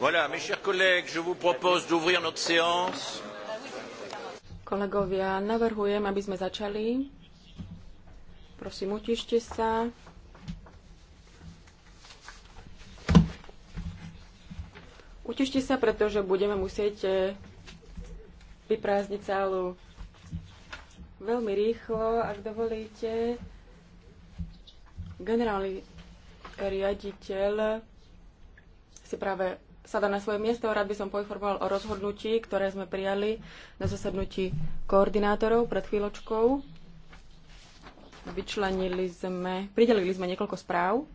Voilà, mes chers collègues, je vous propose d'ouvrir notre séance. Kolegovia, navrhujem, aby sme začali. Prosím, utište sa. Utište sa, pretože budeme musieť eh, vyprázdniť sálu veľmi rýchlo, ak dovolíte. Generálny riaditeľ si práve sa dá na svoje miesto. Rád by som poinformoval o rozhodnutí, ktoré sme prijali na zasadnutí koordinátorov pred chvíľočkou. Vyčlenili sme, pridelili sme niekoľko správ.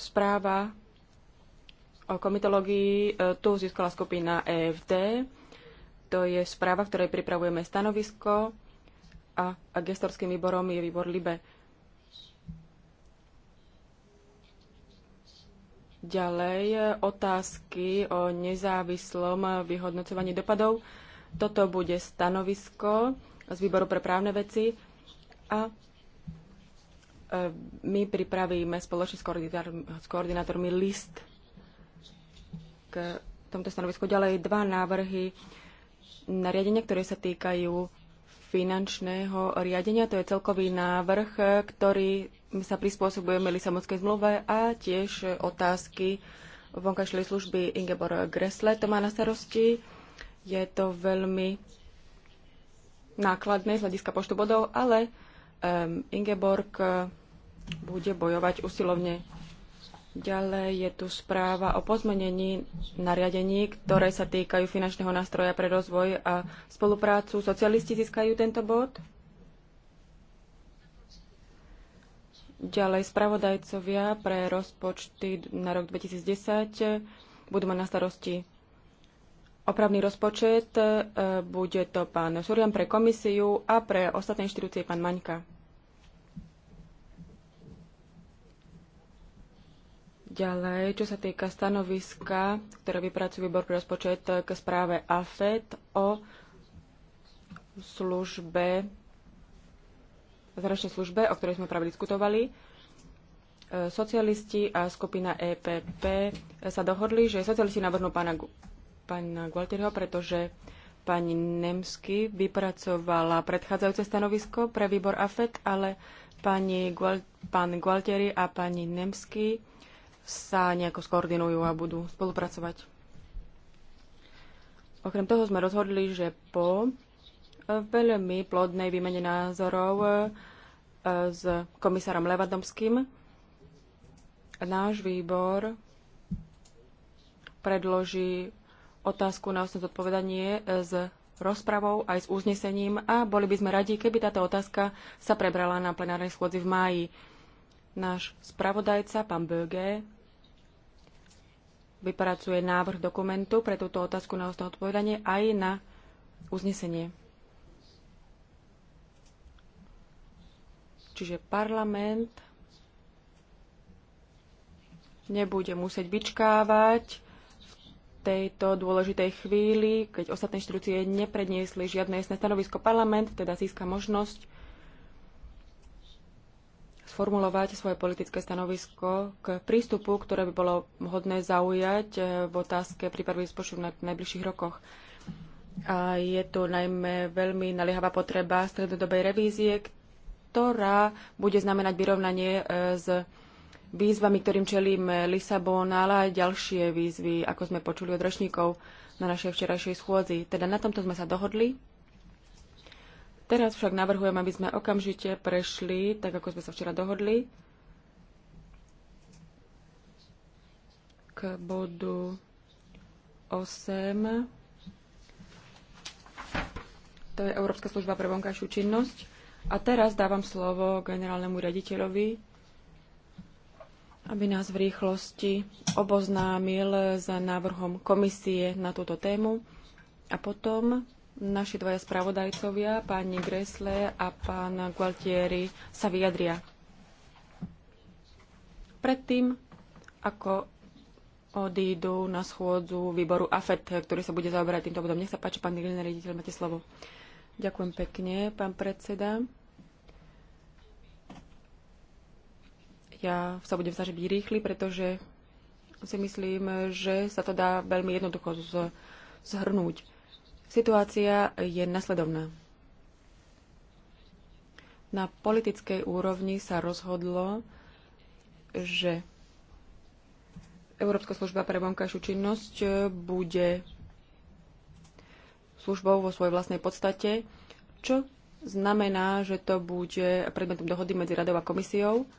Správa o komitológii e, tu získala skupina EFD. To je správa, ktorej pripravujeme stanovisko a, a gestorským výborom je výbor LIBE Ďalej e, otázky o nezávislom e, vyhodnocovaní dopadov. Toto bude stanovisko z výboru pre právne veci a e, my pripravíme spoločne s koordinátormi list k tomto stanovisku. Ďalej dva návrhy nariadenia, ktoré sa týkajú finančného riadenia. To je celkový návrh, ktorý sa prispôsobujeme Lisabonskej zmluve a tiež otázky vonkajšej služby Ingeborg Gressle. To má na starosti. Je to veľmi nákladné z hľadiska poštu bodov, ale ehm, Ingeborg bude bojovať usilovne Ďalej je tu správa o pozmenení nariadení, ktoré sa týkajú finančného nástroja pre rozvoj a spoluprácu. Socialisti získajú tento bod. Ďalej spravodajcovia pre rozpočty na rok 2010 budú mať na starosti opravný rozpočet. E, bude to pán Surian pre komisiu a pre ostatné inštitúcie pán Maňka. Ďalej, čo sa týka stanoviska, ktoré vypracuje výbor pre rozpočet k správe AFET o službe, zračnej službe, o ktorej sme práve diskutovali, e, socialisti a skupina EPP sa dohodli, že socialisti navrhnú pána, pána Gualtieriho, pretože pani Nemsky vypracovala predchádzajúce stanovisko pre výbor AFET, ale pani, pán Gualtieri a pani Nemsky sa nejako skoordinujú a budú spolupracovať. Okrem toho sme rozhodli, že po veľmi plodnej výmene názorov e, s komisárom Levadomským náš výbor predloží otázku na osnovu odpovedanie s rozpravou aj s uznesením a boli by sme radi, keby táto otázka sa prebrala na plenárnej schôdzi v máji. Náš spravodajca, pán Böge, vypracuje návrh dokumentu pre túto otázku na ústne odpovedanie aj na uznesenie. Čiže parlament nebude musieť vyčkávať v tejto dôležitej chvíli, keď ostatné inštitúcie nepredniesli žiadne jasné stanovisko. Parlament teda získa možnosť sformulovať svoje politické stanovisko k prístupu, ktoré by bolo hodné zaujať eh, v otázke prípadu rozpočtu na najbližších rokoch. A je tu najmä veľmi naliehavá potreba strednodobej revízie, ktorá bude znamenať vyrovnanie eh, s výzvami, ktorým čelíme eh, Lisabona, ale aj ďalšie výzvy, ako sme počuli od ročníkov na našej včerajšej schôdzi. Teda na tomto sme sa dohodli Teraz však navrhujem, aby sme okamžite prešli, tak ako sme sa včera dohodli, k bodu 8. To je Európska služba pre vonkajšiu činnosť. A teraz dávam slovo generálnemu riaditeľovi, aby nás v rýchlosti oboznámil za návrhom komisie na túto tému. A potom Naši dvaja spravodajcovia, pani Gresle a pán Gualtieri, sa vyjadria. Predtým, ako odídu na schôdzu výboru AFET, ktorý sa bude zaoberať týmto bodom. Nech sa páči, pán generálny riaditeľ, máte slovo. Ďakujem pekne, pán predseda. Ja sa budem snažiť byť rýchly, pretože si myslím, že sa to dá veľmi jednoducho zhrnúť. Situácia je nasledovná. Na politickej úrovni sa rozhodlo, že Európska služba pre vonkajšiu činnosť bude službou vo svojej vlastnej podstate, čo znamená, že to bude predmetom dohody medzi radou a komisiou,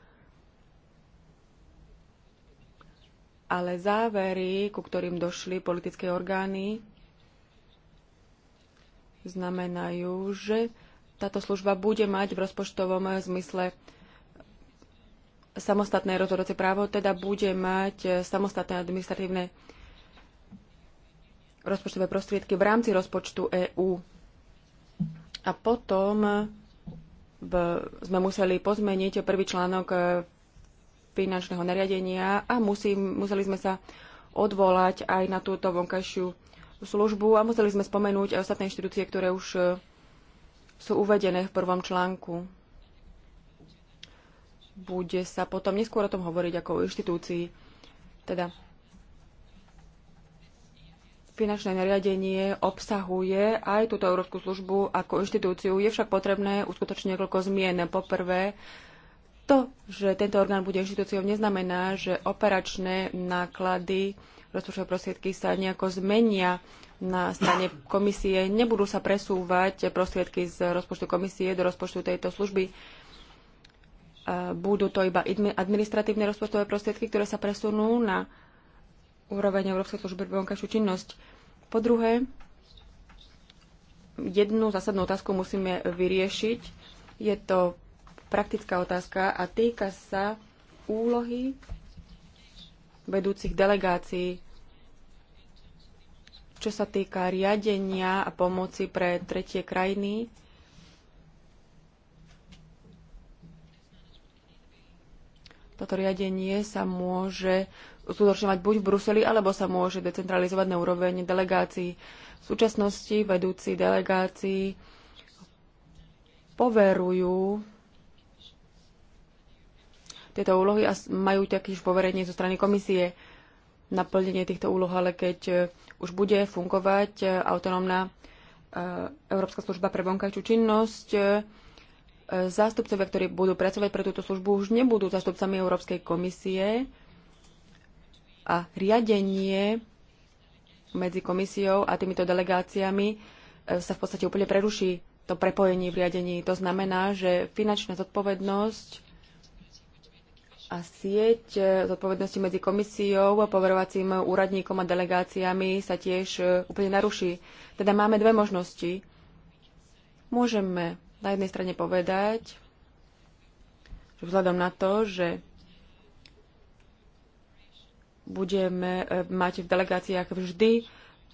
ale závery, ku ktorým došli politické orgány, znamenajú, že táto služba bude mať v rozpočtovom zmysle samostatné rozhodovacie právo, teda bude mať samostatné administratívne rozpočtové prostriedky v rámci rozpočtu EÚ. A potom v, sme museli pozmeniť prvý článok finančného nariadenia a musí, museli sme sa odvolať aj na túto vonkajšiu službu a museli sme spomenúť aj ostatné inštitúcie, ktoré už e, sú uvedené v prvom článku. Bude sa potom neskôr o tom hovoriť ako o inštitúcii. Teda finančné nariadenie obsahuje aj túto Európsku službu ako inštitúciu. Je však potrebné uskutočniť niekoľko zmien. Poprvé, to, že tento orgán bude inštitúciou, neznamená, že operačné náklady rozpočtové prostriedky sa nejako zmenia na strane komisie. Nebudú sa presúvať prostriedky z rozpočtu komisie do rozpočtu tejto služby. E, budú to iba administratívne rozpočtové prostriedky, ktoré sa presunú na úroveň Európskej služby pre vonkajšiu činnosť. Po druhé, jednu zásadnú otázku musíme vyriešiť. Je to praktická otázka a týka sa úlohy vedúcich delegácií. Čo sa týka riadenia a pomoci pre tretie krajiny, toto riadenie sa môže uskutočňovať buď v Bruseli, alebo sa môže decentralizovať na úroveň delegácií. V súčasnosti vedúci delegácií poverujú tieto úlohy a majú takýž poverenie zo strany komisie na plnenie týchto úloh, ale keď e, už bude fungovať e, autonómna e, Európska služba pre vonkajšiu činnosť, zástupcovia, ktorí budú pracovať pre túto službu, už nebudú zástupcami Európskej komisie a riadenie medzi komisiou a týmito delegáciami sa v podstate úplne preruší to prepojenie v riadení. To znamená, že finančná zodpovednosť a sieť e, zodpovednosti medzi komisiou, poverovacím úradníkom a delegáciami sa tiež e, úplne naruší. Teda máme dve možnosti. Môžeme na jednej strane povedať, že vzhľadom na to, že budeme e, mať v delegáciách vždy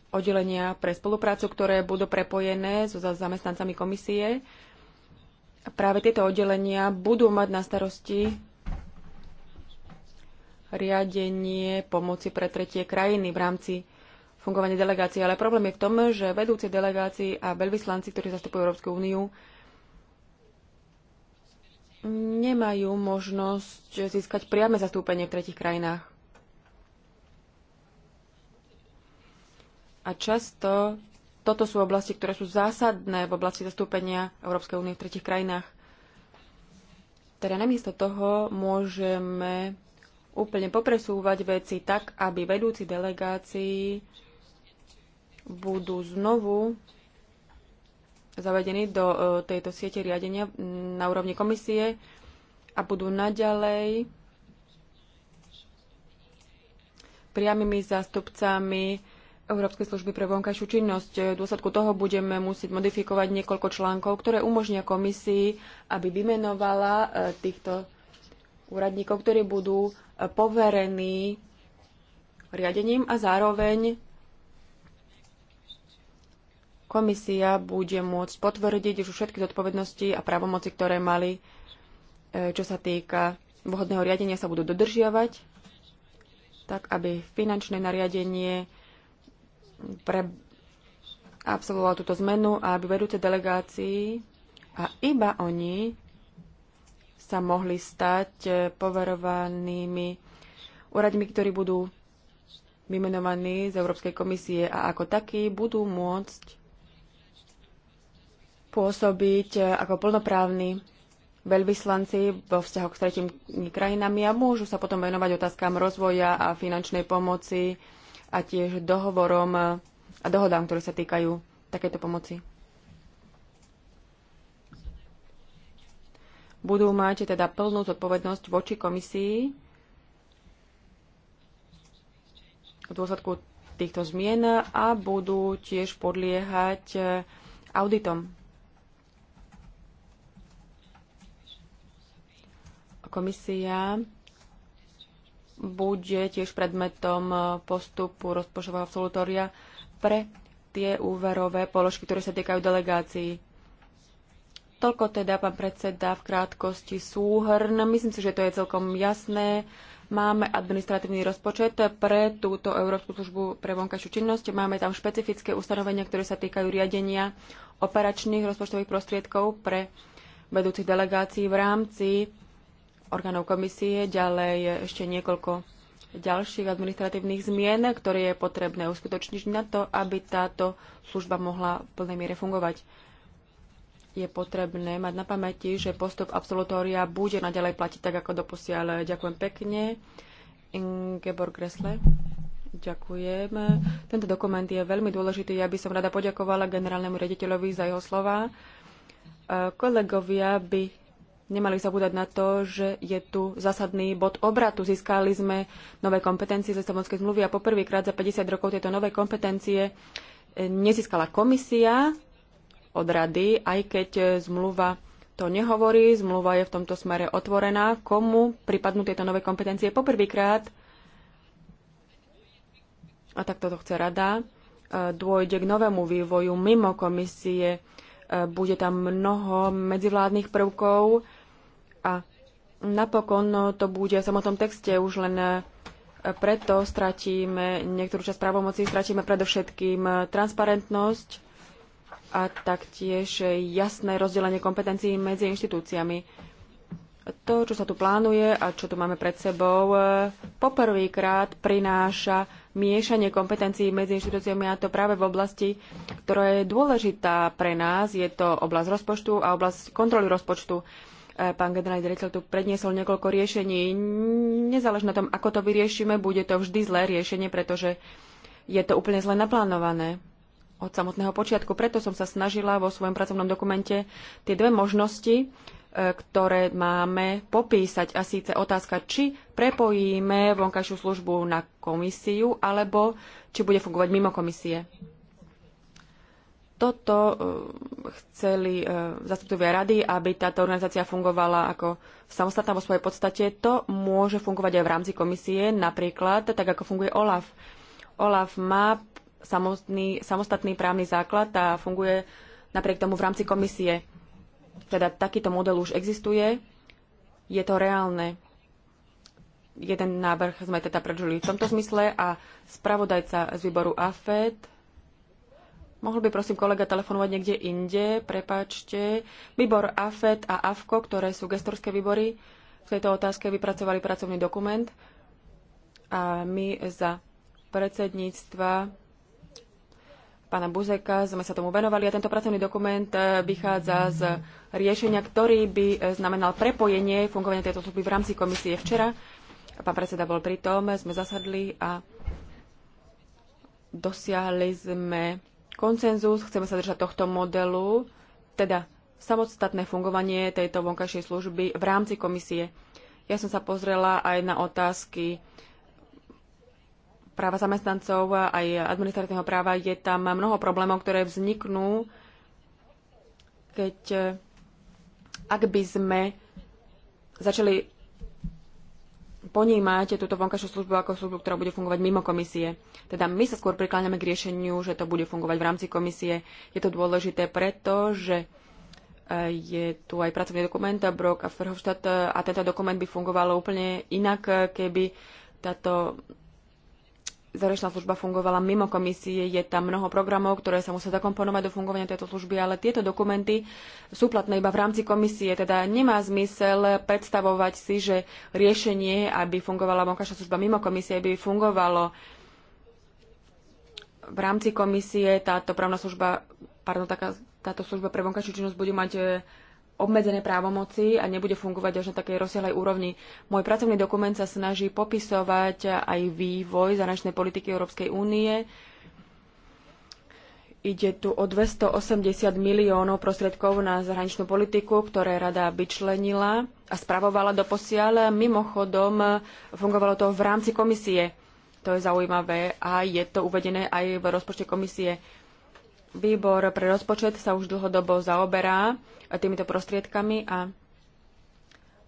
oddelenia pre spoluprácu, ktoré budú prepojené so zamestnancami komisie. Práve tieto oddelenia budú mať na starosti riadenie pomoci pre tretie krajiny v rámci fungovania delegácií. Ale problém je v tom, že vedúci delegácií a veľvyslanci, ktorí zastupujú Európsku úniu, nemajú možnosť získať priame zastúpenie v tretich krajinách. A často toto sú oblasti, ktoré sú zásadné v oblasti zastúpenia Európskej únie v tretich krajinách. Teda namiesto toho môžeme úplne popresúvať veci tak, aby vedúci delegácií budú znovu zavedení do e, tejto siete riadenia na úrovni komisie a budú naďalej priamými zástupcami Európskej služby pre vonkajšiu činnosť. V dôsledku toho budeme musieť modifikovať niekoľko článkov, ktoré umožnia komisii, aby vymenovala e, týchto úradníkov, ktorí budú e, poverení riadením a zároveň komisia bude môcť potvrdiť už všetky zodpovednosti a právomoci, ktoré mali, e, čo sa týka vhodného riadenia, sa budú dodržiavať, tak aby finančné nariadenie pre absolvoval túto zmenu a aby vedúce delegácii a iba oni sa mohli stať e, poverovanými úradmi, ktorí budú vymenovaní z Európskej komisie a ako takí budú môcť pôsobiť e, ako plnoprávni veľvyslanci vo vzťahu s tretimi krajinami a môžu sa potom venovať otázkam rozvoja a finančnej pomoci a tiež dohovorom a dohodám, ktoré sa týkajú takéto pomoci. budú mať teda plnú zodpovednosť voči komisii v dôsledku týchto zmien a budú tiež podliehať eh, auditom. Komisia bude tiež predmetom eh, postupu rozpočtového absolutória pre tie úverové položky, ktoré sa týkajú delegácií. Toľko teda, pán predseda, v krátkosti súhrn. Myslím si, že to je celkom jasné. Máme administratívny rozpočet pre túto Európsku službu pre vonkajšiu činnosť. Máme tam špecifické ustanovenia, ktoré sa týkajú riadenia operačných rozpočtových prostriedkov pre vedúcich delegácií v rámci orgánov komisie. Ďalej ešte niekoľko ďalších administratívnych zmien, ktoré je potrebné uskutočniť na to, aby táto služba mohla v plnej miere fungovať je potrebné mať na pamäti, že postup absolutória bude naďalej platiť tak, ako doposiaľ. Ďakujem pekne. Ingeborg Gressle. Ďakujem. Tento dokument je veľmi dôležitý. Ja by som rada poďakovala generálnemu rediteľovi za jeho slova. Kolegovia by nemali zabúdať na to, že je tu zásadný bod obratu. Získali sme nové kompetencie z Lisabonskej zmluvy a poprvýkrát za 50 rokov tieto nové kompetencie nezískala komisia, od rady, aj keď e, zmluva to nehovorí, zmluva je v tomto smere otvorená, komu pripadnú tieto nové kompetencie poprvýkrát. A tak toto chce rada. E, dôjde k novému vývoju mimo komisie. E, bude tam mnoho medzivládnych prvkov a napokon to bude v samotnom texte už len preto stratíme niektorú časť právomocí, stratíme predovšetkým transparentnosť a taktiež jasné rozdelenie kompetencií medzi inštitúciami. To, čo sa tu plánuje a čo tu máme pred sebou, poprvýkrát prináša miešanie kompetencií medzi inštitúciami a to práve v oblasti, ktorá je dôležitá pre nás. Je to oblasť rozpočtu a oblasť kontroly rozpočtu e, pán generálny riaditeľ tu predniesol niekoľko riešení. Nezáleží na tom, ako to vyriešime, bude to vždy zlé riešenie, pretože je to úplne zle naplánované od samotného počiatku. Preto som sa snažila vo svojom pracovnom dokumente tie dve možnosti, e, ktoré máme popísať a síce otázka, či prepojíme vonkajšiu službu na komisiu alebo či bude fungovať mimo komisie. Toto e, chceli e, zastupcovia rady, aby táto organizácia fungovala ako samostatná vo svojej podstate. To môže fungovať aj v rámci komisie, napríklad tak, ako funguje OLAF. OLAF má samotný, samostatný právny základ a funguje napriek tomu v rámci komisie. Teda takýto model už existuje, je to reálne. Jeden návrh sme teda predžili v tomto zmysle a spravodajca z výboru AFED Mohol by prosím kolega telefonovať niekde inde, prepáčte. Výbor AFED a AFKO, ktoré sú gestorské výbory, v tejto otázke vypracovali pracovný dokument a my za predsedníctva pána Buzeka sme sa tomu venovali a tento pracovný dokument e, vychádza z riešenia, ktorý by e, znamenal prepojenie fungovania tejto služby v rámci komisie včera. Pán predseda bol pritom, e, sme zasadli a dosiahli sme koncenzus, chceme sa držať tohto modelu, teda samostatné fungovanie tejto vonkajšej služby v rámci komisie. Ja som sa pozrela aj na otázky práva zamestnancov, aj administratívneho práva, je tam mnoho problémov, ktoré vzniknú, keď eh, ak by sme začali ponímať túto vonkajšiu službu ako službu, ktorá bude fungovať mimo komisie. Teda my sa skôr prikláňame k riešeniu, že to bude fungovať v rámci komisie. Je to dôležité preto, že eh, je tu aj pracovný dokument Brok a Ferhofstadt eh, a tento dokument by fungoval úplne inak, keby táto zahraničná služba fungovala mimo komisie, je tam mnoho programov, ktoré sa musia zakomponovať do fungovania tejto služby, ale tieto dokumenty sú platné iba v rámci komisie, teda nemá zmysel predstavovať si, že riešenie, aby fungovala vonkajšia služba mimo komisie, by fungovalo v rámci komisie táto právna služba, pardon, taká, táto služba pre vonkajšiu činnosť bude mať e, obmedzené právomoci a nebude fungovať až na takej rozsiahlej úrovni. Môj pracovný dokument sa snaží popisovať aj vývoj zahraničnej politiky Európskej únie. Ide tu o 280 miliónov prostriedkov na zahraničnú politiku, ktoré rada vyčlenila a spravovala do posiaľ. Mimochodom, fungovalo to v rámci komisie. To je zaujímavé a je to uvedené aj v rozpočte komisie Výbor pre rozpočet sa už dlhodobo zaoberá týmito prostriedkami a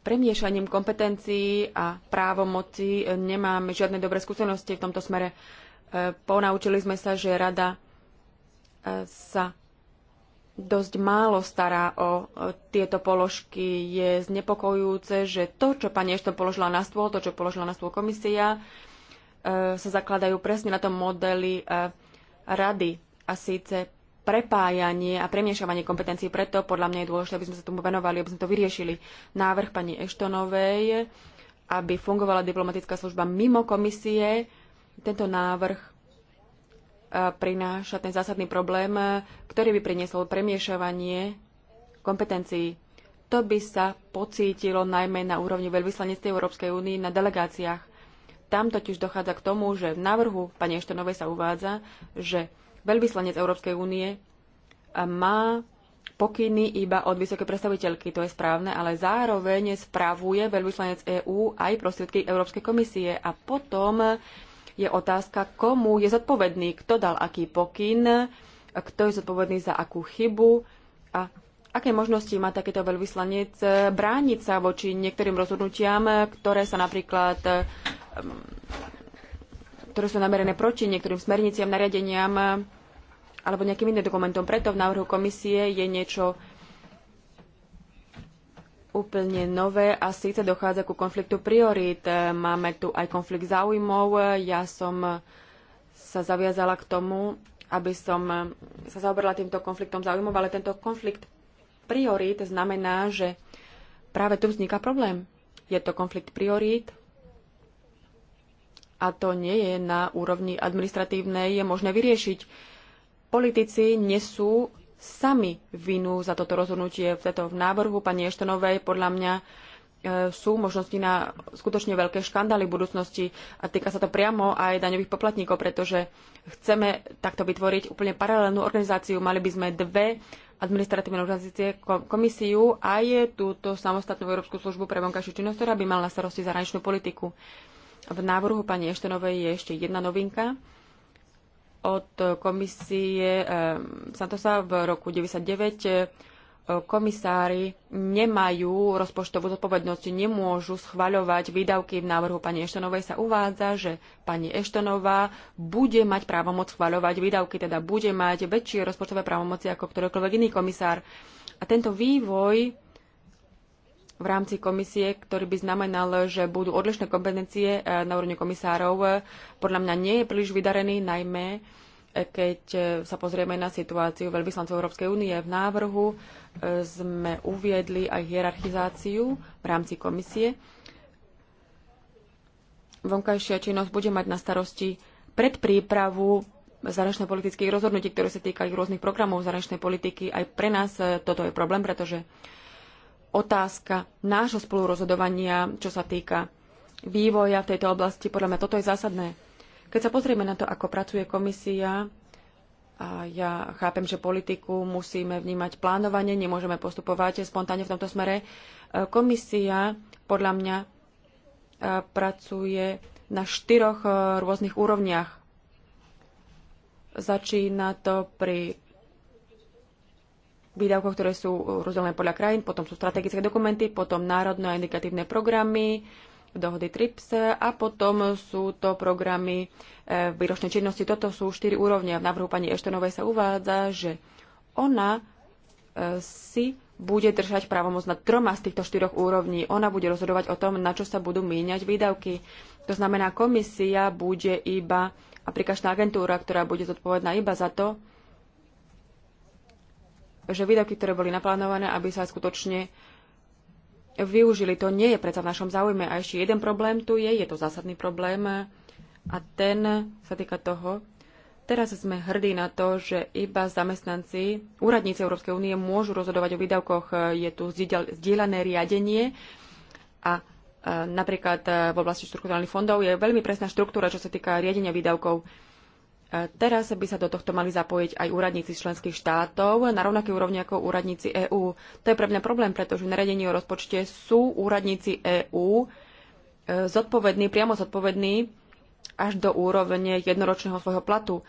premiešaním kompetencií a právomoci nemáme žiadne dobré skúsenosti v tomto smere. E, ponaučili sme sa, že rada e, sa dosť málo stará o e, tieto položky. Je znepokojujúce, že to, čo pani Ešto položila na stôl, to, čo položila na stôl komisia, sa zakladajú presne na tom modeli rady a síce prepájanie a premiešavanie kompetencií. Preto podľa mňa je dôležité, aby sme sa tomu venovali, aby sme to vyriešili. Návrh pani Eštonovej, aby fungovala diplomatická služba mimo komisie, tento návrh e, prináša ten zásadný problém, ktorý by priniesol premiešavanie kompetencií. To by sa pocítilo najmä na úrovni veľvyslanectv Európskej únie na delegáciách. Tam totiž dochádza k tomu, že v návrhu pani Eštonovej sa uvádza, že veľvyslanec Európskej únie e, má pokyny iba od vysokej predstaviteľky, to je správne, ale zároveň spravuje veľvyslanec EÚ aj prostriedky Európskej komisie a potom je otázka, komu je zodpovedný, kto dal aký pokyn, kto je zodpovedný za akú chybu a aké možnosti má takýto veľvyslanec e, brániť sa voči niektorým rozhodnutiam, ktoré sa napríklad e, ktoré sú namerené proti niektorým smerniciam, nariadeniam alebo nejakým iným dokumentom. Preto v návrhu komisie je niečo úplne nové a síce dochádza ku konfliktu priorít. Máme tu aj konflikt záujmov. Ja som sa zaviazala k tomu, aby som sa zaoberala týmto konfliktom záujmov, ale tento konflikt priorít znamená, že práve tu vzniká problém. Je to konflikt priorít a to nie je na úrovni administratívnej je možné vyriešiť politici nesú sami vinu za toto rozhodnutie. V tejto v návrhu pani Eštonovej podľa mňa e, sú možnosti na skutočne veľké škandály v budúcnosti a týka sa to priamo aj daňových poplatníkov, pretože chceme takto vytvoriť úplne paralelnú organizáciu. Mali by sme dve administratívne organizácie, komisiu a je túto samostatnú Európsku službu pre vonkajšiu činnosť, ktorá by mala na starosti zahraničnú politiku. V návrhu pani Eštenovej je ešte jedna novinka od komisie ehm, Santosa v roku 1999 e, komisári nemajú rozpočtovú zodpovednosť, nemôžu schvaľovať výdavky. V návrhu pani Eštonovej sa uvádza, že pani Eštonová bude mať právomoc schvaľovať výdavky, teda bude mať väčšie rozpočtové právomoci ako ktorýkoľvek iný komisár. A tento vývoj v rámci komisie, ktorý by znamenal, že budú odlišné kompetencie e, na úrovni komisárov, e, podľa mňa nie je príliš vydarený, najmä e, keď sa pozrieme na situáciu veľvyslancov Európskej únie. V návrhu sme uviedli aj hierarchizáciu v rámci komisie. Vonkajšia činnosť bude mať na starosti predprípravu zahranično-politických rozhodnutí, ktoré sa týkajú rôznych programov zahraničnej politiky. Aj pre nás toto je problém, pretože otázka nášho spolurozhodovania, čo sa týka vývoja v tejto oblasti. Podľa mňa toto je zásadné. Keď sa pozrieme na to, ako pracuje komisia, a ja chápem, že politiku musíme vnímať plánovanie, nemôžeme postupovať spontánne v tomto smere. E, komisia podľa mňa e, pracuje na štyroch e, rôznych úrovniach. Začína to pri výdavkoch, ktoré sú rozdelené podľa krajín, potom sú strategické dokumenty, potom národné a indikatívne programy, dohody TRIPS a potom sú to programy e, výročnej činnosti. Toto sú štyri úrovne. V návrhu pani Eštenovej sa uvádza, že ona e, si bude držať právomoc na troma z týchto štyroch úrovní. Ona bude rozhodovať o tom, na čo sa budú míňať výdavky. To znamená, komisia bude iba aplikačná agentúra, ktorá bude zodpovedná iba za to, že výdavky, ktoré boli naplánované, aby sa skutočne využili. To nie je predsa v našom záujme. A ešte jeden problém tu je, je to zásadný problém a ten sa týka toho, teraz sme hrdí na to, že iba zamestnanci, úradníci Európskej únie môžu rozhodovať o výdavkoch. Je tu zdieľané riadenie a e, napríklad e, v oblasti štruktúrnych fondov je veľmi presná štruktúra, čo sa týka riadenia výdavkov. Teraz by sa do tohto mali zapojiť aj úradníci členských štátov na rovnakej úrovni ako úradníci EÚ. To je pre mňa problém, pretože v naredení o rozpočte sú úradníci EÚ e, zodpovední, priamo zodpovední až do úrovne jednoročného svojho platu.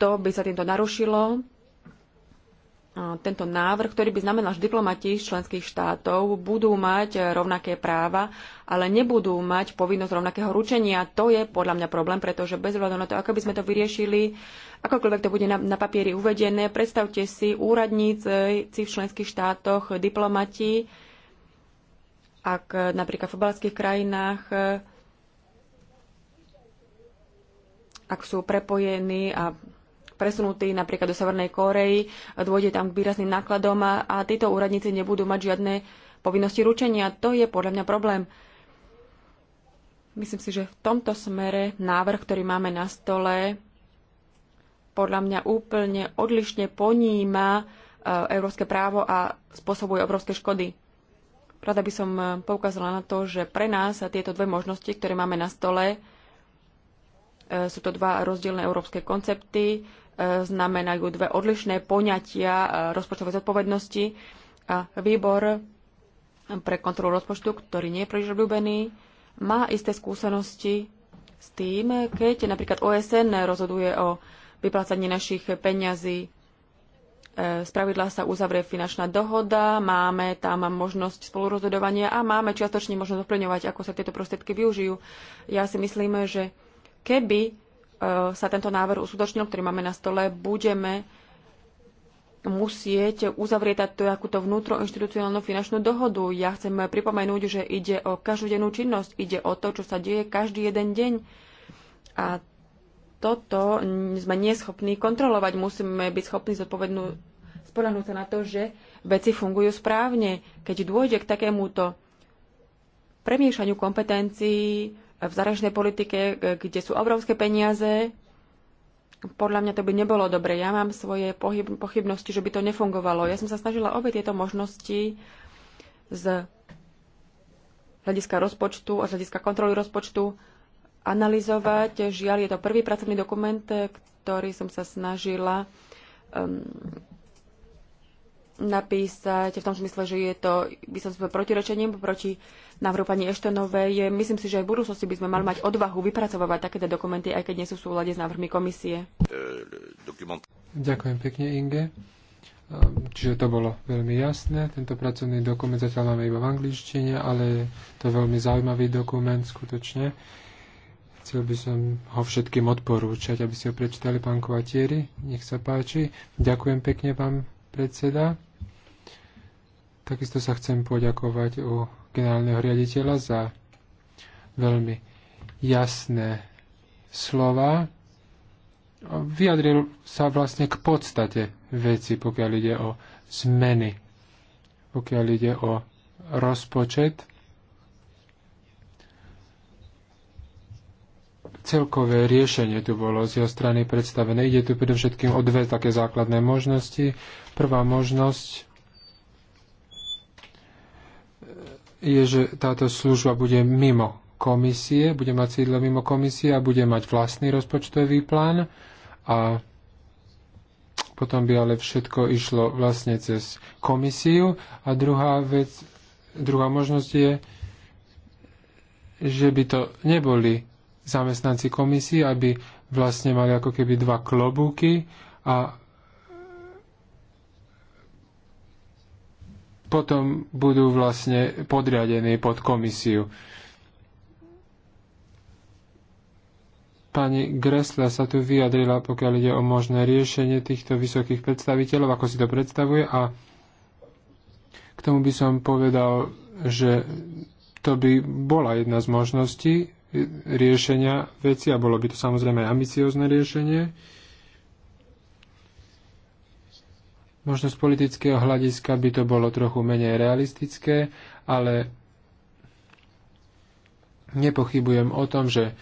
To by sa týmto narušilo tento návrh, ktorý by znamenal, že diplomati z členských štátov budú mať e, rovnaké práva, ale nebudú mať povinnosť rovnakého ručenia. To je podľa mňa problém, pretože bez ohľadu na to, ako by sme to vyriešili, akokoľvek to bude na, na papieri uvedené, predstavte si úradníci v členských štátoch, diplomati, ak e, napríklad v obalských krajinách e, ak sú prepojení a presunutí napríklad do Severnej Kórei, dôjde tam k výrazným nákladom a, a títo úradníci nebudú mať žiadne povinnosti ručenia. To je podľa mňa problém. Myslím si, že v tomto smere návrh, ktorý máme na stole, podľa mňa úplne odlišne poníma e, európske právo a spôsobuje obrovské škody. Rada by som e, poukázala na to, že pre nás tieto dve možnosti, ktoré máme na stole, e, sú to dva rozdielne európske koncepty znamenajú dve odlišné poňatia e, rozpočtovej zodpovednosti a výbor pre kontrolu rozpočtu, ktorý nie je príliš obľúbený, má isté skúsenosti s tým, keď napríklad OSN rozhoduje o vyplácaní našich peňazí. E, z pravidla sa uzavrie finančná dohoda, máme tam možnosť spolurozhodovania a máme čiastočne možnosť ovplyvňovať, ako sa tieto prostriedky využijú. Ja si myslím, že keby E, sa tento návrh uskutočnil, ktorý máme na stole, budeme musieť uzavrieť akúto vnútroinstitucionálnu finančnú dohodu. Ja chcem pripomenúť, že ide o každodennú činnosť, ide o to, čo sa deje každý jeden deň. A toto sme neschopní kontrolovať. Musíme byť schopní zodpovednú spolahnúť sa na to, že veci fungujú správne. Keď dôjde k takémuto premiešaniu kompetencií, v zahraničnej politike, e, kde sú obrovské peniaze. Podľa mňa to by nebolo dobre. Ja mám svoje pohyb- pochybnosti, že by to nefungovalo. Ja som sa snažila obe tieto možnosti z hľadiska rozpočtu a z hľadiska kontroly rozpočtu analyzovať. Žiaľ, je to prvý pracovný dokument, ktorý som sa snažila um, napísať v tom smysle, že je to, by som povedal, protirečením proti návrhu pani Eštonovej. Myslím si, že aj v budúcnosti by sme mali mať odvahu vypracovať takéto dokumenty, aj keď nie sú v súlade s návrhmi komisie. Ďakujem pekne, Inge. Čiže to bolo veľmi jasné. Tento pracovný dokument zatiaľ máme iba v angličtine, ale je to veľmi zaujímavý dokument skutočne. Chcel by som ho všetkým odporúčať, aby si ho prečítali pán Kovatieri. Nech sa páči. Ďakujem pekne, vám predseda. Takisto sa chcem poďakovať u generálneho riaditeľa za veľmi jasné slova. Vyjadril sa vlastne k podstate veci, pokiaľ ide o zmeny, pokiaľ ide o rozpočet celkové riešenie tu bolo z jeho strany predstavené. Ide tu predovšetkým o dve také základné možnosti. Prvá možnosť eh, je, že táto služba bude mimo komisie, bude mať sídlo mimo komisie a bude mať vlastný rozpočtový plán a potom by ale všetko išlo vlastne cez komisiu. A druhá vec, druhá možnosť je, že by to neboli zamestnanci komisie, aby vlastne mali ako keby dva klobúky a potom budú vlastne podriadení pod komisiu. Pani Gressler sa tu vyjadrila, pokiaľ ide o možné riešenie týchto vysokých predstaviteľov, ako si to predstavuje a k tomu by som povedal, že to by bola jedna z možností, riešenia veci a bolo by to samozrejme ambiciózne riešenie. Možno z politického hľadiska by to bolo trochu menej realistické, ale nepochybujem o tom, že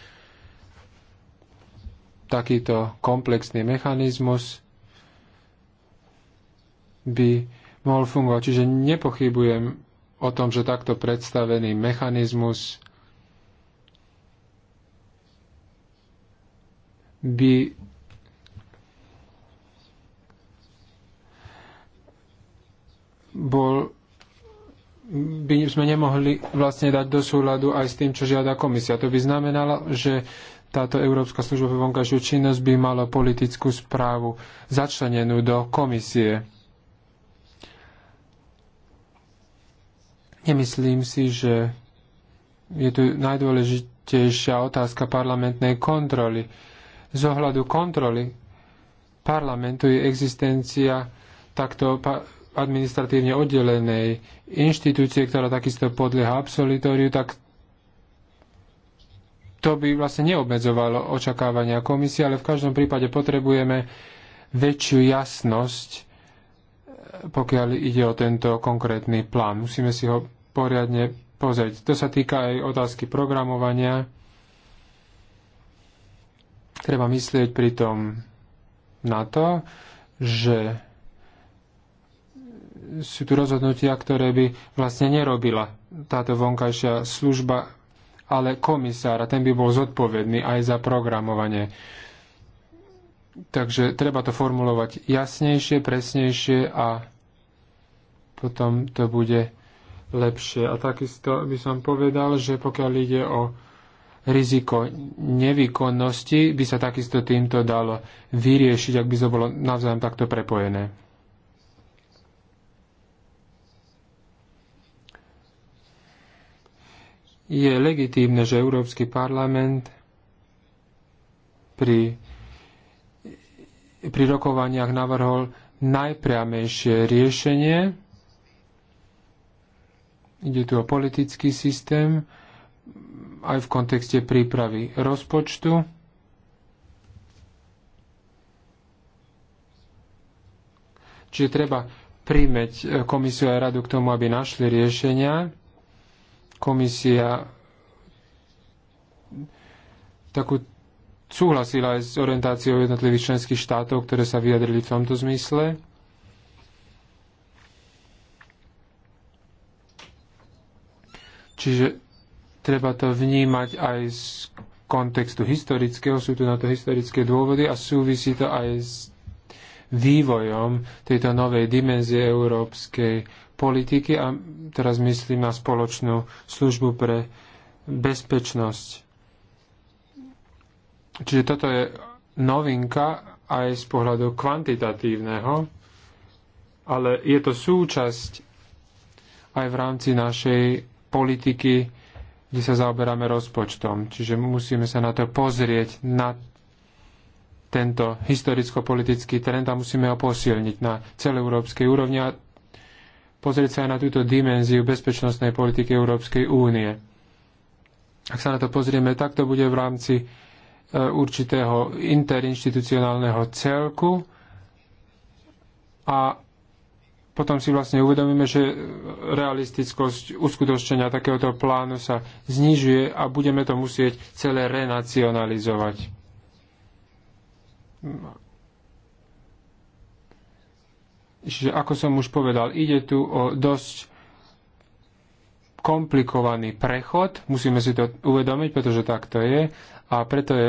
takýto komplexný mechanizmus by mohol fungovať. Čiže nepochybujem o tom, že takto predstavený mechanizmus by bol by sme nemohli vlastne dať do súladu aj s tým, čo žiada komisia. To by znamenalo, že táto Európska služba pre vonkajšiu činnosť by mala politickú správu začlenenú do komisie. Nemyslím si, že je tu najdôležitejšia otázka parlamentnej kontroly z ohľadu kontroly parlamentu je existencia takto administratívne oddelenej inštitúcie, ktorá takisto podlieha absolitóriu, tak to by vlastne neobmedzovalo očakávania komisie, ale v každom prípade potrebujeme väčšiu jasnosť, eh, pokiaľ ide o tento konkrétny plán. Musíme si ho poriadne pozrieť. To sa týka aj otázky programovania Treba myslieť pritom na to, že sú tu rozhodnutia, ktoré by vlastne nerobila táto vonkajšia služba, ale komisár a ten by bol zodpovedný aj za programovanie. Takže treba to formulovať jasnejšie, presnejšie a potom to bude lepšie. A takisto by som povedal, že pokiaľ ide o riziko nevýkonnosti by sa takisto týmto dalo vyriešiť, ak by to bolo navzájom takto prepojené. Je legitímne, že Európsky parlament pri, pri rokovaniach navrhol najpriamejšie riešenie. Ide tu o politický systém, aj v kontexte prípravy rozpočtu. Čiže treba príjmeť komisiu aj radu k tomu, aby našli riešenia. Komisia takú súhlasila aj s orientáciou jednotlivých členských štátov, ktoré sa vyjadrili v tomto zmysle. Čiže Treba to vnímať aj z kontextu historického, sú tu na to historické dôvody a súvisí to aj s vývojom tejto novej dimenzie európskej politiky a teraz myslím na spoločnú službu pre bezpečnosť. Čiže toto je novinka aj z pohľadu kvantitatívneho, ale je to súčasť aj v rámci našej politiky kde sa zaoberáme rozpočtom. Čiže musíme sa na to pozrieť, na tento historicko-politický trend a musíme ho posilniť na európskej úrovni a pozrieť sa aj na túto dimenziu bezpečnostnej politiky Európskej únie. Ak sa na to pozrieme, tak to bude v rámci e, určitého interinstitucionálneho celku a potom si vlastne uvedomíme, že realistickosť uskutočnenia takéhoto plánu sa znižuje a budeme to musieť celé renacionalizovať. Čiže ako som už povedal, ide tu o dosť komplikovaný prechod, musíme si to uvedomiť, pretože tak to je a preto je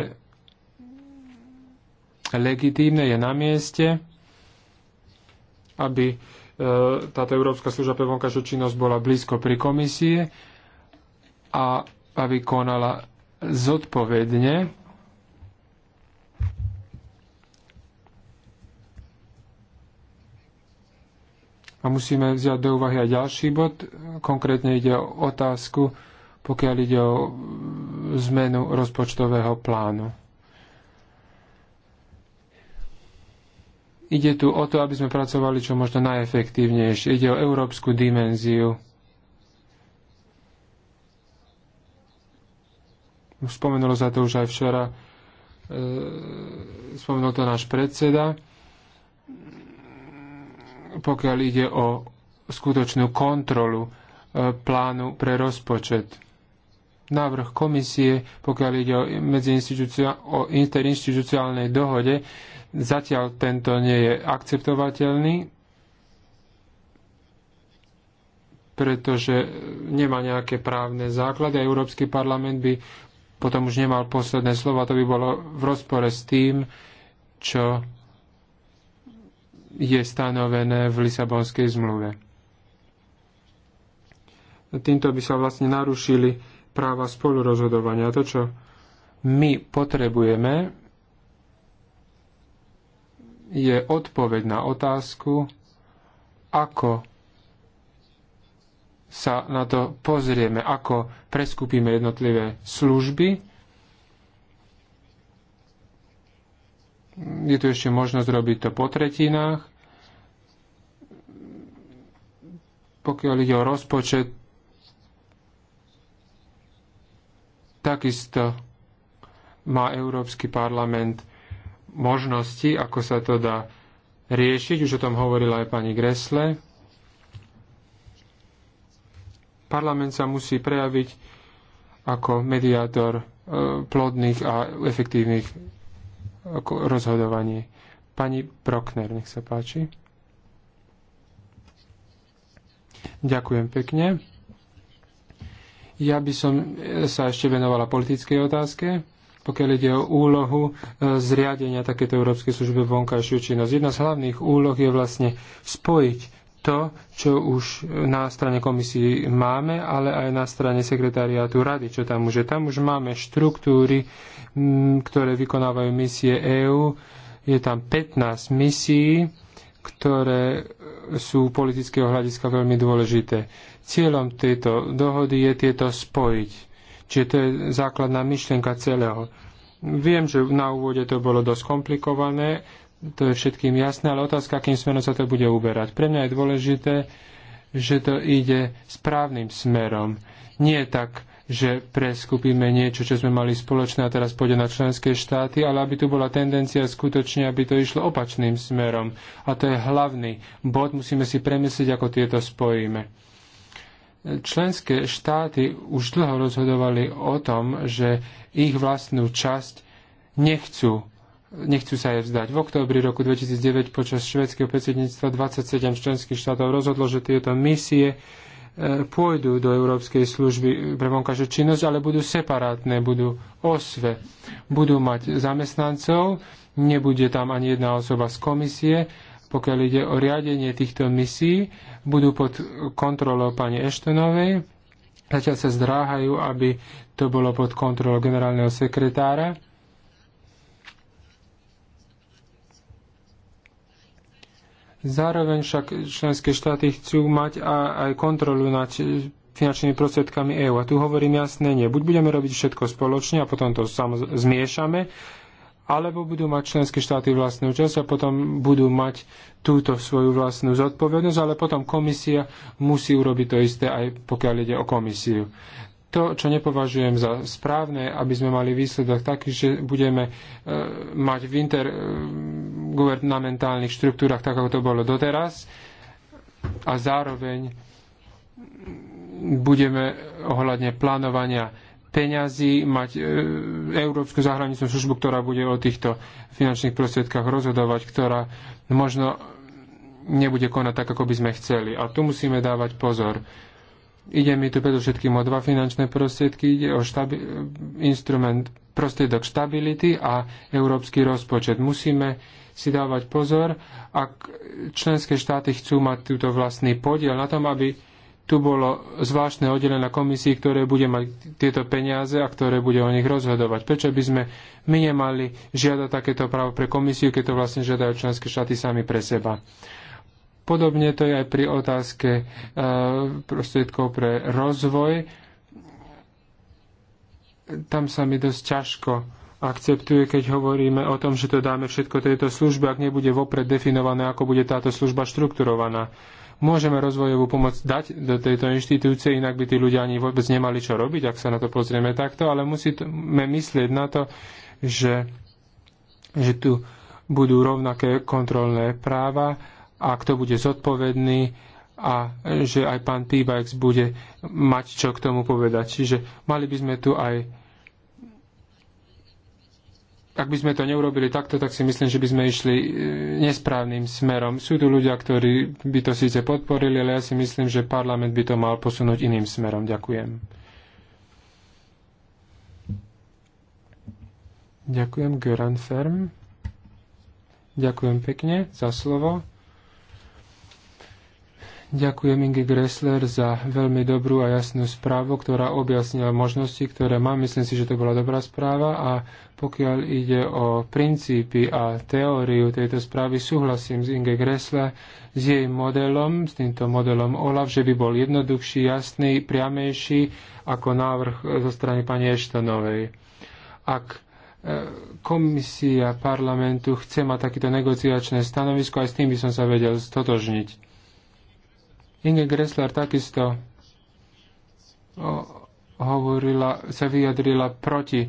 legitímne, je na mieste, aby E, táto Európska služba pre vonkajšiu činnosť bola blízko pri komisie a aby konala zodpovedne. A musíme vziať do úvahy aj ďalší bod. Konkrétne ide o otázku, pokiaľ ide o zmenu rozpočtového plánu. Ide tu o to, aby sme pracovali čo možno najefektívnejšie. Ide o európsku dimenziu. Spomenulo sa to už aj včera. E, spomenul to náš predseda. Pokiaľ ide o skutočnú kontrolu e, plánu pre rozpočet návrh komisie, pokiaľ ide o, o interinstitucionálnej dohode, zatiaľ tento nie je akceptovateľný, pretože nemá nejaké právne základy a Európsky parlament by potom už nemal posledné slovo a to by bolo v rozpore s tým, čo je stanovené v Lisabonskej zmluve. Týmto by sa vlastne narušili práva spolurozhodovania. To, čo my potrebujeme, je odpoveď na otázku, ako sa na to pozrieme, ako preskupíme jednotlivé služby. Je tu ešte možnosť robiť to po tretinách. Pokiaľ ide o rozpočet, Takisto má Európsky parlament možnosti, ako sa to dá riešiť, už o tom hovorila aj pani Gresle. Parlament sa musí prejaviť ako mediátor e, plodných a efektívnych rozhodovaní. Pani Prokner, nech sa páči. Ďakujem pekne. Ja by som e, sa ešte venovala politickej otázke, pokiaľ ide o úlohu e, zriadenia takéto Európskej služby vonkajšiu činnosť. Jedna z hlavných úloh je vlastne spojiť to, čo už na strane komisii máme, ale aj na strane sekretariátu rady, čo tam už je. Tam už máme štruktúry, ktoré vykonávajú misie EÚ. Je tam 15 misií, ktoré sú politického hľadiska veľmi dôležité. Cieľom tejto dohody je tieto spojiť. Čiže to je základná myšlienka celého. Viem, že na úvode to bolo dosť komplikované, to je všetkým jasné, ale otázka, akým smerom sa to bude uberať. Pre mňa je dôležité, že to ide správnym smerom. Nie tak, že preskupíme niečo, čo sme mali spoločné a teraz pôjde na členské štáty, ale aby tu bola tendencia skutočne, aby to išlo opačným smerom. A to je hlavný bod, musíme si premyslieť, ako tieto spojíme členské štáty už dlho rozhodovali o tom, že ich vlastnú časť nechcú nechcú sa je vzdať. V októbri roku 2009 počas švedského predsedníctva 27 členských štátov rozhodlo, že tieto misie e, pôjdu do Európskej služby pre vonkažu činnosť, ale budú separátne, budú osve. Budú mať zamestnancov, nebude tam ani jedna osoba z komisie pokiaľ ide o riadenie týchto misií, budú pod kontrolou pani Eštonovej. Zatiaľ sa zdráhajú, aby to bolo pod kontrolou generálneho sekretára. Zároveň však členské štáty chcú mať aj kontrolu nad finančnými prostriedkami EÚ. A tu hovorím jasne, nie. Buď budeme robiť všetko spoločne a potom to samoz- zmiešame, alebo budú mať členské štáty vlastnú časť a potom budú mať túto svoju vlastnú zodpovednosť, ale potom komisia musí urobiť to isté aj pokiaľ ide o komisiu. To, čo nepovažujem za správne, aby sme mali výsledok taký, že budeme e, mať v intergovernamentálnych e, štruktúrach, tak ako to bolo doteraz, a zároveň budeme ohľadne plánovania peňazí, mať e, Európsku zahraničnú službu, ktorá bude o týchto finančných prostriedkách rozhodovať, ktorá možno nebude konať tak, ako by sme chceli. A tu musíme dávať pozor. Ide mi tu predovšetkým o dva finančné prostriedky, ide o štabi- instrument prostriedok stability a európsky rozpočet. Musíme si dávať pozor, ak členské štáty chcú mať túto vlastný podiel na tom, aby tu bolo zvláštne oddelené na komisii, ktoré bude mať tieto peniaze a ktoré bude o nich rozhodovať. Prečo by sme my nemali žiadať takéto právo pre komisiu, keď to vlastne žiadajú členské štáty sami pre seba? Podobne to je aj pri otázke e, prostriedkov pre rozvoj. Tam sa mi dosť ťažko akceptuje, keď hovoríme o tom, že to dáme všetko tejto službe, ak nebude vopred definované, ako bude táto služba štrukturovaná môžeme rozvojovú pomoc dať do tejto inštitúcie, inak by tí ľudia ani vôbec nemali čo robiť, ak sa na to pozrieme takto, ale musíme myslieť na to, že, že tu budú rovnaké kontrolné práva a kto bude zodpovedný a že aj pán Pibax bude mať čo k tomu povedať. Čiže mali by sme tu aj ak by sme to neurobili takto, tak si myslím, že by sme išli e, nesprávnym smerom. Sú tu ľudia, ktorí by to síce podporili, ale ja si myslím, že parlament by to mal posunúť iným smerom. Ďakujem. Ďakujem, Göran Ferm. Ďakujem pekne za slovo. Ďakujem Inge Gressler za veľmi dobrú a jasnú správu, ktorá objasnila možnosti, ktoré má. Myslím si, že to bola dobrá správa a pokiaľ ide o princípy a teóriu tejto správy, súhlasím s Inge Gressler, s jej modelom, s týmto modelom OLAF, že by bol jednoduchší, jasný, priamejší ako návrh zo strany pani Eštonovej. Ak e, komisia parlamentu chce mať takéto negociačné stanovisko, aj s tým by som sa vedel stotožniť Inge Gressler takisto hovorila, sa vyjadrila proti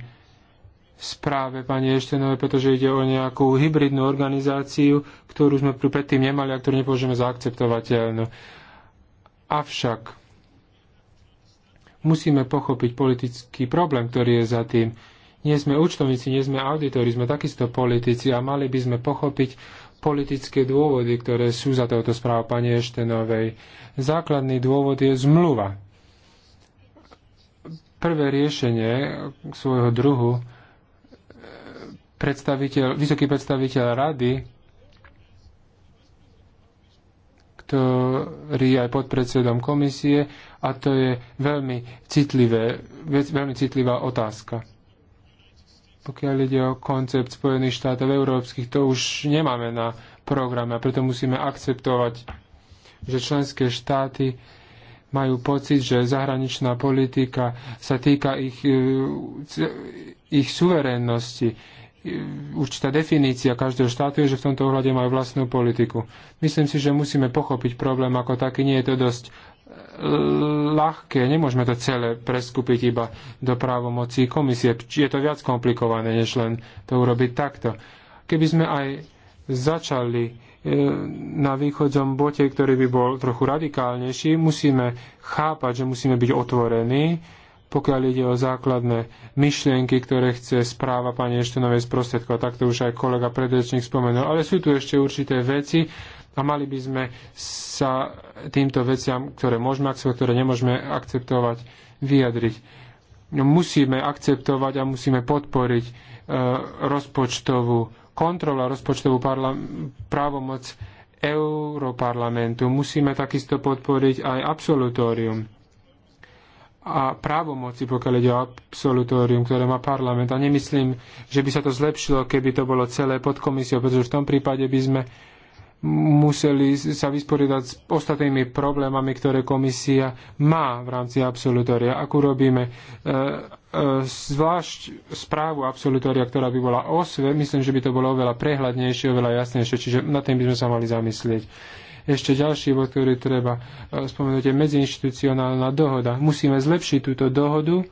správe pani Eštenovej, pretože ide o nejakú hybridnú organizáciu, ktorú sme predtým nemali a ktorú nepôžeme zaakceptovateľnú. Avšak musíme pochopiť politický problém, ktorý je za tým. Nie sme účtovníci, nie sme auditori, sme takisto politici a mali by sme pochopiť, politické dôvody, ktoré sú za touto správou pani Eštenovej. Základný dôvod je zmluva. Prvé riešenie svojho druhu e, predstaviteľ, vysoký predstaviteľ rady, ktorý je aj podpredsedom komisie, a to je veľmi, citlivé, veľmi citlivá otázka. Pokiaľ ide o koncept Spojených štátov európskych, to už nemáme na programe a preto musíme akceptovať, že členské štáty majú pocit, že zahraničná politika sa týka ich, e, ich suverénnosti. E, určitá definícia každého štátu je, že v tomto ohľade majú vlastnú politiku. Myslím si, že musíme pochopiť problém ako taký. Nie je to dosť ľahké, nemôžeme to celé preskupiť iba do právomocí komisie. Je to viac komplikované, než len to urobiť takto. Keby sme aj začali e, na východzom bote, ktorý by bol trochu radikálnejší, musíme chápať, že musíme byť otvorení, pokiaľ ide o základné myšlienky, ktoré chce správa pani Eštenovej sprostredkovať. Tak to už aj kolega predrečník spomenul. Ale sú tu ešte určité veci, a mali by sme sa týmto veciam, ktoré môžeme akceptovať, ktoré nemôžeme akceptovať, vyjadriť. No, musíme akceptovať a musíme podporiť e, rozpočtovú kontrolu a rozpočtovú právomoc Európarlamentu. Musíme takisto podporiť aj absolutórium a právomoci, pokiaľ ide o absolutórium, ktoré má parlament. A nemyslím, že by sa to zlepšilo, keby to bolo celé pod komisiou, pretože v tom prípade by sme uh, museli sa vysporiadať s ostatnými problémami, ktoré komisia má v rámci absolutória. Ak urobíme e, e, zvlášť správu absolutória, ktorá by bola o sve, myslím, že by to bolo oveľa prehľadnejšie, oveľa jasnejšie, čiže na tým by sme sa mali zamyslieť. Ešte ďalší bod, ktorý treba e, spomenúť, je medziinstitucionálna dohoda. Musíme zlepšiť túto dohodu,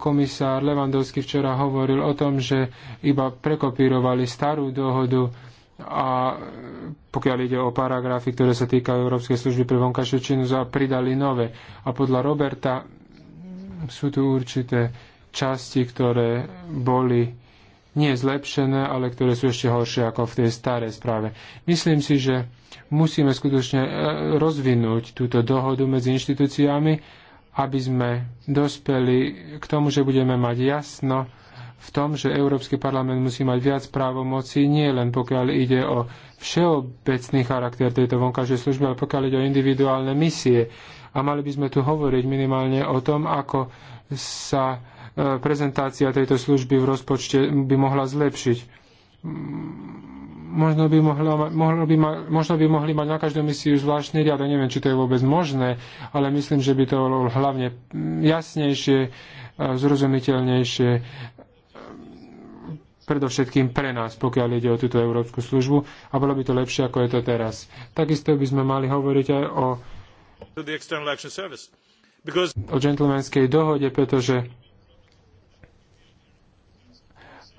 komisár Levandovský včera hovoril o tom, že iba prekopírovali starú dohodu a e, pokiaľ ide o paragrafy, ktoré sa týkajú Európskej služby pre vonkajšiu činnosť, pridali nové. A podľa Roberta mm, sú tu určité časti, ktoré boli nie zlepšené, ale ktoré sú ešte horšie ako v tej starej správe. Myslím si, že musíme skutočne e, rozvinúť túto dohodu medzi inštitúciami, aby sme dospeli k tomu, že budeme mať jasno, v tom, že Európsky parlament musí mať viac právomocí, nie len pokiaľ ide o všeobecný charakter tejto vonkajšej služby, ale pokiaľ ide o individuálne misie. A mali by sme tu hovoriť minimálne o tom, ako sa e, prezentácia tejto služby v rozpočte by mohla zlepšiť možno by, mohla, mohlo by ma, možno by mohli mať na každú misiu zvláštny riad. Ja neviem, či to je vôbec možné, ale myslím, že by to bolo hlavne jasnejšie, zrozumiteľnejšie predovšetkým pre nás, pokiaľ ide o túto európsku službu a bolo by to lepšie, ako je to teraz. Takisto by sme mali hovoriť aj o, Because... o gentlemanskej dohode, pretože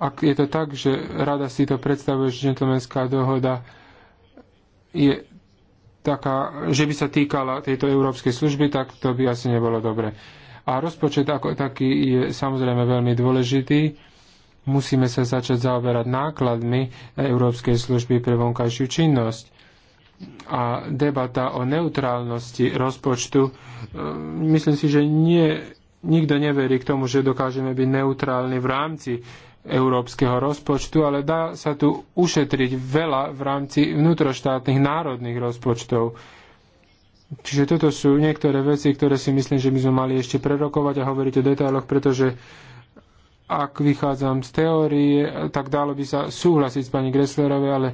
ak je to tak, že rada si to predstavuje, že gentlemanská dohoda je taká, že by sa týkala tejto európskej služby, tak to by asi nebolo dobre. A rozpočet ako taký je samozrejme veľmi dôležitý musíme sa začať zaoberať nákladmi Európskej služby pre vonkajšiu činnosť. A debata o neutrálnosti rozpočtu, e, myslím si, že nie, nikto neverí k tomu, že dokážeme byť neutrálni v rámci európskeho rozpočtu, ale dá sa tu ušetriť veľa v rámci vnútroštátnych národných rozpočtov. Čiže toto sú niektoré veci, ktoré si myslím, že by sme mali ešte prerokovať a hovoriť o detailoch, pretože ak vychádzam z teórie, tak dalo by sa súhlasiť s pani Gresslerovej, ale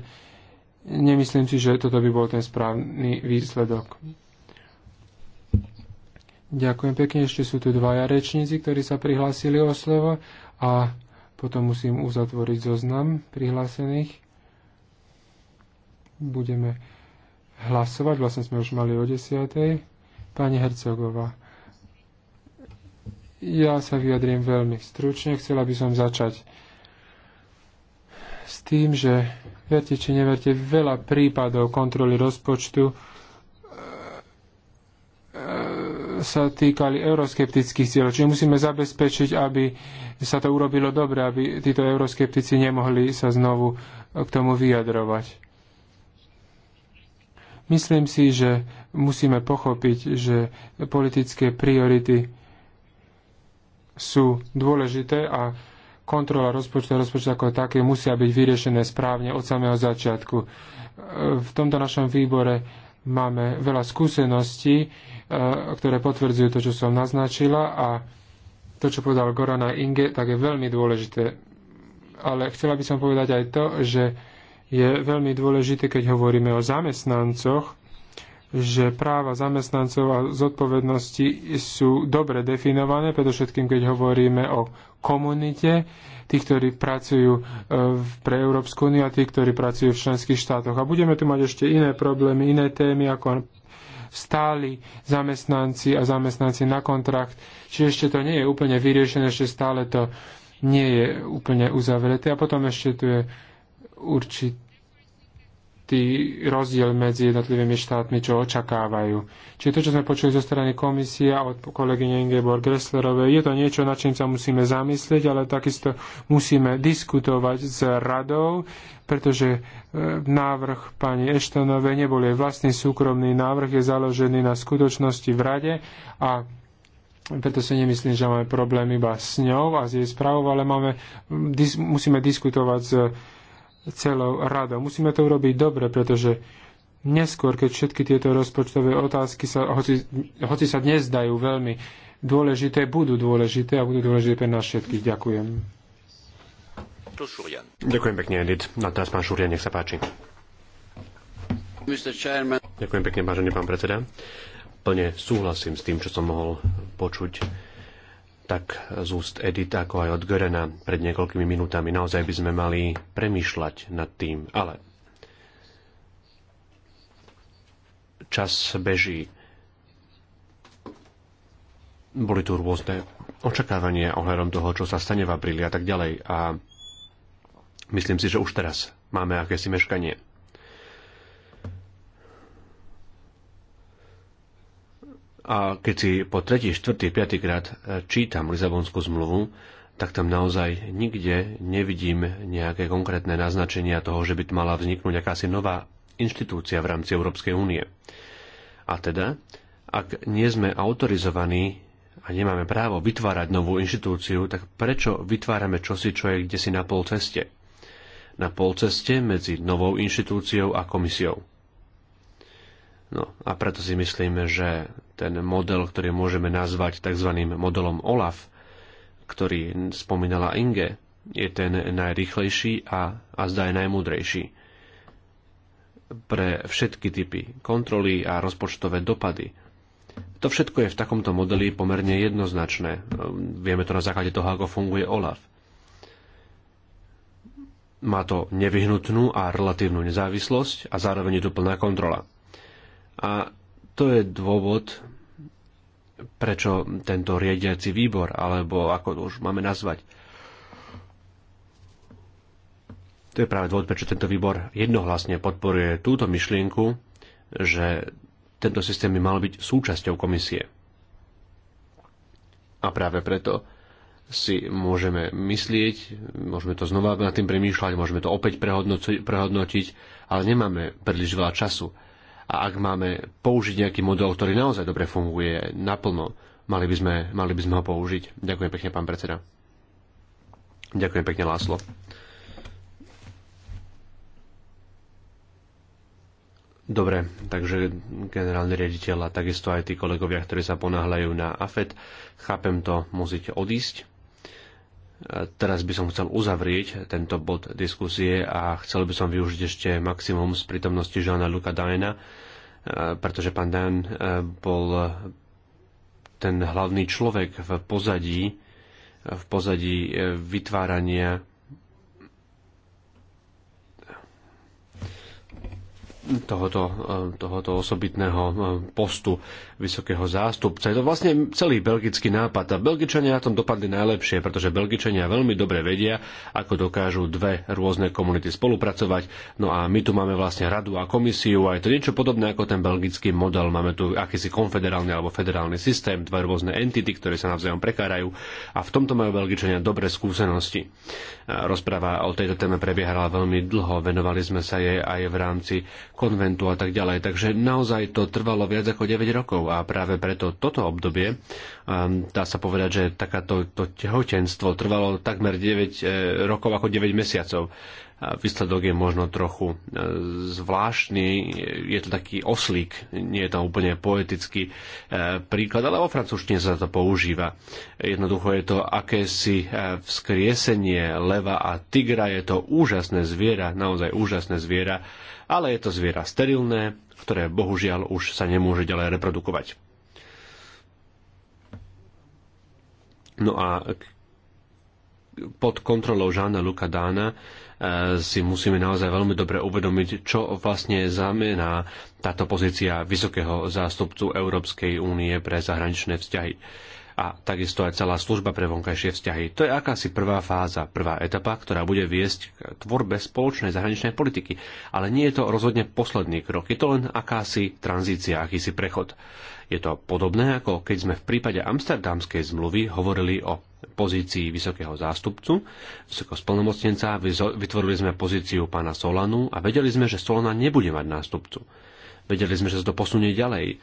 nemyslím si, že toto by bol ten správny výsledok. Ďakujem pekne, ešte sú tu dvaja rečníci, ktorí sa prihlásili o slovo a potom musím uzatvoriť zoznam prihlásených. Budeme hlasovať, vlastne sme už mali o desiatej. Pani Hercegová. Ja sa vyjadrím veľmi stručne. Chcela by som začať s tým, že verte či neverte, veľa prípadov kontroly rozpočtu e, e, sa týkali euroskeptických cieľov. Čiže musíme zabezpečiť, aby sa to urobilo dobre, aby títo euroskeptici nemohli sa znovu k tomu vyjadrovať. Myslím si, že musíme pochopiť, že politické priority sú dôležité a kontrola rozpočtu a rozpočtu ako také musia byť vyriešené správne od samého začiatku. V tomto našom výbore máme veľa skúseností, e, ktoré potvrdzujú to, čo som naznačila a to, čo povedal Goran a Inge, tak je veľmi dôležité. Ale chcela by som povedať aj to, že je veľmi dôležité, keď hovoríme o zamestnancoch, že práva zamestnancov a zodpovednosti sú dobre definované, predovšetkým keď hovoríme o komunite, tí, ktorí pracujú e, pre Európsku úniu a tí, ktorí pracujú v členských štátoch. A budeme tu mať ešte iné problémy, iné témy, ako stáli zamestnanci a zamestnanci na kontrakt. Čiže ešte to nie je úplne vyriešené, ešte stále to nie je úplne uzavreté. A potom ešte tu je určitý tý rozdiel medzi jednotlivými štátmi, čo očakávajú. Čiže to, čo sme počuli zo strany komisie a od kolegyne Ingeborg Gresslerovej, je to niečo, na čím sa musíme zamyslieť, ale takisto musíme diskutovať s radou, pretože e, návrh pani Eštonovej nebol jej vlastný súkromný návrh, je založený na skutočnosti v rade a preto si nemyslím, že máme problém iba s ňou a s jej správou, ale máme, dis, musíme diskutovať s celou radou. Musíme to urobiť dobre, pretože neskôr, keď všetky tieto rozpočtové otázky sa, hoci, hoci sa dnes zdajú veľmi dôležité, budú dôležité a budú dôležité pre nás všetkých. Ďakujem. Ďakujem pekne, Edith. No teraz pán Šurian, nech sa páči. Ďakujem pekne, vážený pán predseda. Plne súhlasím s tým, čo som mohol počuť tak z úst Edita, ako aj od Görena pred niekoľkými minútami. Naozaj by sme mali premýšľať nad tým, ale čas beží. Boli tu rôzne očakávania ohľadom toho, čo sa stane v apríli a tak ďalej. A myslím si, že už teraz máme akési meškanie. A keď si po tretí, štvrtý, piatý krát e, čítam Lisabonskú zmluvu, tak tam naozaj nikde nevidím nejaké konkrétne naznačenia toho, že by mala vzniknúť akási nová inštitúcia v rámci Európskej únie. A teda, ak nie sme autorizovaní a nemáme právo vytvárať novú inštitúciu, tak prečo vytvárame čosi, čo je kde si na pol ceste? Na pol ceste medzi novou inštitúciou a komisiou. No a preto si myslíme, že ten model, ktorý môžeme nazvať tzv. modelom OLAF, ktorý spomínala Inge, je ten najrychlejší a, a zdá je najmúdrejší. Pre všetky typy kontroly a rozpočtové dopady. To všetko je v takomto modeli pomerne jednoznačné. Vieme to na základe toho, ako funguje OLAF. Má to nevyhnutnú a relatívnu nezávislosť a zároveň je tu plná kontrola. A to je dôvod, prečo tento riadiaci výbor, alebo ako to už máme nazvať, to je práve dôvod, prečo tento výbor jednohlasne podporuje túto myšlienku, že tento systém by mal byť súčasťou komisie. A práve preto si môžeme myslieť, môžeme to znova nad tým premýšľať, môžeme to opäť prehodnotiť, prehodnotiť ale nemáme príliš veľa času a ak máme použiť nejaký model, ktorý naozaj dobre funguje naplno, mali by sme, mali by sme ho použiť. Ďakujem pekne, pán predseda. Ďakujem pekne, Láslo. Dobre, takže generálny riaditeľ a takisto aj tí kolegovia, ktorí sa ponáhľajú na AFED, chápem to, musíte odísť. Teraz by som chcel uzavrieť tento bod diskusie a chcel by som využiť ešte maximum z prítomnosti Žána Luka Dajna, e, pretože pán Dan e, bol ten hlavný človek v pozadí, v pozadí e, vytvárania tohoto, eh, tohoto osobitného eh, postu vysokého zástupca. Je to vlastne celý belgický nápad a Belgičania na tom dopadli najlepšie, pretože Belgičania veľmi dobre vedia, ako dokážu dve rôzne komunity spolupracovať. No a my tu máme vlastne radu a komisiu a je to niečo podobné ako ten belgický model. Máme tu akýsi konfederálny alebo federálny systém, dve rôzne entity, ktoré sa navzájom prekárajú a v tomto majú Belgičania dobré skúsenosti. Eh, rozpráva o tejto téme prebiehala veľmi dlho, venovali sme sa jej aj v rámci konventu a tak ďalej. Takže naozaj to trvalo viac ako 9 rokov a práve preto toto obdobie, um, dá sa povedať, že takáto to tehotenstvo trvalo takmer 9 eh, rokov ako 9 mesiacov. Výsledok je možno trochu eh, zvláštny, je to taký oslík, nie je to úplne poetický eh, príklad, ale vo francúzštine sa to používa. Jednoducho je to akési vzkriesenie leva a tigra, je to úžasné zviera, naozaj úžasné zviera, ale je to zviera sterilné, ktoré bohužiaľ už sa nemôže ďalej reprodukovať. No a pod kontrolou Žána Luka Dána e, si musíme naozaj veľmi dobre uvedomiť, čo vlastne znamená táto pozícia vysokého zástupcu Európskej únie pre zahraničné vzťahy a takisto aj celá služba pre vonkajšie vzťahy. To je akási prvá fáza, prvá etapa, ktorá bude viesť k tvorbe spoločnej zahraničnej politiky. Ale nie je to rozhodne posledný krok, je to len akási tranzícia, akýsi prechod. Je to podobné, ako keď sme v prípade amsterdamskej zmluvy hovorili o pozícii vysokého zástupcu, splnomocnenca, vytvorili sme pozíciu pána Solanu a vedeli sme, že Solana nebude mať nástupcu. Vedeli sme, že sa to posunie ďalej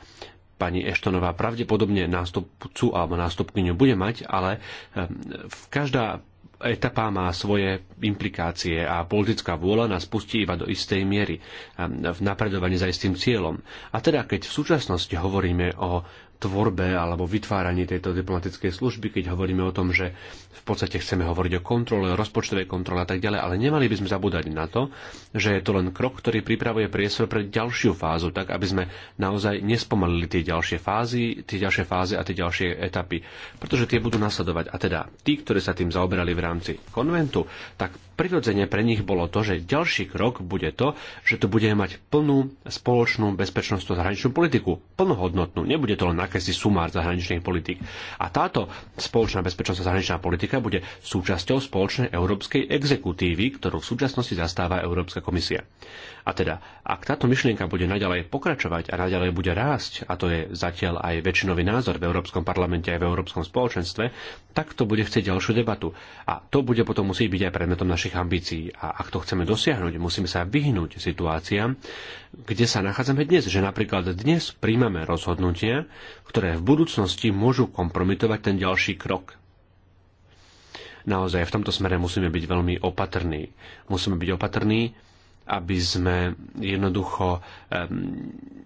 pani Eštonová pravdepodobne nástupcu alebo nástupkyňu bude mať, ale ehm, každá etapa má svoje implikácie a politická vôľa nás pustí iba do istej miery ehm, v napredovaní za istým cieľom. A teda keď v súčasnosti hovoríme o tvorbe alebo vytváraní tejto diplomatickej služby, keď hovoríme o tom, že v podstate chceme hovoriť o kontrole, o rozpočtovej kontrole a tak ďalej, ale nemali by sme zabúdať na to, že je to len krok, ktorý pripravuje priestor pre ďalšiu fázu, tak aby sme naozaj nespomalili tie ďalšie fázy, tie ďalšie fázy a tie ďalšie etapy, pretože tie budú nasledovať. A teda tí, ktorí sa tým zaoberali v rámci konventu, tak prirodzene pre nich bolo to, že ďalší krok bude to, že tu budeme mať plnú spoločnú bezpečnostnú zahraničnú politiku, plnohodnotnú. Nebude to len akési sumár zahraničnej politik. A táto spoločná a zahraničná politika bude súčasťou spoločnej európskej exekutívy, ktorú v súčasnosti zastáva Európska komisia. A teda, ak táto myšlienka bude naďalej pokračovať a naďalej bude rásť, a to je zatiaľ aj väčšinový názor v Európskom parlamente aj v Európskom spoločenstve, tak to bude chcieť ďalšiu debatu. A to bude potom musieť byť aj predmetom našich ambícií. A ak to chceme dosiahnuť, musíme sa vyhnúť situáciám, kde sa nachádzame dnes. Že napríklad dnes príjmame rozhodnutia, ktoré v budúcnosti môžu kompromitovať ten ďalší krok naozaj v tomto smere musíme byť veľmi opatrní. Musíme byť opatrní aby sme jednoducho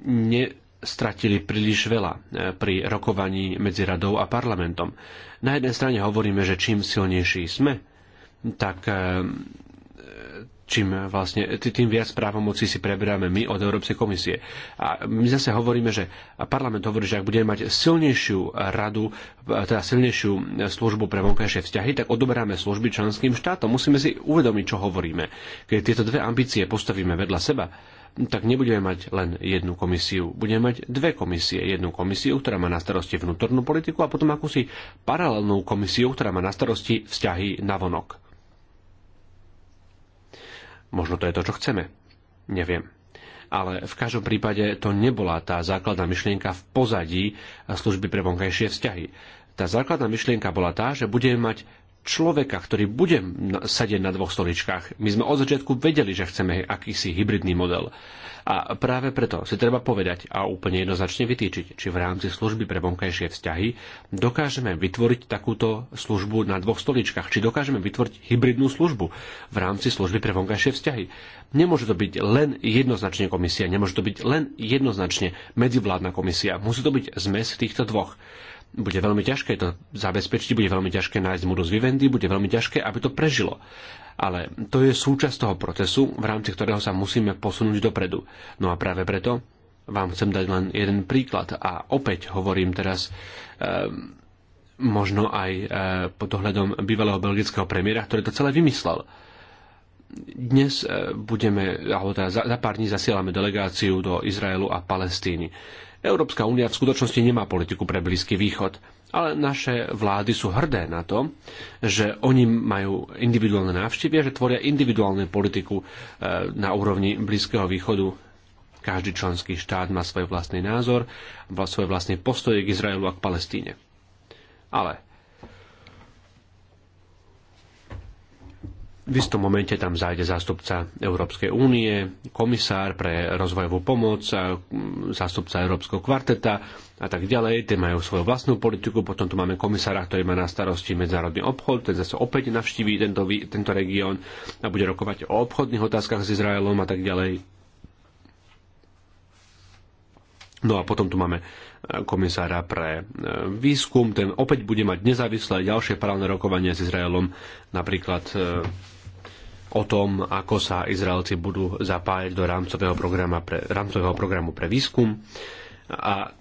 nestratili príliš veľa eh, pri rokovaní medzi radou a parlamentom. Na jednej strane hovoríme, že čím silnejší sme, tak čím vlastne, tým viac právomocí si preberáme my od Európskej komisie. A my zase hovoríme, že parlament hovorí, že ak budeme mať silnejšiu radu, teda silnejšiu službu pre vonkajšie vzťahy, tak odoberáme služby členským štátom. Musíme si uvedomiť, čo hovoríme. Keď tieto dve ambície postavíme vedľa seba, tak nebudeme mať len jednu komisiu. Budeme mať dve komisie. Jednu komisiu, ktorá má na starosti vnútornú politiku a potom akúsi paralelnú komisiu, ktorá má na starosti vzťahy navonok. Možno to je to, čo chceme. Neviem. Ale v každom prípade to nebola tá základná myšlienka v pozadí služby pre vonkajšie vzťahy. Tá základná myšlienka bola tá, že budeme mať človeka, ktorý bude sedieť na dvoch stoličkách. My sme od začiatku vedeli, že chceme akýsi hybridný model. A práve preto si treba povedať a úplne jednoznačne vytýčiť, či v rámci služby pre vonkajšie vzťahy dokážeme vytvoriť takúto službu na dvoch stoličkách, či dokážeme vytvoriť hybridnú službu v rámci služby pre vonkajšie vzťahy. Nemôže to byť len jednoznačne komisia, nemôže to byť len jednoznačne medzivládna komisia, musí to byť zmes týchto dvoch. Bude veľmi ťažké to zabezpečiť, bude veľmi ťažké nájsť dosť Vivendy, bude veľmi ťažké, aby to prežilo. Ale to je súčasť toho procesu, v rámci ktorého sa musíme posunúť dopredu. No a práve preto vám chcem dať len jeden príklad a opäť hovorím teraz e, možno aj e, pod ohľadom bývalého belgického premiéra, ktorý to celé vymyslel. Dnes e, budeme, alebo teda za, za pár dní zasielame delegáciu do Izraelu a Palestíny. Európska únia v skutočnosti nemá politiku pre Blízky východ, ale naše vlády sú hrdé na to, že oni majú individuálne návštevy a že tvoria individuálnu politiku e, na úrovni Blízkeho východu. Každý členský štát má svoj vlastný názor, svoj vlastný postoj k Izraelu a k Palestíne. Ale V istom momente tam zájde zástupca Európskej únie, komisár pre rozvojovú pomoc, zástupca Európskeho kvarteta a tak ďalej. Tie majú svoju vlastnú politiku. Potom tu máme komisára, ktorý má na starosti medzinárodný obchod, ten zase opäť navštíví tento, tento región a bude rokovať o obchodných otázkach s Izraelom a tak ďalej. No a potom tu máme e, komisára pre e, výskum, ten opäť bude mať nezávislé ďalšie právne rokovania s Izraelom, napríklad e, o tom, ako sa Izraelci budú zapájať do rámcového, pre, rámcového programu pre výskum. A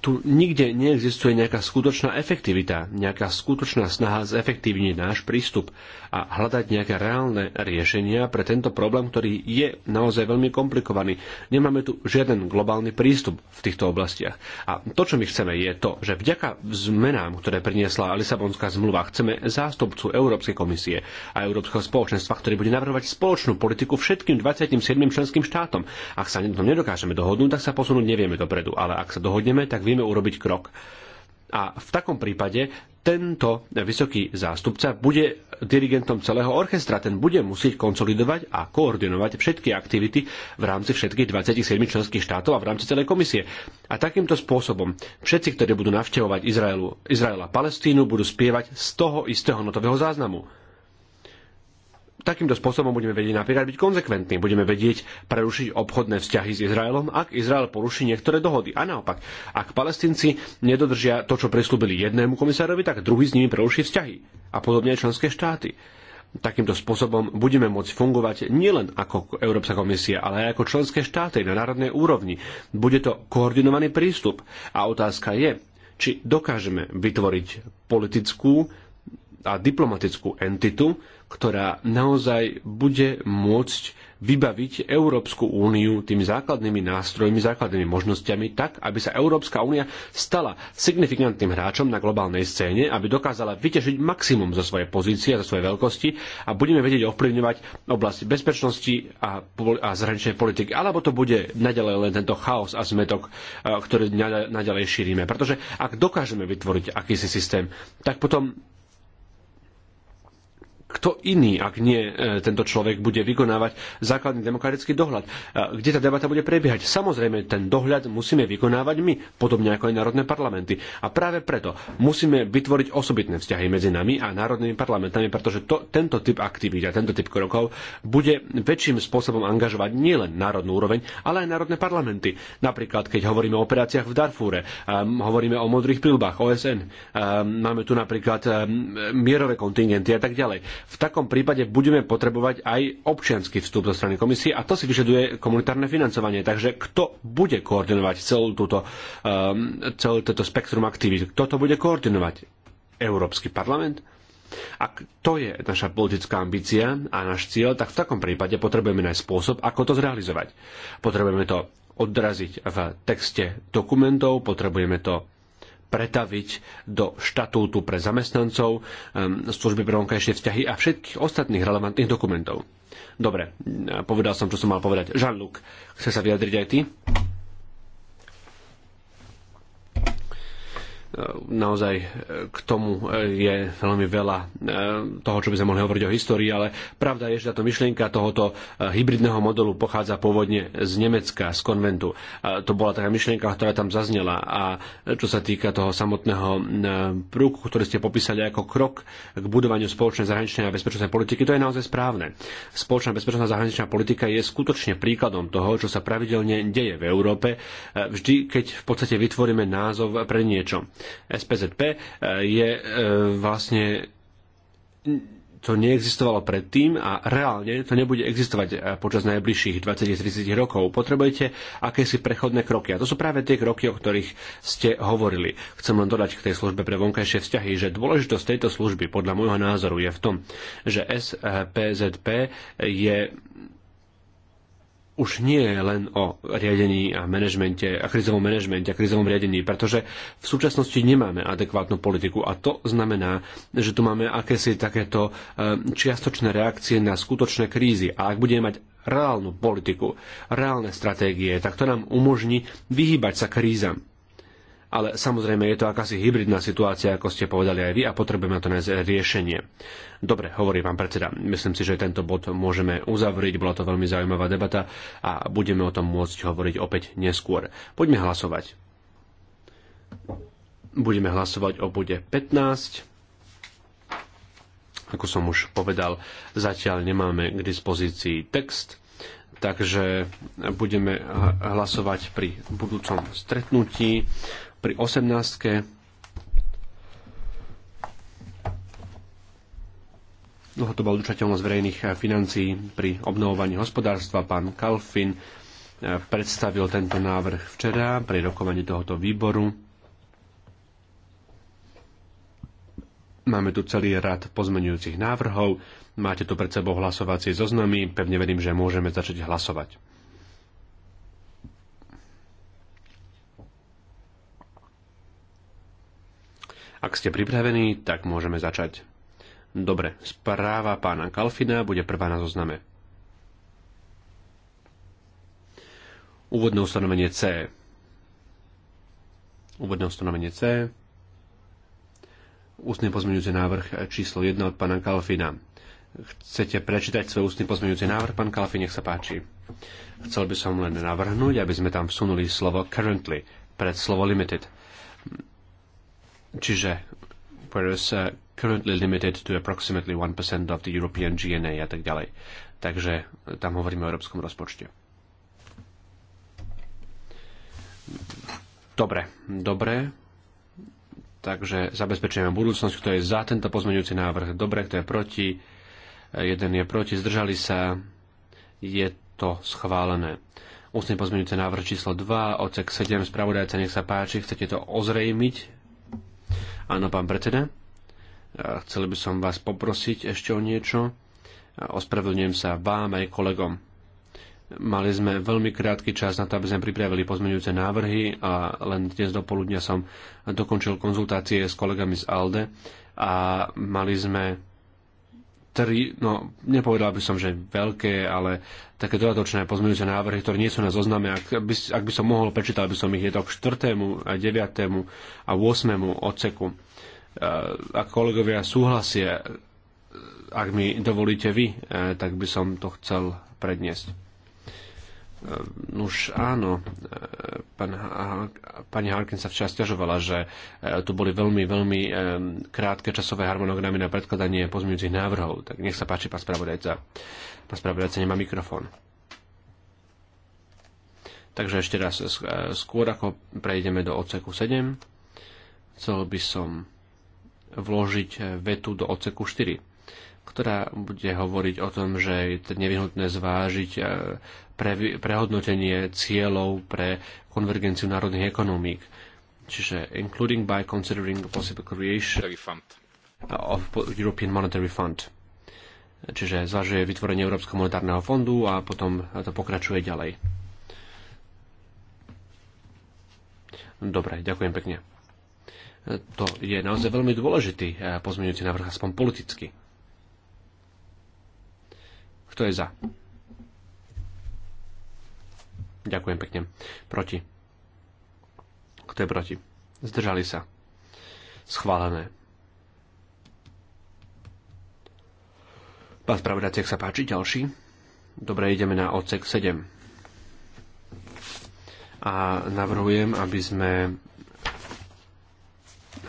tu nikde neexistuje nejaká skutočná efektivita, nejaká skutočná snaha zefektívniť náš prístup a hľadať nejaké reálne riešenia pre tento problém, ktorý je naozaj veľmi komplikovaný. Nemáme tu žiaden globálny prístup v týchto oblastiach. A to, čo my chceme, je to, že vďaka zmenám, ktoré priniesla Lisabonská zmluva, chceme zástupcu Európskej komisie a Európskeho spoločenstva, ktorý bude navrhovať spoločnú politiku všetkým 27 členským štátom. Ak sa na tom nedokážeme dohodnúť, tak sa posunúť nevieme dopredu, ale ak sa dohodneme, tak vieme urobiť krok. A v takom prípade tento vysoký zástupca bude dirigentom celého orchestra. Ten bude musieť konsolidovať a koordinovať všetky aktivity v rámci všetkých 27 členských štátov a v rámci celej komisie. A takýmto spôsobom všetci, ktorí budú navštevovať Izraelu, Izraela a Palestínu, budú spievať z toho istého notového záznamu. Takýmto spôsobom budeme vedieť napríklad byť konzekventní, budeme vedieť prerušiť obchodné vzťahy s Izraelom, ak Izrael poruší niektoré dohody. A naopak, ak palestinci nedodržia to, čo prislúbili jednému komisárovi, tak druhý s nimi preruší vzťahy. A podobne aj členské štáty. Takýmto spôsobom budeme môcť fungovať nielen ako Európska komisia, ale aj ako členské štáty na národnej úrovni. Bude to koordinovaný prístup. A otázka je, či dokážeme vytvoriť politickú a diplomatickú entitu, ktorá naozaj bude môcť vybaviť Európsku úniu tými základnými nástrojmi, základnými možnosťami, tak, aby sa Európska únia stala signifikantným hráčom na globálnej scéne, aby dokázala vyťažiť maximum zo svojej pozície a zo svojej veľkosti a budeme vedieť ovplyvňovať oblasti bezpečnosti a, a zahraničnej politiky. Alebo to bude naďalej len tento chaos a zmetok, eh, ktorý naďalej šírime. Pretože ak dokážeme vytvoriť akýsi systém, tak potom kto iný, ak nie e, tento človek, bude vykonávať základný demokratický dohľad? E, kde tá debata bude prebiehať? Samozrejme, ten dohľad musíme vykonávať my, podobne ako aj národné parlamenty. A práve preto musíme vytvoriť osobitné vzťahy medzi nami a národnými parlamentami, pretože to, tento typ aktivít a tento typ krokov bude väčším spôsobom angažovať nielen národnú úroveň, ale aj národné parlamenty. Napríklad, keď hovoríme o operáciách v Darfúre, um, hovoríme o modrých prilbách OSN, um, máme tu napríklad um, mierové kontingenty a tak ďalej v takom prípade budeme potrebovať aj občiansky vstup zo strany komisie a to si vyžaduje komunitárne financovanie. Takže kto bude koordinovať celú túto, um, celé toto spektrum aktivít? Kto to bude koordinovať? Európsky parlament? Ak to je naša politická ambícia a náš cieľ, tak v takom prípade potrebujeme nájsť spôsob, ako to zrealizovať. Potrebujeme to odraziť v texte dokumentov, potrebujeme to pretaviť do štatútu pre zamestnancov, ehm, služby pre vonkajšie vzťahy a všetkých ostatných relevantných dokumentov. Dobre, eh, povedal som, čo som mal povedať. Žanluk, chce sa vyjadriť aj ty? naozaj e, k tomu e, je veľmi veľa e, toho, čo by sme mohli hovoriť o histórii, ale pravda je, že táto myšlienka tohoto hybridného modelu pochádza pôvodne z Nemecka, z konventu. To bola taká myšlienka, ktorá tam zaznela a čo sa týka toho samotného prúku, ktorý ste popísali ako krok k budovaniu spoločnej zahraničnej a bezpečnostnej politiky, to je naozaj správne. Spoločná bezpečnostná zahraničná politika je skutočne príkladom toho, čo sa pravidelne deje v Európe, vždy keď v podstate vytvoríme názov pre niečo. SPZP e, je e, vlastne to neexistovalo predtým a reálne to nebude existovať e, počas najbližších 20-30 rokov. Potrebujete akési prechodné kroky. A to sú práve tie kroky, o ktorých ste hovorili. Chcem len dodať k tej službe pre vonkajšie vzťahy, že dôležitosť tejto služby podľa môjho názoru je v tom, že SPZP je už nie je len o riadení a manažmente a krizovom manažmente a krizovom riadení, pretože v súčasnosti nemáme adekvátnu politiku a to znamená, že tu máme akési takéto e, čiastočné reakcie na skutočné krízy a ak budeme mať reálnu politiku, reálne stratégie, tak to nám umožní vyhýbať sa krízam ale samozrejme je to akási hybridná situácia, ako ste povedali aj vy a potrebujeme to nájsť riešenie. Dobre, hovorí pán predseda, myslím si, že tento bod môžeme uzavrieť, bola to veľmi zaujímavá debata a budeme o tom môcť hovoriť opäť neskôr. Poďme hlasovať. Budeme hlasovať o bode 15. Ako som už povedal, zatiaľ nemáme k dispozícii text, takže budeme hlasovať pri budúcom stretnutí. Pri 18. bol udržateľnosť verejných eh, financií pri obnovovaní hospodárstva pán Kalfin eh, predstavil tento návrh včera pri rokovaní tohoto výboru. Máme tu celý rad pozmenujúcich návrhov. Máte tu pred sebou hlasovacie zoznamy. Pevne verím, že môžeme začať hlasovať. Ak ste pripravení, tak môžeme začať. Dobre, správa pána Kalfina bude prvá na zozname. Úvodné ustanovenie C. Úvodné ustanovenie C. Ústne pozmeňujúce návrh číslo 1 od pána Kalfina. Chcete prečítať svoj ústny pozmeňujúci návrh, pán Kalfin, nech sa páči. Chcel by som len navrhnúť, aby sme tam vsunuli slovo currently pred slovo limited Čiže whereas uh, currently limited to approximately 1% of the European GNA a tak ďalej. Takže uh, tam hovoríme o európskom rozpočte. Dobre, dobre. Takže zabezpečujeme budúcnosť, kto je za tento pozmeňujúci návrh. Dobre, kto je proti. Uh, jeden je proti, zdržali sa. Je to schválené. Ústne pozmeňujúce návrh číslo 2, odsek 7, spravodajca, nech sa páči, chcete to ozrejmiť? Áno, pán predseda. Chcel by som vás poprosiť ešte o niečo. Ospravedlňujem sa vám aj kolegom. Mali sme veľmi krátky čas na to, aby sme pripravili pozmeňujúce návrhy a len dnes do poludnia som dokončil konzultácie s kolegami z ALDE a mali sme tri, no nepovedal by som, že veľké, ale také dodatočné pozmeňujúce návrhy, ktoré nie sú na zozname. Ak by, ak by som mohol, prečítať, by som ich. jedol k 4., a 9. a 8. odseku. E, ak kolegovia súhlasia, e, ak mi dovolíte vy, e, tak by som to chcel predniesť. Ehm, už áno, ehm, pán, pani Harkin sa včera stiažovala, že ehm, tu boli veľmi, veľmi krátke časové harmonogramy na predkladanie pozmeňujúcich návrhov. Tak nech sa páči, pán spravodajca. Pán spravodajca nemá mikrofón. Takže ešte raz, skôr ako prejdeme do odseku 7, chcel by som vložiť vetu do odseku 4 ktorá bude hovoriť o tom, že je nevyhnutné zvážiť pre prehodnotenie cieľov pre konvergenciu národných ekonomík. Čiže including by considering a possible creation of European Monetary Fund. Čiže zvažuje vytvorenie Európskeho monetárneho fondu a potom to pokračuje ďalej. Dobre, ďakujem pekne. To je naozaj veľmi dôležitý eh, pozmeňujúci návrh, aspoň politicky. Kto je za? Ďakujem pekne. Proti. Kto je proti? Zdržali sa. Schválené. Pán ak sa páči, ďalší. Dobre, ideme na odsek 7. A navrhujem, aby sme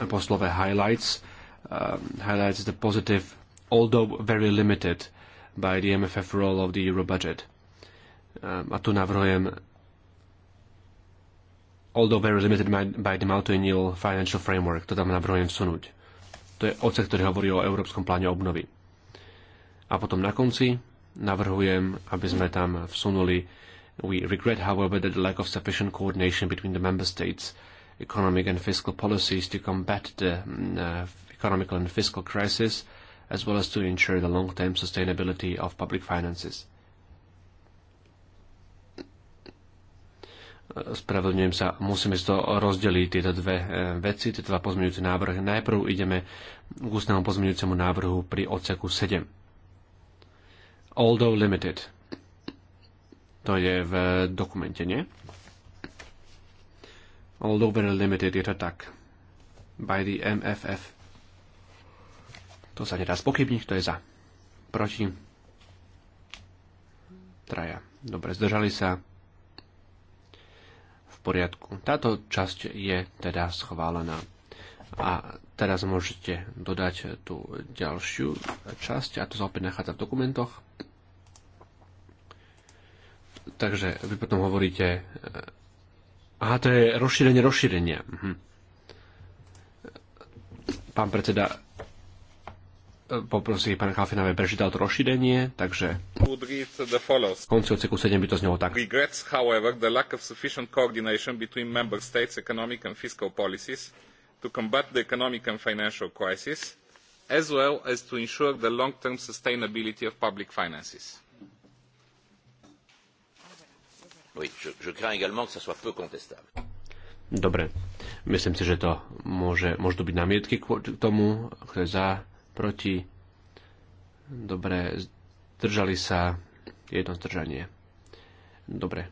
po slove highlights, uh, highlights the positive, although very limited, by the MFF role of the Euro budget a tu navrhujem although very limited by the multi-annual financial framework, to tam navrhujem vsunúť. To je odsek, ktorý hovorí o Európskom pláne obnovy. A potom na konci navrhujem, aby sme tam vsunuli We regret, however, that the lack of sufficient coordination between the member states' economic and fiscal policies to combat the mm, uh, economical and fiscal crisis, as well as to ensure the long-term sustainability of public finances. Spravedlňujem sa, musíme si to rozdeliť, tieto dve e, veci, tieto dva pozmeňujúce návrhy. Najprv ideme k ústnemu pozmeňujúcemu návrhu pri odseku 7. Although limited. To je v dokumente, nie? Although very limited, je to tak. By the MFF. To sa nedá spochybniť, kto je za. Proti. Traja. Dobre, zdržali sa poriadku. Táto časť je teda schválená. A teraz môžete dodať tú ďalšiu časť a to sa opäť nachádza v dokumentoch. Takže vy potom hovoríte... Aha, to je rozšírenie rozšírenia. Mhm. Pán predseda, poprosím pán Kalfin, aby prečítal to rozšírenie, takže v konci odseku 7 by to znelo tak. Regrets, however, the lack of sufficient coordination between member states' economic and fiscal policies to combat the economic and financial crisis, as well as to ensure the long-term sustainability of public finances. Oui, je, je crains également que ça soit peu contestable. Dobre. Myslím si, že to môže, môžu byť namietky k tomu, ktoré za, proti, dobre, zdržali sa, jedno zdržanie. Dobre.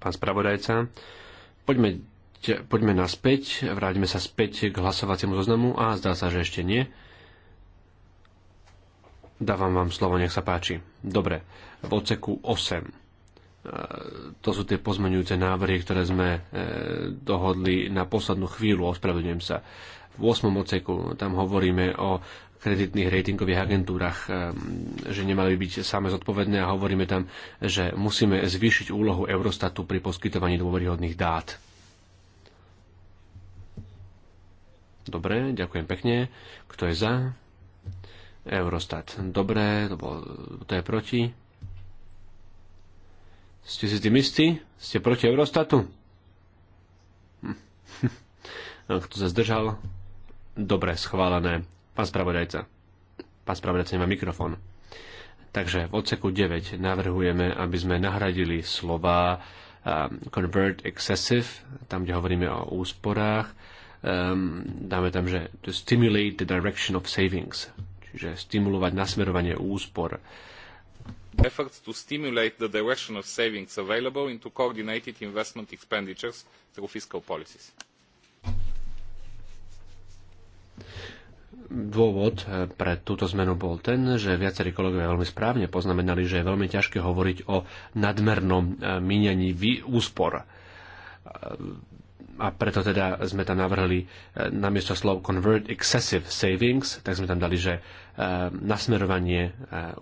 Pán spravodajca, poďme, poďme naspäť, vráťme sa späť k hlasovaciemu zoznamu a zdá sa, že ešte nie. Dávam vám slovo, nech sa páči. Dobre, v odseku 8. E, to sú tie pozmeňujúce návrhy, ktoré sme e, dohodli na poslednú chvíľu, ospravedlňujem sa. V 8. oceku tam hovoríme o kreditných ratingových agentúrach, e, že nemali byť same zodpovedné a hovoríme tam, že musíme zvýšiť úlohu Eurostatu pri poskytovaní dôveryhodných dát. Dobre, ďakujem pekne. Kto je za? Eurostat. Dobre, to, bol, to je proti. Ste si tým istí? Ste proti Eurostatu? Hm. hm. Kto sa zdržal? Dobre, schválené. Pán spravodajca. Pán spravodajca nemá mikrofón. Takže v odseku 9 navrhujeme, aby sme nahradili slova um, convert excessive, tam, kde hovoríme o úsporách, um, dáme tam, že to stimulate the direction of savings, čiže stimulovať nasmerovanie úspor. Uh, efforts to stimulate the direction of savings available into coordinated investment expenditures through fiscal policies. Dôvod eh, pre túto zmenu bol ten, že viacerí kolegovia veľmi správne poznamenali, že je veľmi ťažké hovoriť o nadmernom eh, míňaní úspor eh, a preto teda sme tam navrhli e, namiesto slov convert excessive savings, tak sme tam dali, že e, nasmerovanie e,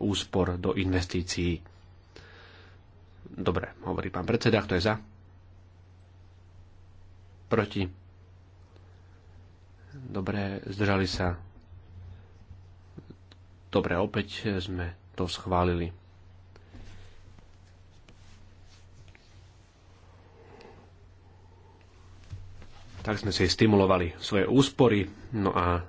úspor do investícií. Dobre, hovorí pán predseda, kto je za? Proti? Dobre, zdržali sa. Dobre, opäť sme to schválili. tak sme si stimulovali svoje úspory. No a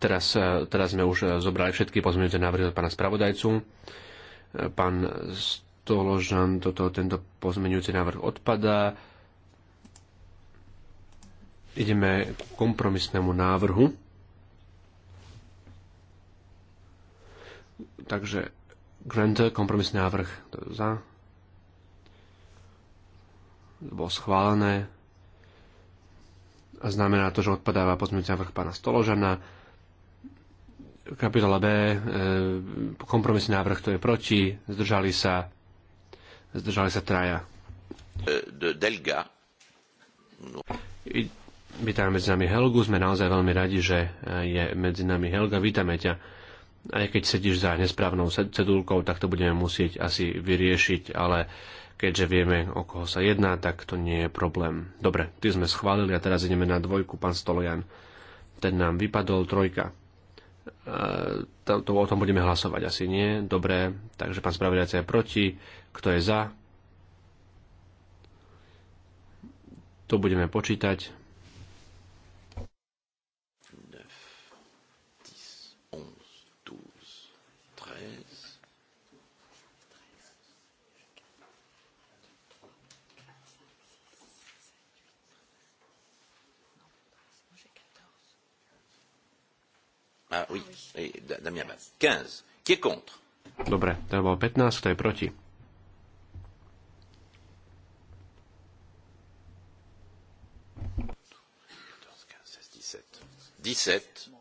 teraz, eh, teraz sme už eh, zobrali všetky pozmeňujúce návrhy od pána spravodajcu. Eh, pán Stoložan, toto, tento pozmeňujúci návrh odpadá. Ideme k kompromisnému návrhu. Takže Grant, kompromisný návrh za, bolo schválené. A znamená to, že odpadáva pozmeňujúci návrh pána Stoložana. Kapitola B, e, kompromisný návrh, to je proti, zdržali sa, zdržali sa traja. De Delga. No. Vítame medzi nami Helgu, sme naozaj veľmi radi, že je medzi nami Helga. Vítame ťa aj keď sedíš za nesprávnou cedulkou, tak to budeme musieť asi vyriešiť, ale keďže vieme, o koho sa jedná, tak to nie je problém. Dobre, ty sme schválili a teraz ideme na dvojku, pán Stolojan. Ten nám vypadol, trojka. E, to, to, o tom budeme hlasovať asi nie. Dobre, takže pán spravodajca je proti. Kto je za? To budeme počítať. Ah, oui, oui Damien Abad. 15. Qui est contre Dobre, to bolo 15, kto je proti?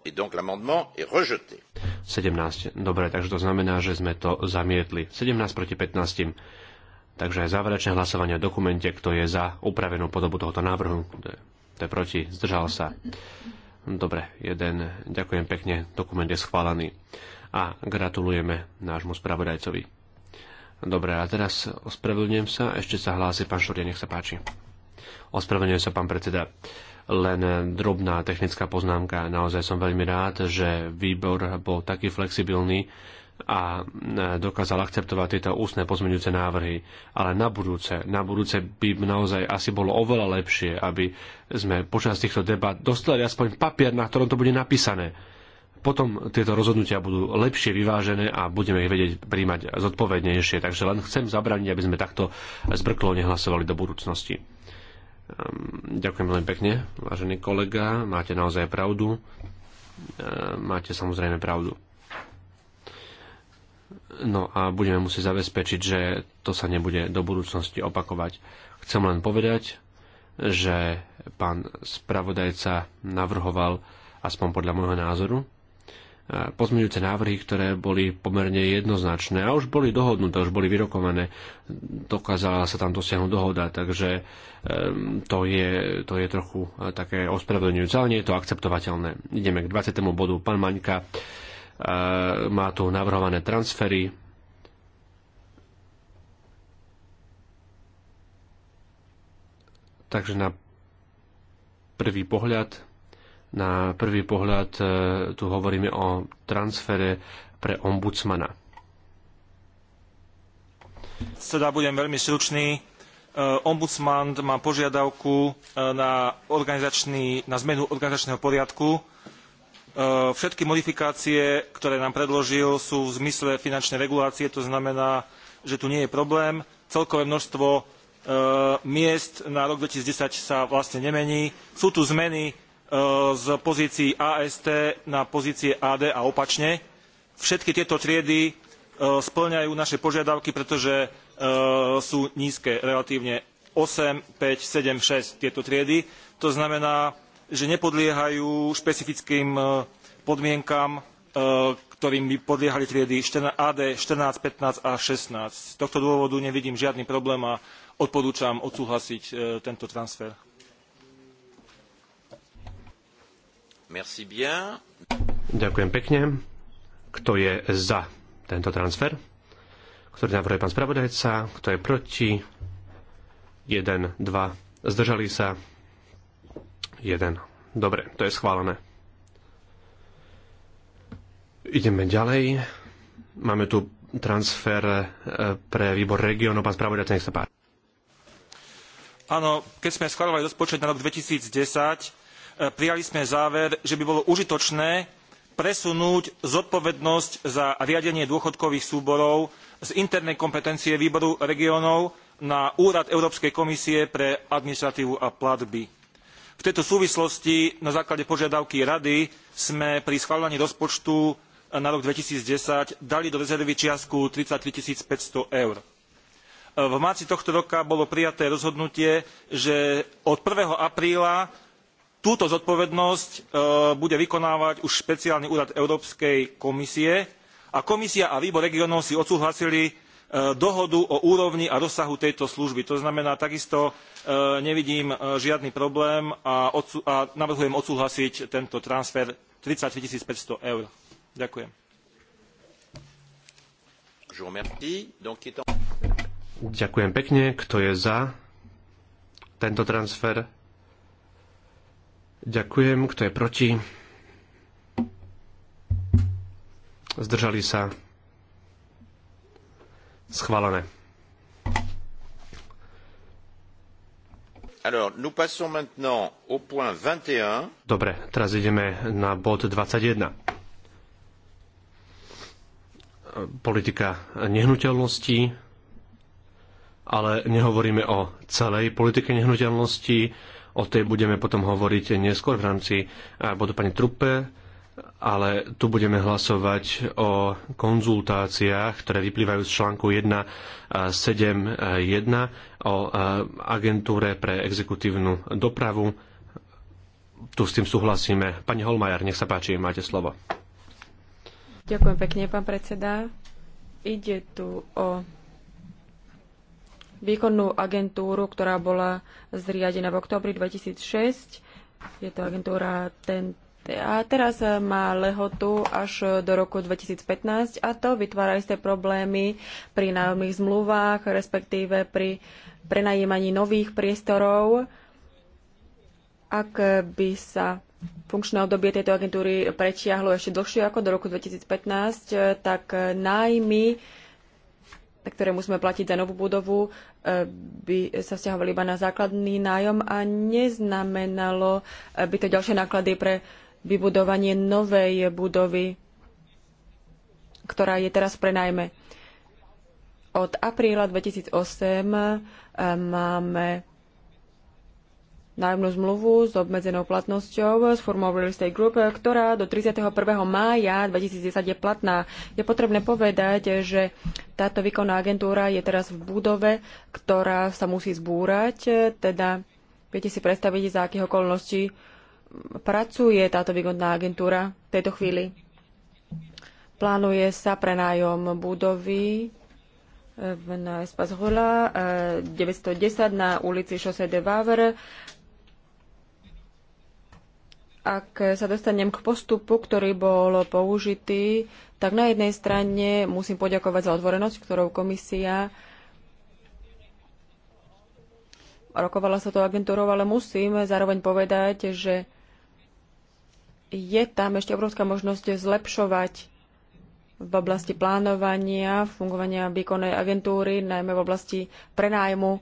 et donc l'amendement est rejeté. 17. Dobre, takže to znamená, že sme to zamietli. 17 proti 15. Takže aj záverečné hlasovanie o dokumente, kto je za upravenú podobu tohoto návrhu, To je proti, zdržal sa. Dobre, jeden. Ďakujem pekne. Dokument je schválený. A gratulujeme nášmu spravodajcovi. Dobre, a teraz ospravedlňujem sa. Ešte sa hlási pán Šuria, nech sa páči. Ospravedlňujem sa, pán predseda. Len drobná technická poznámka. Naozaj som veľmi rád, že výbor bol taký flexibilný, a e, dokázal akceptovať tieto ústne pozmeňujúce návrhy. Ale na budúce, na budúce by naozaj asi bolo oveľa lepšie, aby sme počas týchto debat dostali aspoň papier, na ktorom to bude napísané. Potom tieto rozhodnutia budú lepšie vyvážené a budeme ich vedieť príjmať zodpovednejšie. Takže len chcem zabraniť, aby sme takto zbrklo nehlasovali do budúcnosti. Ehm, ďakujem veľmi pekne, vážený kolega. Máte naozaj pravdu. Ehm, máte samozrejme pravdu. No a budeme musieť zabezpečiť, že to sa nebude do budúcnosti opakovať. Chcem len povedať, že pán spravodajca navrhoval, aspoň podľa môjho názoru, e, pozmeňujúce návrhy, ktoré boli pomerne jednoznačné a už boli dohodnuté, už boli vyrokované, dokázala sa tam dosiahnuť dohoda, takže e, to, je, to je trochu e, také ospravedlňujúce, ale nie je to akceptovateľné. Ideme k 20. bodu. Pán Maňka E, má tu navrhované transfery, Takže na prvý pohľad, na prvý pohľad e, tu hovoríme o transfere pre ombudsmana. Teda budem veľmi stručný. E, ombudsman má požiadavku na, organizačný, na zmenu organizačného poriadku E, všetky modifikácie, ktoré nám predložil, sú v zmysle finančnej regulácie, to znamená, že tu nie je problém. Celkové množstvo e, miest na rok 2010 sa vlastne nemení. Sú tu zmeny e, z pozícií AST na pozície AD a opačne. Všetky tieto triedy spĺňajú naše požiadavky, pretože sú nízke relatívne 8, 5, 7, 6 tieto triedy. To znamená, že nepodliehajú špecifickým e, podmienkam, e, ktorým by podliehali triedy AD 14, 15 a 16. Z tohto dôvodu nevidím žiadny problém a odporúčam odsúhlasiť e, tento transfer. Ďakujem pekne. Kto je za tento transfer? Ktorý navrhuje pán spravodajca? Kto je proti? 1, 2. Zdržali sa? Dobre, to je schválené. Ideme ďalej. Máme tu transfer e, pre výbor regionu. Pán spravodajca, nech sa páči. Áno, keď sme schválovali rozpočet na rok 2010, e, prijali sme záver, že by bolo užitočné presunúť zodpovednosť za riadenie dôchodkových súborov z internej kompetencie výboru regiónov na Úrad Európskej komisie pre administratívu a platby v tejto súvislosti na základe požiadavky Rady sme pri schválení rozpočtu na rok 2010 dali do rezervy čiastku 33 500 eur. V marci tohto roka bolo prijaté rozhodnutie, že od 1. apríla túto zodpovednosť e, bude vykonávať už špeciálny úrad Európskej komisie a komisia a výbor regiónov si odsúhlasili E, dohodu o úrovni a rozsahu tejto služby. To znamená, takisto e, nevidím e, žiadny problém a, navrhujem odsúhlasiť tento transfer 33 500 eur. Ďakujem. Ďakujem pekne. Kto je za tento transfer? Ďakujem. Kto je proti? Zdržali sa? Schválené. Alors, nous passons maintenant au point 21. Dobre, teraz ideme na bod 21. Politika nehnuteľnosti. ale nehovoríme o celej politike nehnuteľnosti, o tej budeme potom hovoriť neskôr v rámci bodu pani Truppe ale tu budeme hlasovať o konzultáciách, ktoré vyplývajú z článku 1.7.1 o agentúre pre exekutívnu dopravu. Tu s tým súhlasíme. Pani Holmajer, nech sa páči, máte slovo. Ďakujem pekne, pán predseda. Ide tu o výkonnú agentúru, ktorá bola zriadená v oktobri 2006. Je to agentúra TENT a teraz e, má lehotu až do roku 2015 a to vytvára isté problémy pri nájomných zmluvách, respektíve pri prenajímaní nových priestorov. Ak by sa funkčné obdobie tejto agentúry prečiahlo ešte dlhšie ako do roku 2015, e, tak nájmy, ktoré musíme platiť za novú budovu, e, by sa vzťahovali iba na základný nájom a neznamenalo by to ďalšie náklady pre vybudovanie novej budovy, ktorá je teraz prenajme. Od apríla 2008 eh, máme nájomnú zmluvu s obmedzenou platnosťou s formou Real Estate Group, eh, ktorá do 31. mája 2010 je platná. Je potrebné povedať, že táto výkonná agentúra je teraz v budove, ktorá sa musí zbúrať, eh, teda viete si predstaviť, za akých okolností pracuje táto výkonná agentúra v tejto chvíli? Plánuje sa prenájom budovy eh, na Espazhola 910 eh, na ulici Chaussée de Vavre. Ak sa dostanem k postupu, ktorý bol použitý, tak na jednej strane musím poďakovať za otvorenosť, ktorou komisia rokovala sa to agentúrou, ale musím zároveň povedať, že je tam ešte obrovská možnosť zlepšovať v oblasti plánovania, fungovania výkonnej agentúry, najmä v oblasti prenájmu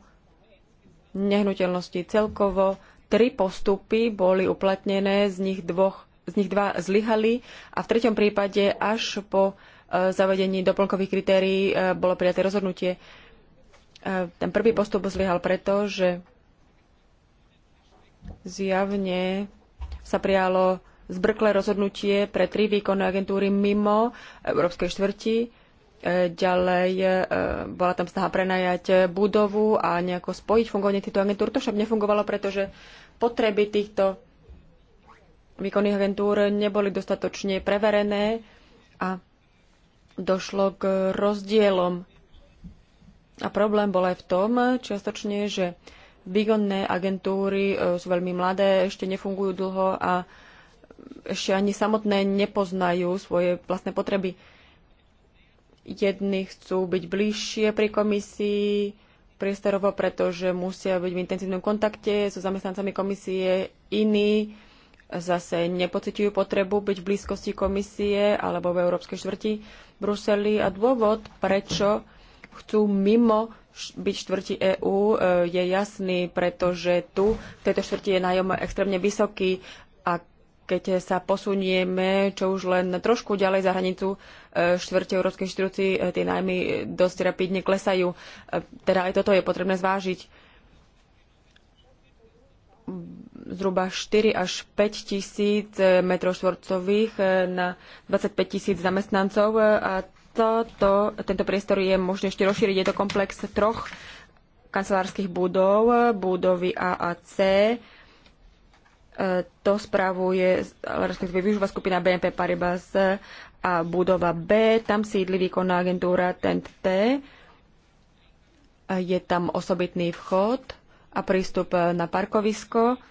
nehnuteľnosti celkovo. Tri postupy boli uplatnené, z nich, dvoch, z nich dva zlyhali a v treťom prípade až po e, zavedení doplnkových kritérií e, bolo prijaté rozhodnutie. E, ten prvý postup zlyhal preto, že zjavne sa prijalo zbrklé rozhodnutie pre tri výkonné agentúry mimo Európskej štvrti. E, ďalej e, bola tam snaha prenajať budovu a nejako spojiť fungovanie týchto agentúr. To však nefungovalo, pretože potreby týchto výkonných agentúr neboli dostatočne preverené a došlo k rozdielom. A problém bol aj v tom čiastočne, že výkonné agentúry e, sú veľmi mladé, ešte nefungujú dlho a ešte ani samotné nepoznajú svoje vlastné potreby. Jedni chcú byť bližšie pri komisii priestorovo, pretože musia byť v intenzívnom kontakte so zamestnancami komisie. Iní zase nepocitujú potrebu byť v blízkosti komisie alebo v Európskej štvrti Bruseli. A dôvod, prečo chcú mimo byť štvrti EÚ e, je jasný, pretože tu v tejto štvrti je nájom extrémne vysoký keď sa posunieme čo už len trošku ďalej za hranicu e, štvrte európskej štruci, e, tie najmy dosť rapidne klesajú. E, teda aj toto je potrebné zvážiť. Zhruba 4 až 5 tisíc metrov štvorcových na 25 tisíc zamestnancov a toto, tento priestor je možné ešte rozšíriť. Je to komplex troch kancelárskych budov, budovy A a C, to spravuje, respektíve využíva skupina BNP Paribas a budova B, tam sídli výkonná agentúra T, je tam osobitný vchod a prístup na parkovisko.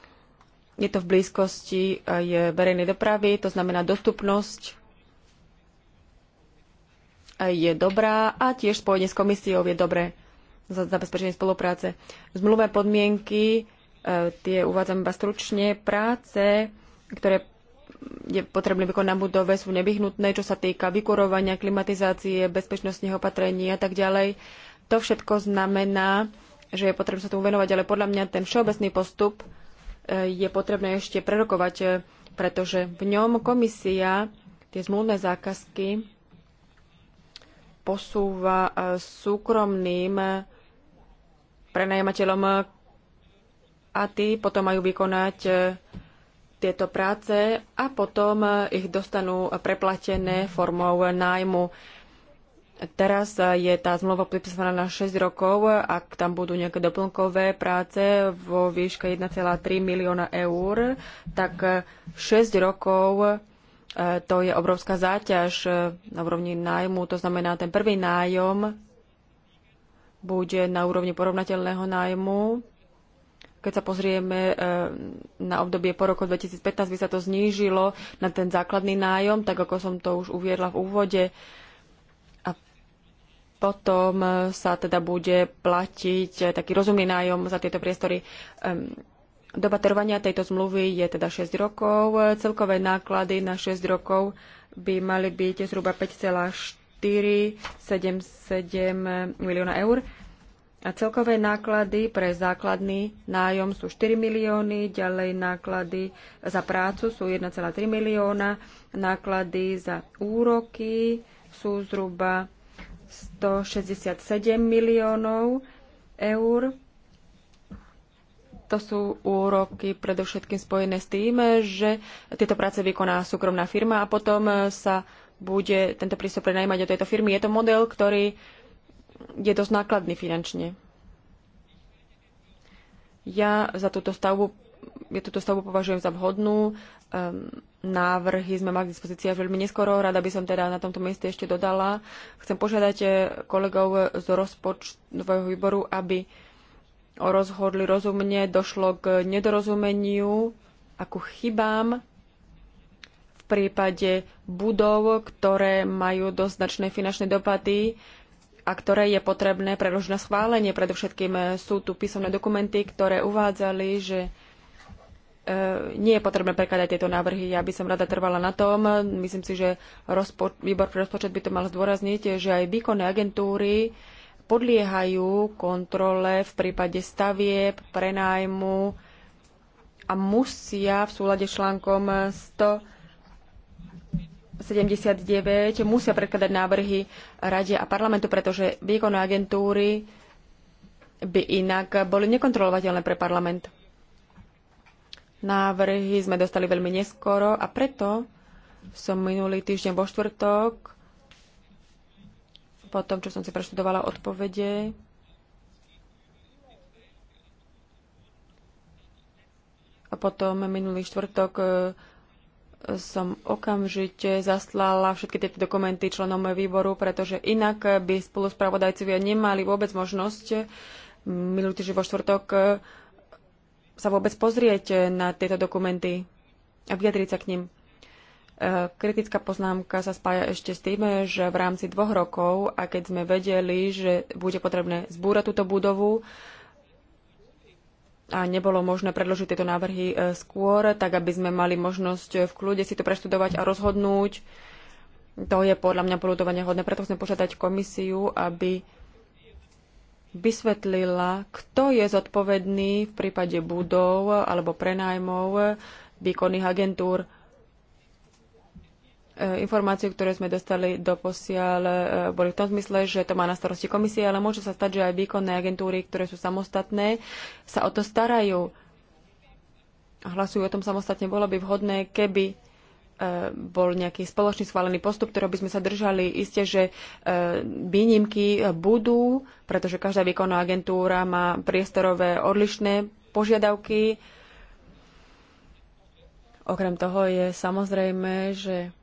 Je to v blízkosti je verejnej dopravy, to znamená dostupnosť je dobrá a tiež spojenie s komisiou je dobré za zabezpečenie spolupráce. Zmluvné podmienky Tie uvádzam iba stručne. Práce, ktoré je potrebné vykonať na budove, sú nevyhnutné, čo sa týka vykurovania, klimatizácie, bezpečnostných opatrení a tak ďalej. To všetko znamená, že je potrebné sa tomu venovať, ale podľa mňa ten všeobecný postup e, je potrebné ešte prerokovať, e, pretože v ňom komisia tie zmluvné zákazky posúva e, súkromným prenajímateľom a tí potom majú vykonať e, tieto práce a potom e, ich dostanú preplatené formou nájmu. Teraz e, je tá zmluva pripísaná na 6 rokov, ak tam budú nejaké doplnkové práce vo výške 1,3 milióna eur, tak 6 rokov to je obrovská záťaž na úrovni nájmu, to znamená ten prvý nájom bude na úrovni porovnateľného nájmu keď sa pozrieme e, na obdobie po roku 2015, by sa to znížilo na ten základný nájom, tak ako som to už uviedla v úvode. A potom e, sa teda bude platiť e, taký rozumný nájom za tieto priestory. Ehm, doba trvania tejto zmluvy je teda 6 rokov. Celkové náklady na 6 rokov by mali byť zhruba 7,7 milióna eur. A celkové náklady pre základný nájom sú 4 milióny, ďalej náklady za prácu sú 1,3 milióna, náklady za úroky sú zhruba 167 miliónov eur. To sú úroky predovšetkým spojené s tým, že tieto práce vykoná súkromná firma a potom sa bude tento prístup prenajímať do tejto firmy. Je to model, ktorý je dosť nákladný finančne. Ja za túto stavbu, ja túto stavbu považujem za vhodnú. Um, návrhy sme mali k dispozícii až veľmi neskoro. Rada by som teda na tomto mieste ešte dodala. Chcem požiadať eh, kolegov z rozpočtového výboru, aby rozhodli rozumne, došlo k nedorozumeniu a ku chybám v prípade budov, ktoré majú dosť značné finančné dopady a ktoré je potrebné predložiť na schválenie. Predovšetkým e, sú tu písomné dokumenty, ktoré uvádzali, že e, nie je potrebné prekladať tieto návrhy. Ja by som rada trvala na tom. Myslím si, že výbor pre rozpočet by to mal zdôrazniť, že aj výkonné agentúry podliehajú kontrole v prípade stavieb, prenájmu a musia v súlade s článkom 100 79 musia predkladať návrhy Rade a parlamentu, pretože výkonné agentúry by inak boli nekontrolovateľné pre parlament. Návrhy sme dostali veľmi neskoro a preto som minulý týždeň vo štvrtok, po tom, čo som si preštudovala odpovede, a potom minulý štvrtok som okamžite zaslala všetky tieto dokumenty členom výboru, pretože inak by spoluspravodajcovia nemali vôbec možnosť minulý týždeň vo štvrtok sa vôbec pozrieť na tieto dokumenty a vyjadriť sa k nim. E, kritická poznámka sa spája ešte s tým, že v rámci dvoch rokov, a keď sme vedeli, že bude potrebné zbúrať túto budovu, a nebolo možné predložiť tieto návrhy e, skôr, tak aby sme mali možnosť v kľude si to preštudovať a rozhodnúť. To je podľa mňa polutovania hodné. Preto chcem požiadať komisiu, aby vysvetlila, kto je zodpovedný v prípade budov alebo prenajmov výkonných agentúr. E, informáciu, ktoré sme dostali do posiaľ, e, boli v tom zmysle, že to má na starosti komisia, ale môže sa stať, že aj výkonné agentúry, ktoré sú samostatné, sa o to starajú a hlasujú o tom samostatne. Bolo by vhodné, keby e, bol nejaký spoločný schválený postup, ktorého by sme sa držali. Isté, že výnimky budú, pretože každá výkonná agentúra má priestorové odlišné požiadavky. Okrem toho je samozrejme, že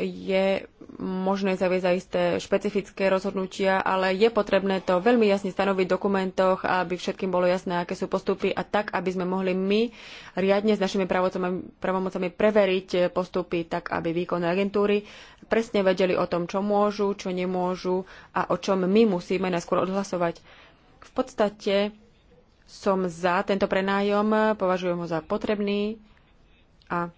je možné zaviesť aj isté špecifické rozhodnutia, ale je potrebné to veľmi jasne stanoviť v dokumentoch, aby všetkým bolo jasné, aké sú postupy a tak, aby sme mohli my riadne s našimi pravomocami preveriť postupy, tak aby výkonné agentúry presne vedeli o tom, čo môžu, čo nemôžu a o čom my musíme najskôr odhlasovať. V podstate som za tento prenájom, považujem ho za potrebný a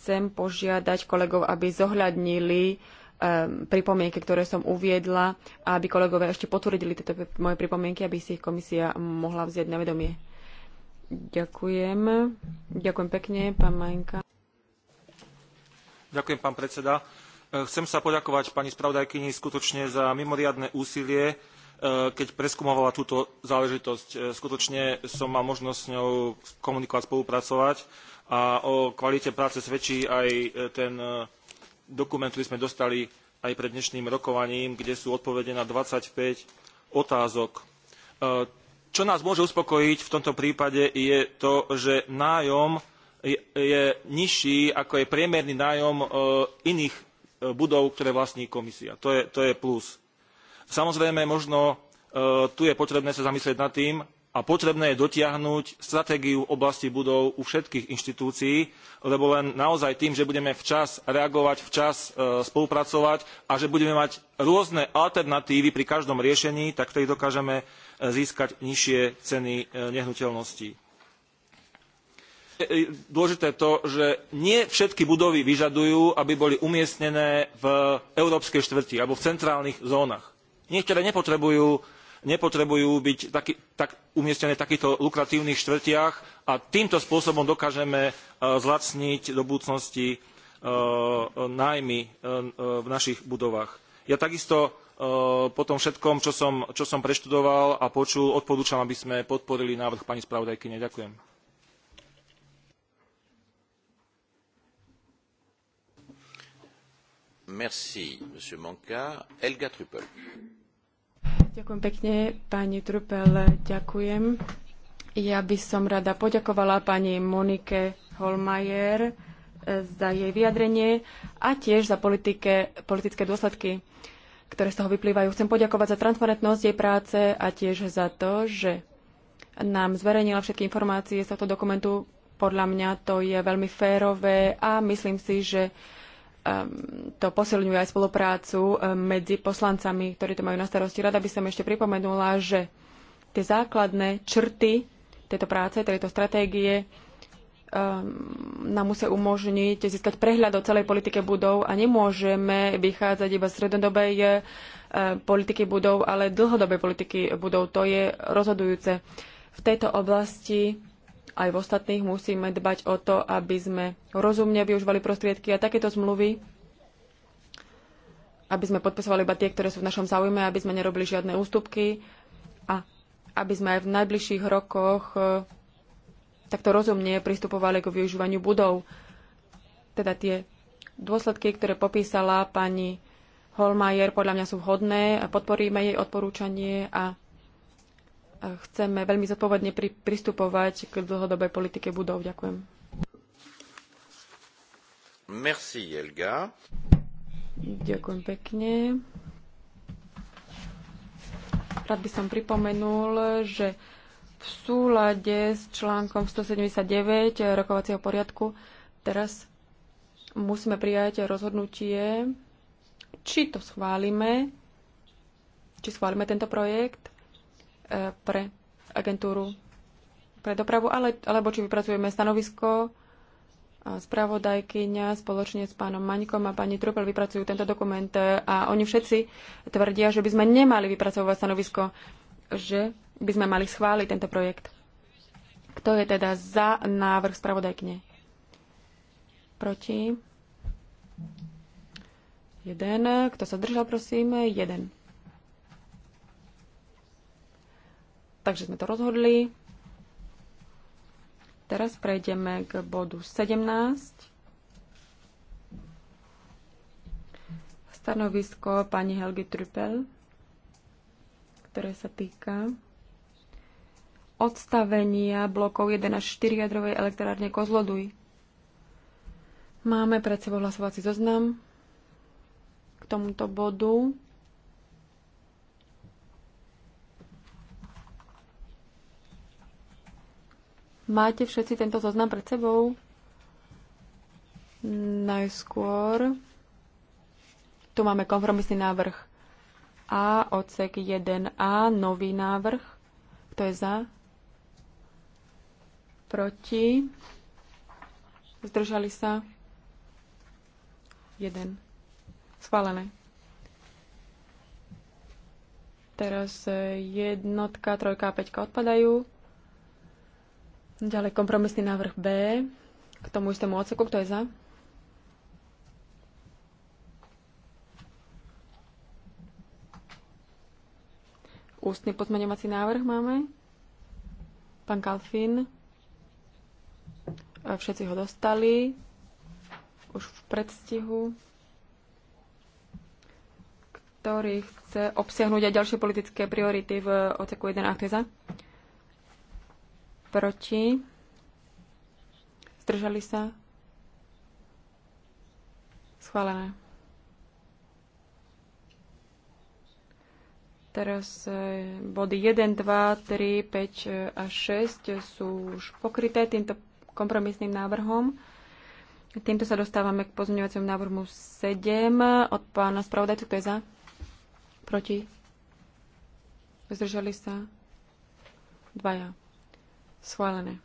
chcem požiadať kolegov, aby zohľadnili ehm, pripomienky, ktoré som uviedla a aby kolegovia ešte potvrdili tieto moje pripomienky, aby si ich komisia mohla vziať na vedomie. Ďakujem. Ďakujem pekne, pán Majnka. Ďakujem, pán predseda. E, chcem sa poďakovať pani spravodajkyni skutočne za mimoriadne úsilie, e, keď preskúmovala túto záležitosť. E, skutočne som mal možnosť s ňou komunikovať, spolupracovať a o kvalite práce svedčí aj e, ten e, dokument, ktorý sme dostali aj pred dnešným rokovaním, kde sú odpovede na 25 otázok. E, čo nás môže uspokojiť v tomto prípade je to, že nájom je nižší, ako je priemerný nájom iných budov, ktoré vlastní komisia. To je, to je plus. Samozrejme, možno tu je potrebné sa zamyslieť nad tým, a potrebné je dotiahnuť stratégiu v oblasti budov u všetkých inštitúcií, lebo len naozaj tým, že budeme včas reagovať, včas e, spolupracovať a že budeme mať rôzne alternatívy pri každom riešení, tak vtedy dokážeme e, získať nižšie ceny e, nehnuteľností. Je dôležité to, že nie všetky budovy vyžadujú, aby boli umiestnené v európskej štvrti alebo v centrálnych zónach. Niektoré nepotrebujú nepotrebujú byť taký, tak umiestnené v takýchto lukratívnych štvrtiach a týmto spôsobom dokážeme e, zlacniť do budúcnosti e, nájmy e, v našich budovách. Ja takisto po tom všetkom, čo som, čo som preštudoval a počul, odporúčam, aby sme podporili návrh pani spravodajkyne. Ďakujem. Merci, Ďakujem pekne, pani Trupel, ďakujem. Ja by som rada poďakovala pani Monike Holmajer eh, za jej vyjadrenie a tiež za politike, politické dôsledky, ktoré z toho vyplývajú. Chcem poďakovať za transparentnosť jej práce a tiež za to, že nám zverejnila všetky informácie z tohto dokumentu. Podľa mňa to je veľmi férové a myslím si, že Ehm, to posilňuje aj spoluprácu ehm, medzi poslancami, ktorí to majú na starosti. Rada by som ešte pripomenula, že tie základné črty tejto práce, tejto stratégie ehm, nám musia umožniť získať prehľad o celej politike budov a nemôžeme vychádzať iba z strednodobej politiky budov, ale dlhodobej politiky budov. To je rozhodujúce. V tejto oblasti aj v ostatných musíme dbať o to, aby sme rozumne využívali prostriedky a takéto zmluvy, aby sme podpisovali iba tie, ktoré sú v našom záujme, aby sme nerobili žiadne ústupky a aby sme aj v najbližších rokoch e, takto rozumne pristupovali k využívaniu budov. Teda tie dôsledky, ktoré popísala pani Holmajer, podľa mňa sú vhodné a podporíme jej odporúčanie a chceme veľmi zodpovedne pri, pristupovať k dlhodobej politike budov. Ďakujem. Merci, Elga. Ďakujem pekne. Rád by som pripomenul, že v súlade s článkom 179 rokovacieho poriadku teraz musíme prijať rozhodnutie, či to schválime, či schválime tento projekt pre agentúru pre dopravu, ale, alebo či vypracujeme stanovisko. Spravodajkyňa spoločne s pánom Maňkom a pani Trupel vypracujú tento dokument a oni všetci tvrdia, že by sme nemali vypracovať stanovisko, že by sme mali schváliť tento projekt. Kto je teda za návrh spravodajkne? Proti? Jeden. Kto sa držal, prosím? Jeden. Takže sme to rozhodli. Teraz prejdeme k bodu 17. Stanovisko pani Helgi Trupel, ktoré sa týka odstavenia blokov 1 až 4 jadrovej elektrárne Kozloduj. Máme pred sebou hlasovací zoznam k tomuto bodu. Máte všetci tento zoznam pred sebou? Najskôr tu máme kompromisný návrh A, odsek 1A, nový návrh. Kto je za? Proti? Zdržali sa? 1. Schválené. Teraz jednotka, trojka a peťka odpadajú. Ďalej kompromisný návrh B k tomu istému odseku. Kto je za? Ústny pozmeňovací návrh máme. Pán Kalfin. Všetci ho dostali. Už v predstihu ktorý chce obsiahnuť aj ďalšie politické priority v oceku 1 a za? proti, zdržali sa, schválené. Teraz e, body 1, 2, 3, 5 a 6 sú už pokryté týmto kompromisným návrhom. Týmto sa dostávame k pozmeňovaciemu návrhu 7 od pána spravodajcu. Kto je za? Proti? Zdržali sa? Dvaja. Schválené.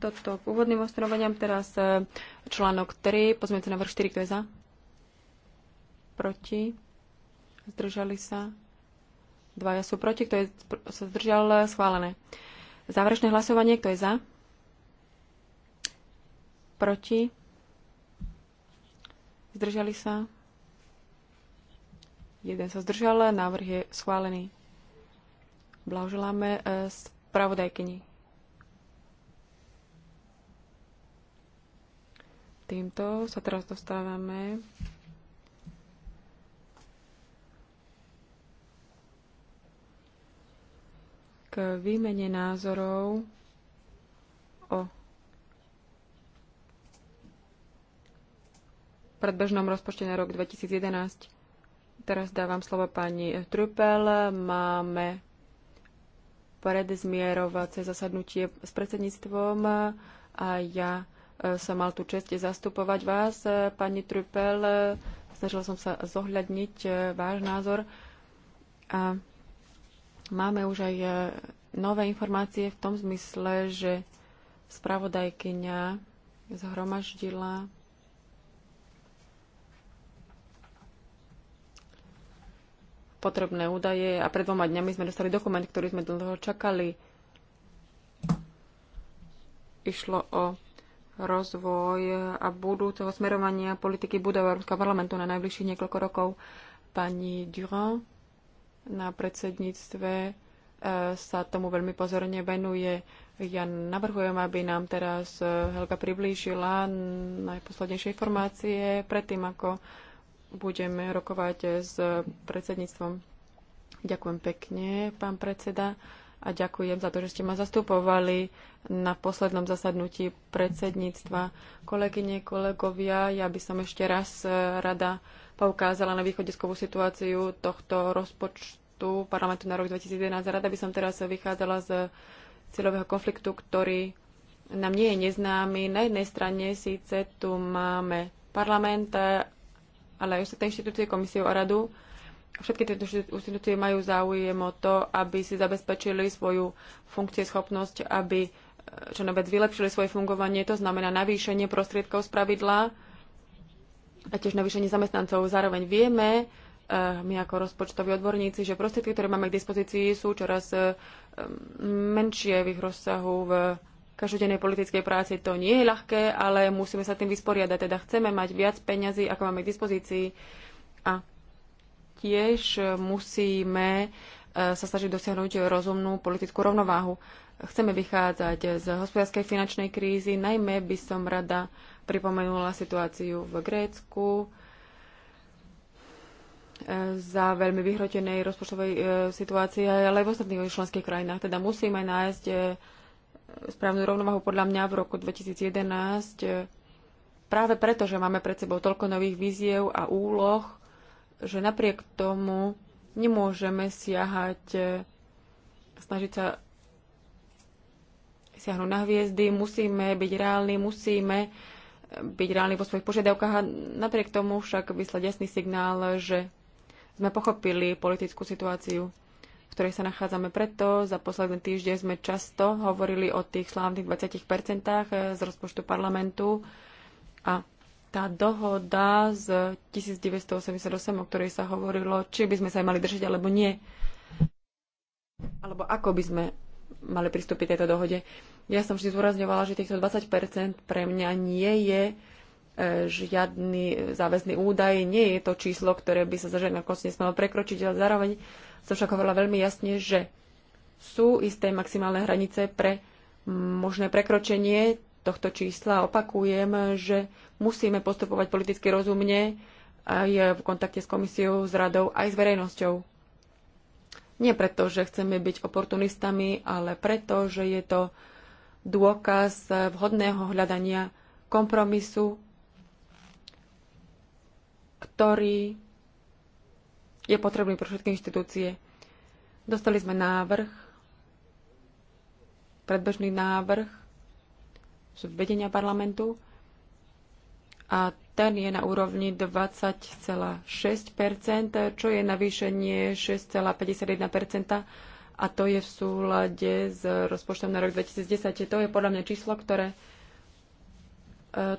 Toto k úvodným ostanoveniam. Teraz e, článok 3, pozmeňte na vrch 4, kto je za? Proti? Zdržali sa? Dvaja sú proti, kto je, sa zdržal? Schválené. Záverečné hlasovanie, kto je za? Proti? Zdržali sa? 1 sa zdržal, návrh je schválený. Blahoželáme eh, spravodajkyni. Týmto sa teraz dostávame k výmene názorov o predbežnom rozpočte na rok 2011. Teraz dávam slovo pani Trupel. Máme predzmierovacie zasadnutie s predsedníctvom a ja e, som mal tu čest zastupovať vás, e, pani Trupel. Snažila som sa zohľadniť e, váš názor. A máme už aj nové informácie v tom zmysle, že spravodajkyňa zhromaždila potrebné údaje a pred dvoma dňami sme dostali dokument, ktorý sme dlho čakali. Išlo o rozvoj a budúceho smerovania politiky budov Európskeho parlamentu na najbližších niekoľko rokov. Pani Durand na predsedníctve e, sa tomu veľmi pozorne venuje. Ja navrhujem, aby nám teraz e, Helga priblížila najposlednejšie informácie predtým, ako budeme rokovať s predsedníctvom. Ďakujem pekne, pán predseda, a ďakujem za to, že ste ma zastupovali na poslednom zasadnutí predsedníctva. Kolegyne, kolegovia, ja by som ešte raz eh, rada poukázala na východiskovú situáciu tohto rozpočtu parlamentu na rok 2011. Rada by som teraz vychádzala z cieľového konfliktu, ktorý nám nie je neznámy. Na jednej strane síce tu máme parlament ale aj ostatné inštitúcie, komisiu a radu. Všetky tieto inštitúcie majú záujem o to, aby si zabezpečili svoju schopnosť, aby e, čo najviac vylepšili svoje fungovanie. To znamená navýšenie prostriedkov z pravidla a tiež navýšenie zamestnancov. Zároveň vieme, e, my ako rozpočtoví odborníci, že prostriedky, ktoré máme k dispozícii, sú čoraz e, menšie v ich rozsahu v každodennej politickej práci. To nie je ľahké, ale musíme sa tým vysporiadať. Teda chceme mať viac peňazí, ako máme k dispozícii. A tiež e, musíme e, sa snažiť dosiahnuť rozumnú politickú rovnováhu. Chceme vychádzať z hospodárskej finančnej krízy, najmä by som rada pripomenula situáciu v Grécku e, za veľmi vyhrotenej rozpočtovej situácii, ale aj v ostatných členských krajinách. Teda musíme nájsť správnu rovnovahu podľa mňa v roku 2011 e, práve preto, že máme pred sebou toľko nových víziev a úloh, že napriek tomu nemôžeme siahať, e, snažiť sa siahnuť na hviezdy, musíme byť reálni, musíme e, byť reálni vo svojich požiadavkách a napriek tomu však vyslať jasný signál, že sme pochopili politickú situáciu v ktorej sa nachádzame. Preto za posledné týždeň sme často hovorili o tých slávnych 20% eh, z rozpočtu parlamentu a tá dohoda z 1988, o ktorej sa hovorilo, či by sme sa aj mali držať alebo nie, alebo ako by sme mali pristúpiť tejto dohode. Ja som vždy zdôrazňovala, že týchto 20% pre mňa nie je uh, E, žiadny záväzný údaj, nie je to číslo, ktoré by sa za žiadne okolnosť nesmelo prekročiť, ale zároveň som však hovorila veľmi jasne, že sú isté maximálne hranice pre možné prekročenie tohto čísla. Opakujem, že musíme postupovať politicky rozumne aj v kontakte s komisiou, s radou, aj s verejnosťou. Nie preto, že chceme byť oportunistami, ale preto, že je to dôkaz vhodného hľadania kompromisu ktorý je potrebný pre všetky inštitúcie. Dostali sme návrh, predbežný návrh z vedenia parlamentu a ten je na úrovni 20,6%, čo je navýšenie 6,51% a to je v súlade s rozpočtom na rok 2010. To je podľa mňa číslo, ktoré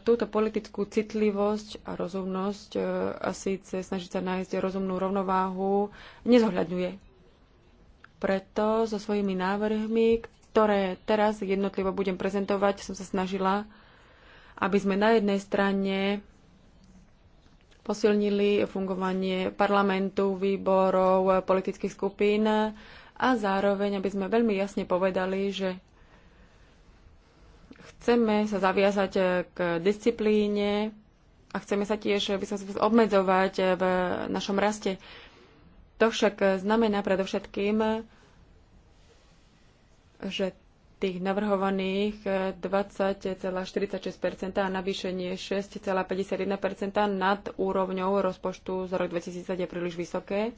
túto politickú citlivosť a rozumnosť e, a síce snažiť sa nájsť rozumnú rovnováhu nezohľadňuje. Preto so svojimi návrhmi, ktoré teraz jednotlivo budem prezentovať, som sa snažila, aby sme na jednej strane posilnili fungovanie parlamentu, výborov, politických skupín a zároveň, aby sme veľmi jasne povedali, že Chceme sa zaviazať eh, k disciplíne a chceme sa tiež eh, by sa obmedzovať eh, v našom raste. To však znamená predovšetkým, že tých navrhovaných 20,46% a navýšenie 6,51% nad úrovňou rozpočtu za rok 2010 je príliš vysoké.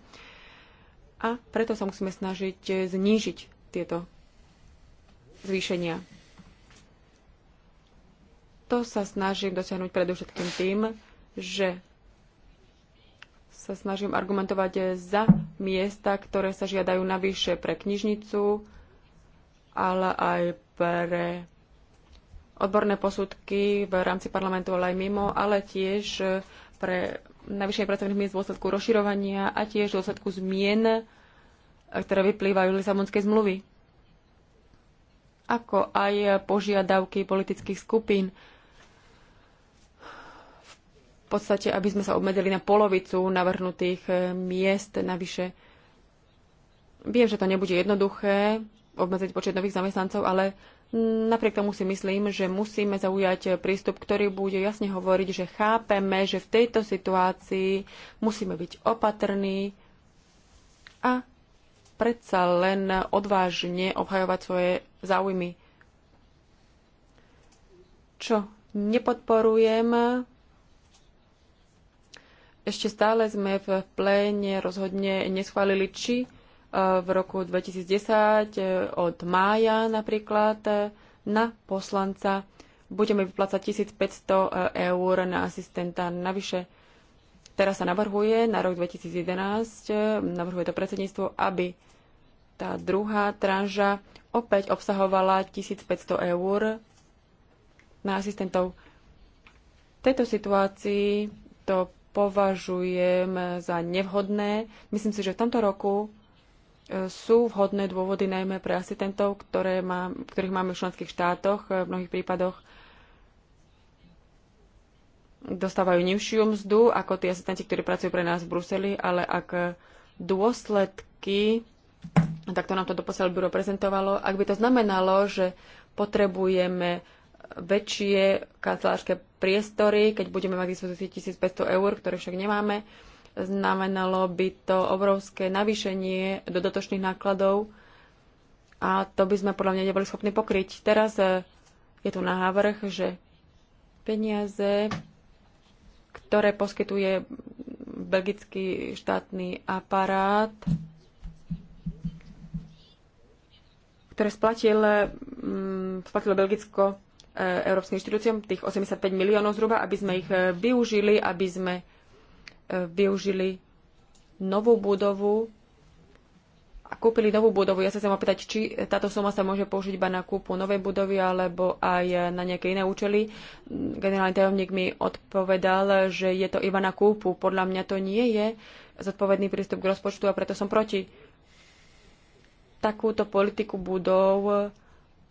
A preto sa musíme snažiť znížiť tieto zvýšenia. To sa snažím dosiahnuť predovšetkým tým, že sa snažím argumentovať za miesta, ktoré sa žiadajú navyše pre knižnicu, ale aj pre odborné posudky v rámci parlamentu, ale aj mimo, ale tiež pre navyšenie pracovných miest v dôsledku rozširovania a tiež v dôsledku zmien, ktoré vyplývajú z Lisabonskej zmluvy ako aj požiadavky politických skupín podstate, aby sme sa obmedzili na polovicu navrhnutých eh, miest navyše. Viem, že to nebude jednoduché obmedziť počet nových zamestnancov, ale napriek tomu si myslím, že musíme zaujať prístup, ktorý bude jasne hovoriť, že chápeme, že v tejto situácii musíme byť opatrní a predsa len odvážne obhajovať svoje záujmy. Čo nepodporujem, ešte stále sme v pléne rozhodne neschválili, či e, v roku 2010 e, od mája napríklad e, na poslanca budeme vyplácať 1500 eur na asistenta. Navyše teraz sa navrhuje na rok 2011, navrhuje to predsedníctvo, aby tá druhá tranža opäť obsahovala 1500 eur na asistentov. V tejto situácii to považujem za nevhodné. Myslím si, že v tomto roku e, sú vhodné dôvody najmä pre asistentov, ktoré má, ktorých máme v členských štátoch. E, v mnohých prípadoch dostávajú nižšiu mzdu ako tí asistenti, ktorí pracujú pre nás v Bruseli, ale ak dôsledky, tak to nám to doposiaľ byro prezentovalo, ak by to znamenalo, že potrebujeme väčšie kancelárske priestory, keď budeme mať k dispozícii 1500 eur, ktoré však nemáme, znamenalo by to obrovské navýšenie dodatočných nákladov a to by sme podľa mňa neboli schopní pokryť. Teraz eh, je tu návrh, že peniaze, ktoré poskytuje belgický štátny aparát, ktoré splatil, mm, splatil Belgicko E, európskym inštitúciám, tých 85 miliónov zhruba, aby sme ich e, využili, aby sme e, využili novú budovu a kúpili novú budovu. Ja sa chcem opýtať, či táto suma sa môže použiť iba na kúpu novej budovy alebo aj na nejaké iné účely. Generálny tajomník mi odpovedal, že je to iba na kúpu. Podľa mňa to nie je zodpovedný prístup k rozpočtu a preto som proti. Takúto politiku budov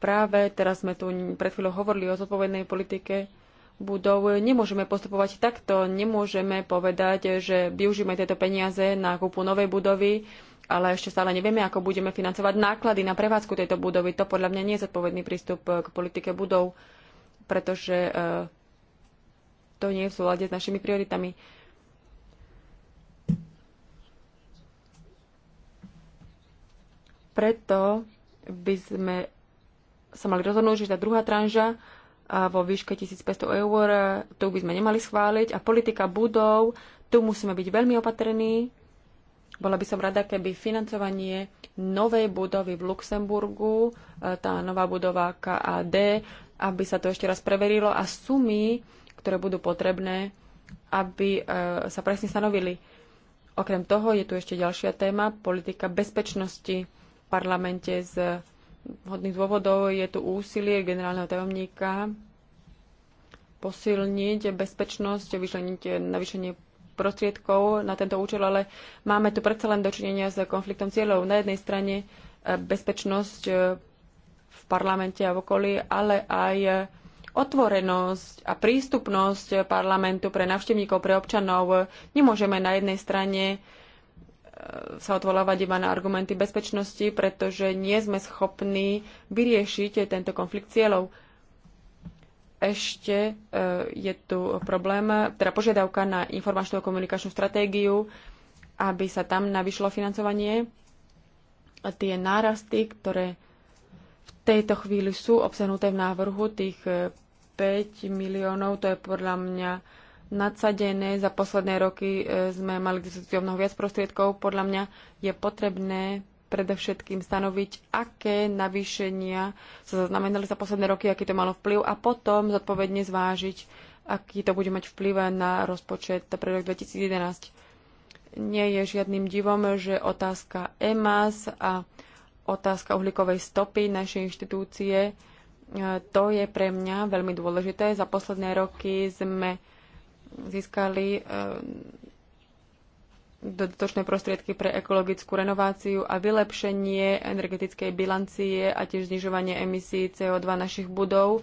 práve teraz sme tu pred chvíľou hovorili o zodpovednej politike budov. Nemôžeme postupovať takto, nemôžeme povedať, že využíme tieto peniaze na kúpu novej budovy, ale ešte stále nevieme, ako budeme financovať náklady na prevádzku tejto budovy. To podľa mňa nie je zodpovedný prístup k politike budov, pretože e, to nie je v súlade s našimi prioritami. Preto by sme sa mali rozhodnúť, že tá druhá tranža vo výške 1500 eur, tu by sme nemali schváliť. A politika budov, tu musíme byť veľmi opatrní. Bola by som rada, keby financovanie novej budovy v Luxemburgu, tá nová budova KAD, aby sa to ešte raz preverilo a sumy, ktoré budú potrebné, aby e, sa presne stanovili. Okrem toho je tu ešte ďalšia téma, politika bezpečnosti v parlamente s hodných dôvodov je tu úsilie generálneho tajomníka posilniť bezpečnosť, vyšleniť, navýšenie prostriedkov na tento účel, ale máme tu predsa len dočinenia s konfliktom cieľov. Na jednej strane eh, bezpečnosť eh, v parlamente a v okolí, ale aj eh, otvorenosť a prístupnosť parlamentu pre navštevníkov pre občanov. Nemôžeme na jednej strane sa odvolávať iba na argumenty bezpečnosti, pretože nie sme schopní vyriešiť tento konflikt cieľov. Ešte e, je tu problém, teda požiadavka na informačnú a komunikačnú stratégiu, aby sa tam navyšlo financovanie. A tie nárasty, ktoré v tejto chvíli sú obsahnuté v návrhu, tých 5 e, miliónov, to je podľa mňa nadsadené. Za posledné roky e, sme mali k dispozícii mnoho viac prostriedkov. Podľa mňa je potrebné predovšetkým stanoviť, aké navýšenia sa zaznamenali za posledné roky, aký to malo vplyv a potom zodpovedne zvážiť, aký to bude mať vplyv na rozpočet pre rok 2011. Nie je žiadnym divom, že otázka EMAS a otázka uhlíkovej stopy našej inštitúcie, e, to je pre mňa veľmi dôležité. Za posledné roky sme získali eh, dodatočné prostriedky pre ekologickú renováciu a vylepšenie energetickej bilancie a tiež znižovanie emisí CO2 našich budov.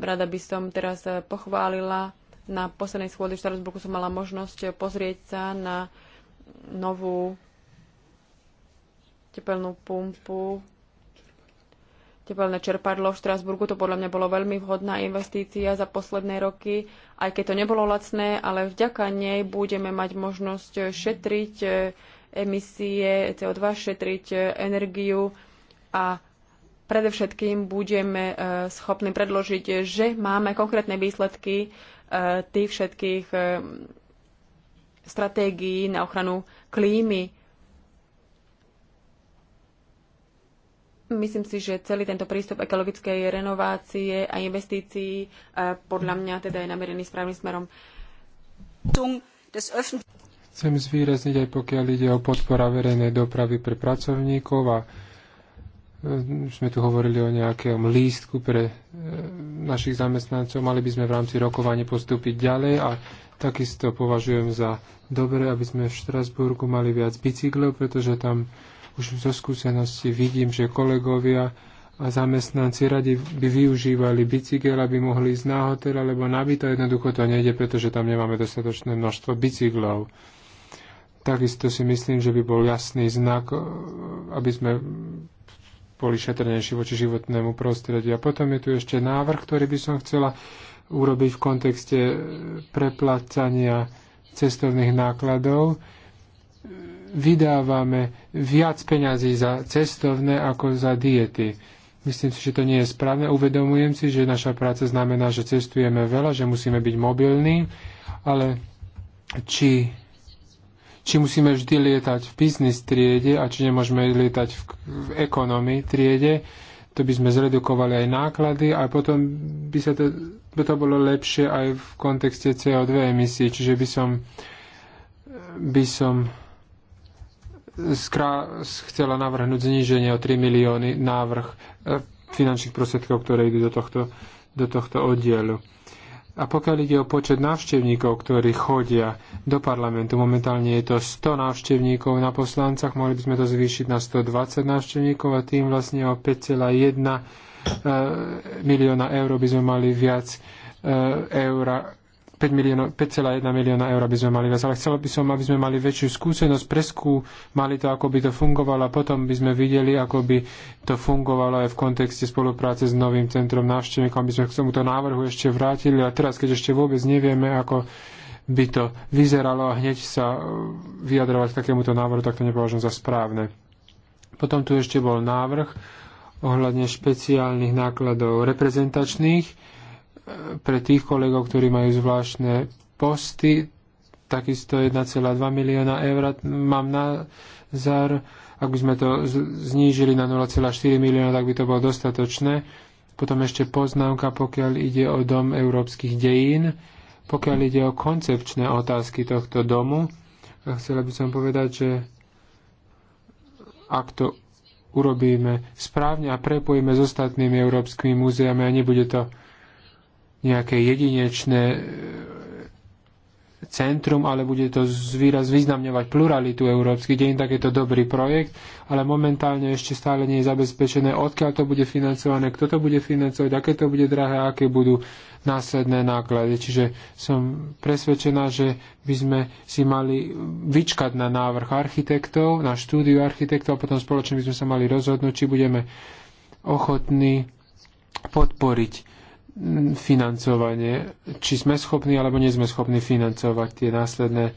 Rada by som teraz eh, pochválila. Na poslednej schôdzi v Štrasburgu som mala možnosť pozrieť sa na novú tepelnú pumpu tepelné čerpadlo v Štrasburgu, To podľa mňa bolo veľmi vhodná investícia za posledné roky, aj keď to nebolo lacné, ale vďaka nej budeme mať možnosť šetriť e, emisie CO2, šetriť e, energiu a predovšetkým budeme e, schopní predložiť, že máme konkrétne výsledky tých všetkých stratégií na ochranu klímy Myslím si, že celý tento prístup ekologickej renovácie a investícií e, podľa mňa teda je namerený správnym smerom. Chcem zvýrazniť aj pokiaľ ide o podpora verejnej dopravy pre pracovníkov a e, sme tu hovorili o nejakom lístku pre e, našich zamestnancov, mali by sme v rámci rokovania postúpiť ďalej a takisto považujem za dobre, aby sme v Štrasburgu mali viac bicyklov, pretože tam už zo skúsenosti vidím, že kolegovia a zamestnanci radi by využívali bicykel, aby mohli ísť na hotel lebo na byto jednoducho to nejde, pretože tam nemáme dostatočné množstvo bicyklov. Takisto si myslím, že by bol jasný znak, e, aby sme boli šetrnejší voči životnému prostrediu. A potom je tu ešte návrh, ktorý by som chcela urobiť v kontexte e, preplácania cestovných nákladov. E, vydávame viac peňazí za cestovné ako za diety. Myslím si, že to nie je správne. Uvedomujem si, že naša práca znamená, že cestujeme veľa, že musíme byť mobilní, ale či, či musíme vždy lietať v biznis triede a či nemôžeme lietať v, v ekonomii triede, to by sme zredukovali aj náklady a potom by, sa to, by to bolo lepšie aj v kontexte CO2 emisí. Čiže by som, by som skrá, chcela navrhnúť zníženie o 3 milióny návrh e, finančných prostriedkov, ktoré idú do tohto, do tohto oddielu. A pokiaľ ide o počet návštevníkov, ktorí chodia do parlamentu, momentálne je to 100 návštevníkov na poslancach, mohli by sme to zvýšiť na 120 návštevníkov a tým vlastne o 5,1 e, milióna eur by sme mali viac e, eur. 5,1 milióna eur by sme mali viac, ale chcel by som, aby sme mali väčšiu skúsenosť, mali to, ako by to fungovalo a potom by sme videli, ako by to fungovalo aj v kontexte spolupráce s novým centrom návštevníkov, aby sme k tomuto návrhu ešte vrátili a teraz, keď ešte vôbec nevieme, ako by to vyzeralo a hneď sa uh, vyjadrovať k takémuto návrhu, tak to nepovažujem za správne. Potom tu ešte bol návrh ohľadne špeciálnych nákladov reprezentačných pre tých kolegov, ktorí majú zvláštne posty, takisto 1,2 milióna eur mám na zar. Ak by sme to znížili na 0,4 milióna, tak by to bolo dostatočné. Potom ešte poznámka, pokiaľ ide o Dom európskych dejín, pokiaľ ide o koncepčné otázky tohto domu, chcela by som povedať, že ak to urobíme správne a prepojíme s ostatnými európskymi múzeami a nebude to nejaké jedinečné e, centrum, ale bude to výraz vyznamňovať pluralitu európskych deň, tak je to dobrý projekt, ale momentálne ešte stále nie je zabezpečené, odkiaľ to bude financované, kto to bude financovať, aké to bude drahé, aké budú následné náklady. Čiže som presvedčená, že by sme si mali vyčkať na návrh architektov, na štúdiu architektov a potom spoločne by sme sa mali rozhodnúť, či budeme ochotní podporiť Mm, financovanie, či sme schopní alebo nie sme schopní financovať tie následné e,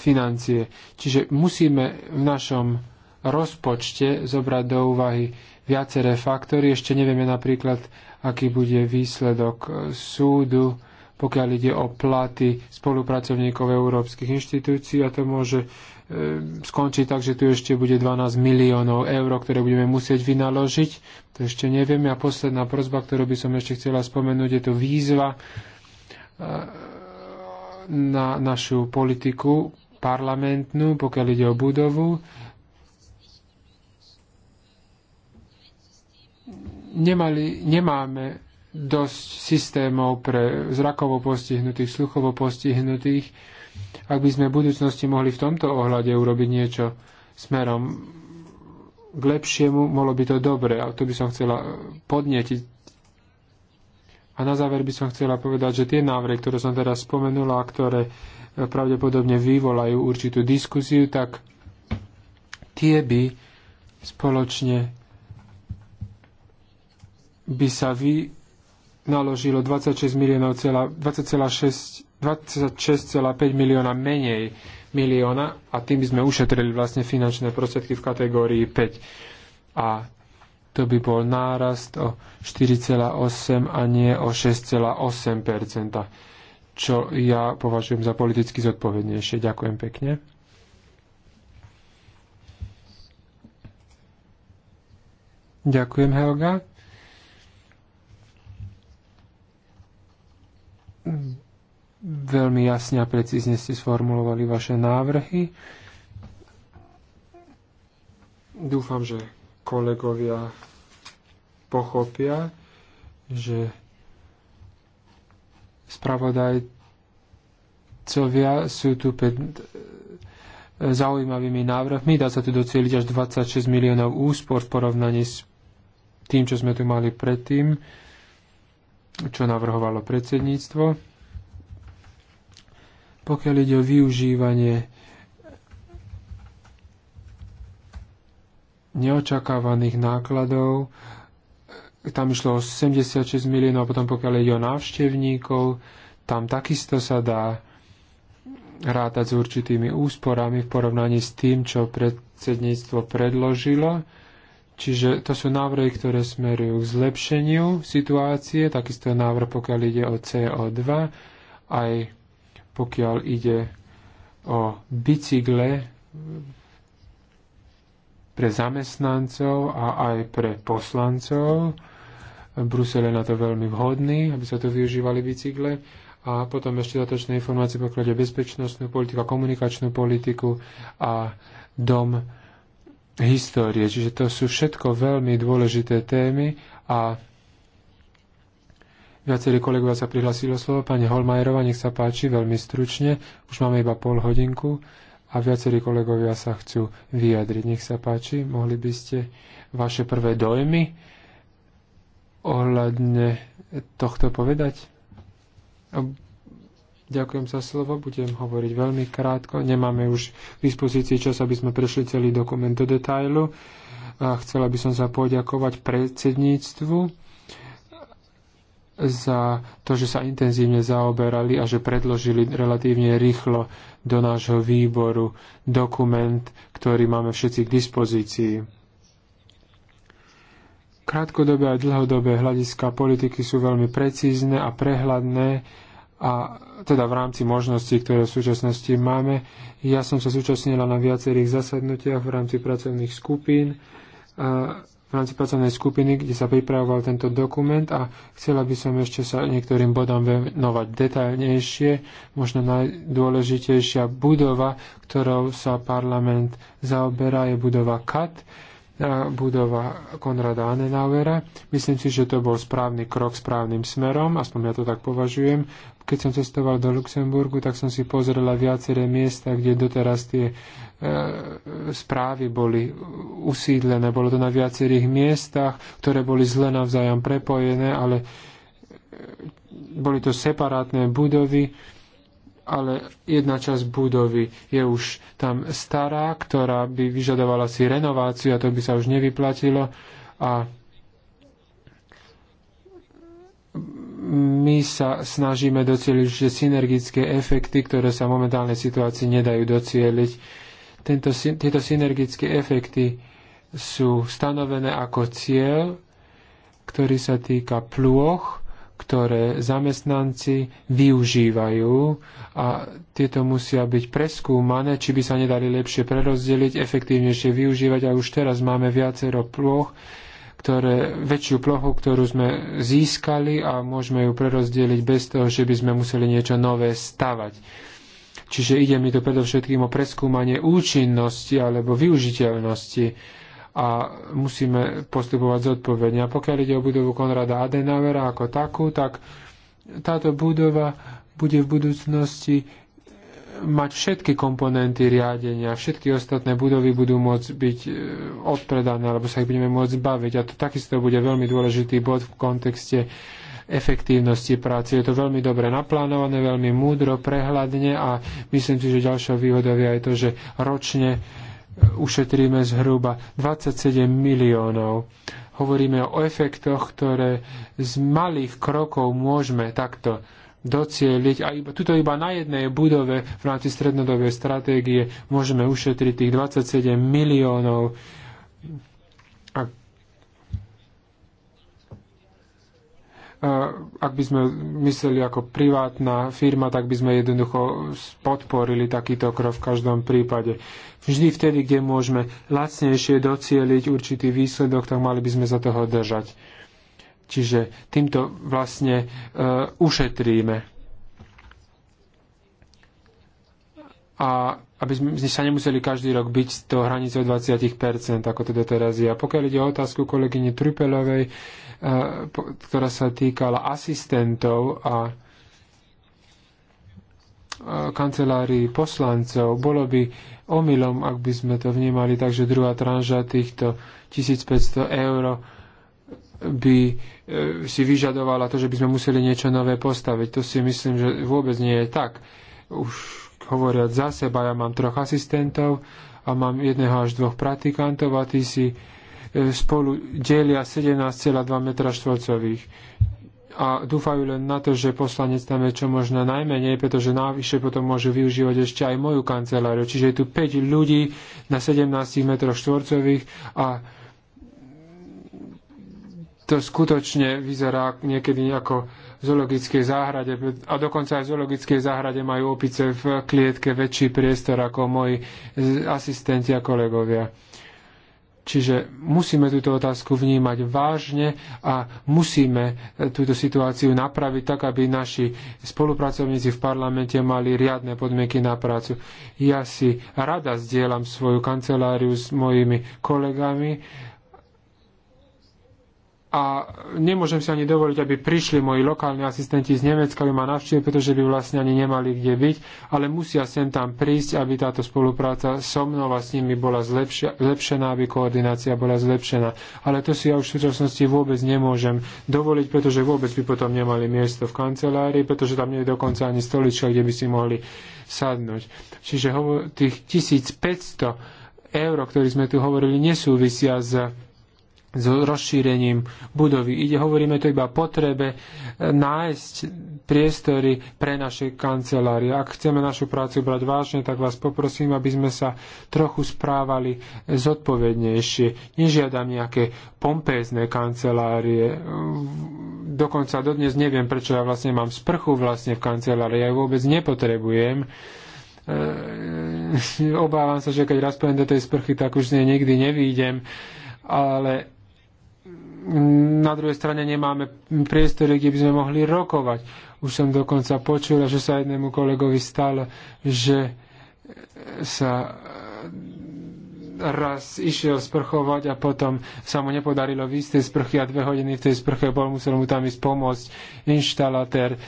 financie. Čiže musíme v našom rozpočte zobrať do úvahy viaceré faktory. Ešte nevieme napríklad, aký bude výsledok e, súdu, pokiaľ ide o platy spolupracovníkov európskych inštitúcií a to môže E, skončí tak, že tu ešte bude 12 miliónov eur, ktoré budeme musieť vynaložiť. To ešte nevieme. A posledná prozba, ktorú by som ešte chcela spomenúť, je to výzva e, na našu politiku parlamentnú, pokiaľ ide o budovu. Nemali, nemáme dosť systémov pre zrakovo postihnutých, sluchovo postihnutých ak by sme v budúcnosti mohli v tomto ohľade urobiť niečo smerom k lepšiemu, bolo by to dobre. A to by som chcela podnetiť. A na záver by som chcela povedať, že tie návrhy, ktoré som teraz spomenula, a ktoré e, pravdepodobne vyvolajú určitú diskusiu, tak tie by spoločne by sa vy naložilo 26 miliónov, 20,6 26,5 milióna menej milióna a tým by sme ušetrili vlastne finančné prostriedky v kategórii 5. A to by bol nárast o 4,8 a nie o 6,8 čo ja považujem za politicky zodpovednejšie. Ďakujem pekne. Ďakujem, Helga. Veľmi jasne a precízne ste sformulovali vaše návrhy. Dúfam, že kolegovia pochopia, že spravodajcovia sú tu pred e, zaujímavými návrhmi. Dá sa tu docieliť až 26 miliónov úspor v porovnaní s tým, čo sme tu mali predtým, čo navrhovalo predsedníctvo. Pokiaľ ide o využívanie neočakávaných nákladov, tam išlo o 76 miliónov, potom pokiaľ ide o návštevníkov, tam takisto sa dá rátať s určitými úsporami v porovnaní s tým, čo predsedníctvo predložilo. Čiže to sú návrhy, ktoré smerujú k zlepšeniu situácie, takisto je návrh, pokiaľ ide o CO2, aj pokiaľ ide o bicykle pre zamestnancov a aj pre poslancov. Brusel je na to veľmi vhodný, aby sa to využívali bicykle. A potom ešte dodatočné informácie pokiaľ bezpečnostnú politiku, komunikačnú politiku a dom histórie. Čiže to sú všetko veľmi dôležité témy a Viacerí kolegovia sa prihlasili o slovo. Pani Holmajerová, nech sa páči, veľmi stručne. Už máme iba pol hodinku a viacerí kolegovia sa chcú vyjadriť. Nech sa páči, mohli by ste vaše prvé dojmy ohľadne tohto povedať? Ďakujem za slovo, budem hovoriť veľmi krátko. Nemáme už k dispozícii čas, aby sme prešli celý dokument do detailu. A chcela by som sa poďakovať predsedníctvu za to, že sa intenzívne zaoberali a že predložili relatívne rýchlo do nášho výboru dokument, ktorý máme všetci k dispozícii. Krátkodobé a dlhodobé hľadiska politiky sú veľmi precízne a prehľadné a teda v rámci možností, ktoré v súčasnosti máme. Ja som sa zúčastnila na viacerých zasadnutiach v rámci pracovných skupín v rámci pracovnej skupiny, kde sa pripravoval tento dokument a chcela by som ešte sa niektorým bodom venovať detaľnejšie, Možno najdôležitejšia budova, ktorou sa parlament zaoberá, je budova CAT budova Konrada Anenauera. Myslím si, že to bol správny krok správnym smerom, aspoň ja to tak považujem. Keď som cestoval do Luxemburgu, tak som si pozrela viaceré miesta, kde doteraz tie e, správy boli usídlené. Bolo to na viacerých miestach, ktoré boli zle navzájom prepojené, ale e, boli to separátne budovy ale jedna časť budovy je už tam stará, ktorá by vyžadovala si renováciu a to by sa už nevyplatilo a my sa snažíme docieliť že synergické efekty, ktoré sa v momentálnej situácii nedajú docieliť. Tento, tieto synergické efekty sú stanovené ako cieľ, ktorý sa týka plôch ktoré zamestnanci využívajú a tieto musia byť preskúmané, či by sa nedali lepšie prerozdeliť, efektívnejšie využívať a už teraz máme viacero ploch, ktoré, väčšiu plochu, ktorú sme získali a môžeme ju prerozdeliť bez toho, že by sme museli niečo nové stavať. Čiže ide mi to predovšetkým o preskúmanie účinnosti alebo využiteľnosti a musíme postupovať zodpovedne. A pokiaľ ide o budovu Konrada Adenauera ako takú, tak táto budova bude v budúcnosti mať všetky komponenty riadenia, všetky ostatné budovy budú môcť byť e, odpredané, alebo sa ich budeme môcť baviť. A to takisto bude veľmi dôležitý bod v kontexte efektívnosti práce. Je to veľmi dobre naplánované, veľmi múdro, prehľadne a myslím si, že ďalšou výhodou je aj to, že ročne ušetríme zhruba 27 miliónov. Hovoríme o efektoch, ktoré z malých krokov môžeme takto docieliť a iba, tuto iba na jednej budove v rámci strednodobej stratégie môžeme ušetriť tých 27 miliónov ak by sme mysleli ako privátna firma, tak by sme jednoducho podporili takýto krok v každom prípade. Vždy vtedy, kde môžeme lacnejšie docieliť určitý výsledok, tak mali by sme za toho držať. Čiže týmto vlastne uh, ušetríme. A aby sme sa nemuseli každý rok byť z toho hranice 20%, ako to doteraz je. A pokiaľ ide o otázku kolegyne Trupelovej, uh, ktorá sa týkala asistentov a kancelárií poslancov. Bolo by omylom, ak by sme to vnímali, takže druhá tranža týchto 1500 eur by e, si vyžadovala to, že by sme museli niečo nové postaviť. To si myslím, že vôbec nie je tak. Už hovoriac za seba, ja mám troch asistentov a mám jedného až dvoch praktikantov a tí si spolu delia 17,2 m2 a dúfajú len na to, že poslanec tam je čo možno najmenej, pretože návyššie potom môžu využívať ešte aj moju kanceláriu. Čiže je tu 5 ľudí na 17 metroch štvorcových a to skutočne vyzerá niekedy ako v zoologickej záhrade a dokonca aj v zoologickej záhrade majú opice v klietke väčší priestor ako moji asistenti a kolegovia. Čiže musíme túto otázku vnímať vážne a musíme eh, túto situáciu napraviť tak, aby naši spolupracovníci v parlamente mali riadne podmienky na prácu. Ja si rada zdieľam svoju kanceláriu s mojimi kolegami, a nemôžem si ani dovoliť, aby prišli moji lokálni asistenti z Nemecka, aby ma navštívili, pretože by vlastne ani nemali kde byť, ale musia sem tam prísť, aby táto spolupráca so mnou a s nimi bola zlepšia, zlepšená, aby koordinácia bola zlepšená. Ale to si ja už v súčasnosti vôbec nemôžem dovoliť, pretože vôbec by potom nemali miesto v kancelárii, pretože tam nie je dokonca ani stolička, kde by si mohli sadnúť. Čiže tých 1500 eur, ktorých sme tu hovorili, nesúvisia s s rozšírením budovy. Ide, hovoríme tu iba potrebe e, nájsť priestory pre naše kancelárie. Ak chceme našu prácu brať vážne, tak vás poprosím, aby sme sa trochu správali zodpovednejšie. Nežiadam nejaké pompézne kancelárie. Dokonca dodnes neviem, prečo ja vlastne mám sprchu vlastne v kancelárii. Ja ju vôbec nepotrebujem e, obávam sa, že keď raz do tej sprchy, tak už z nej nikdy nevídem, ale na druhej strane nemáme priestory, kde by sme mohli rokovať. Už som dokonca počula, že sa jednému kolegovi stalo, že sa eh, raz išiel sprchovať a potom sa mu nepodarilo výjsť tej sprchy a dve hodiny v tej sprche bol, musel mu tam ísť pomôcť inštalatér.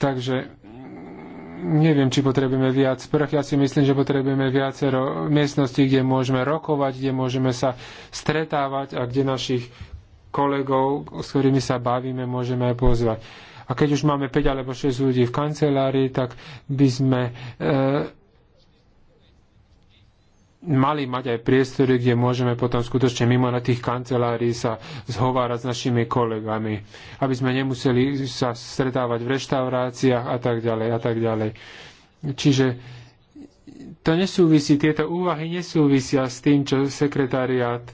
Takže mm, neviem, či potrebujeme viac sprch. Ja si myslím, že potrebujeme viacero miestností, kde môžeme rokovať, kde môžeme sa stretávať a kde našich kolegov, s ktorými sa bavíme, môžeme aj pozvať. A keď už máme 5 alebo 6 ľudí v kancelárii, tak by sme e, mali mať aj priestory, kde môžeme potom skutočne mimo na tých kancelárií sa zhovárať s našimi kolegami, aby sme nemuseli sa stretávať v reštauráciách a tak ďalej a tak ďalej. Čiže to nesúvisí, tieto úvahy nesúvisia s tým, čo sekretariát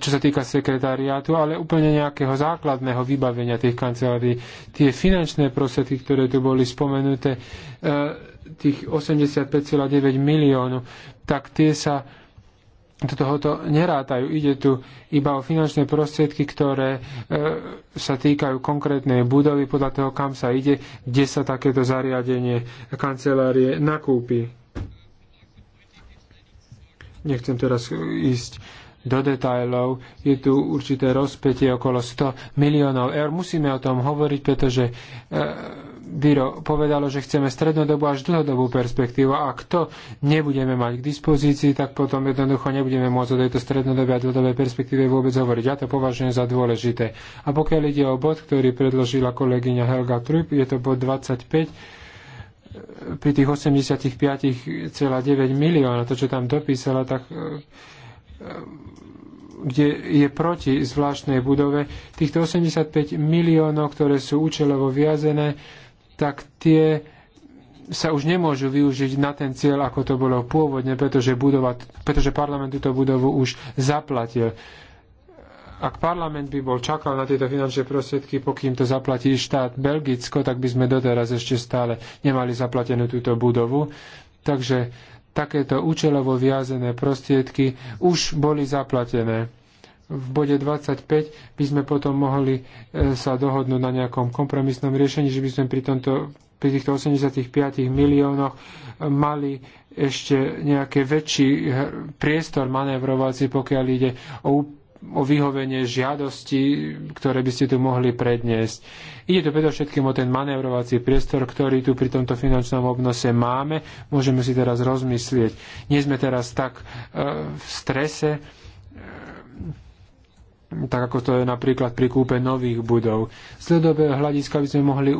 čo sa týka sekretariátu, ale úplne nejakého základného vybavenia tých kancelárií. Tie finančné prostriedky, ktoré tu boli spomenuté, eh, tých 85,9 miliónov, tak tie sa do tohoto nerátajú. Ide tu iba o finančné prostriedky, ktoré e, sa týkajú konkrétnej budovy, podľa toho, kam sa ide, kde sa takéto zariadenie kancelárie nakúpi. Nechcem teraz ísť do detajlov. Je tu určité rozpätie okolo 100 miliónov eur. Musíme o tom hovoriť, pretože Biro e, povedalo, že chceme strednodobú až dlhodobú perspektívu a ak to nebudeme mať k dispozícii, tak potom jednoducho nebudeme môcť o tejto strednodobej a dlhodobej perspektíve vôbec hovoriť. Ja to považujem za dôležité. A pokiaľ ide o bod, ktorý predložila kolegyňa Helga Trup, je to bod 25, e, pri tých 85,9 milióna, to, čo tam dopísala, tak e, Ehm, kde je proti zvláštnej budove, týchto 85 miliónov, ktoré sú účelovo viazené, tak tie sa už nemôžu využiť na ten cieľ, ako to bolo pôvodne, pretože, budova, pretože parlament túto budovu už zaplatil. Ak parlament by bol čakal na tieto finančné prostriedky, pokým to zaplatí štát Belgicko, tak by sme doteraz ešte stále nemali zaplatenú túto budovu. Takže takéto účelovo viazené prostriedky už boli zaplatené. V bode 25 by sme potom mohli e, sa dohodnúť na nejakom kompromisnom riešení, že by sme pri, tomto, pri týchto 85 miliónoch e, mali ešte nejaký väčší e, priestor manévrovací, pokiaľ ide o o vyhovenie žiadosti, ktoré by ste tu mohli predniesť. Ide to predovšetkým o ten manévrovací priestor, ktorý tu pri tomto finančnom obnose máme. Môžeme si teraz rozmyslieť. Nie sme teraz tak e, v strese, e, tak ako to je napríklad pri kúpe nových budov. Z ľudového hľadiska by sme mohli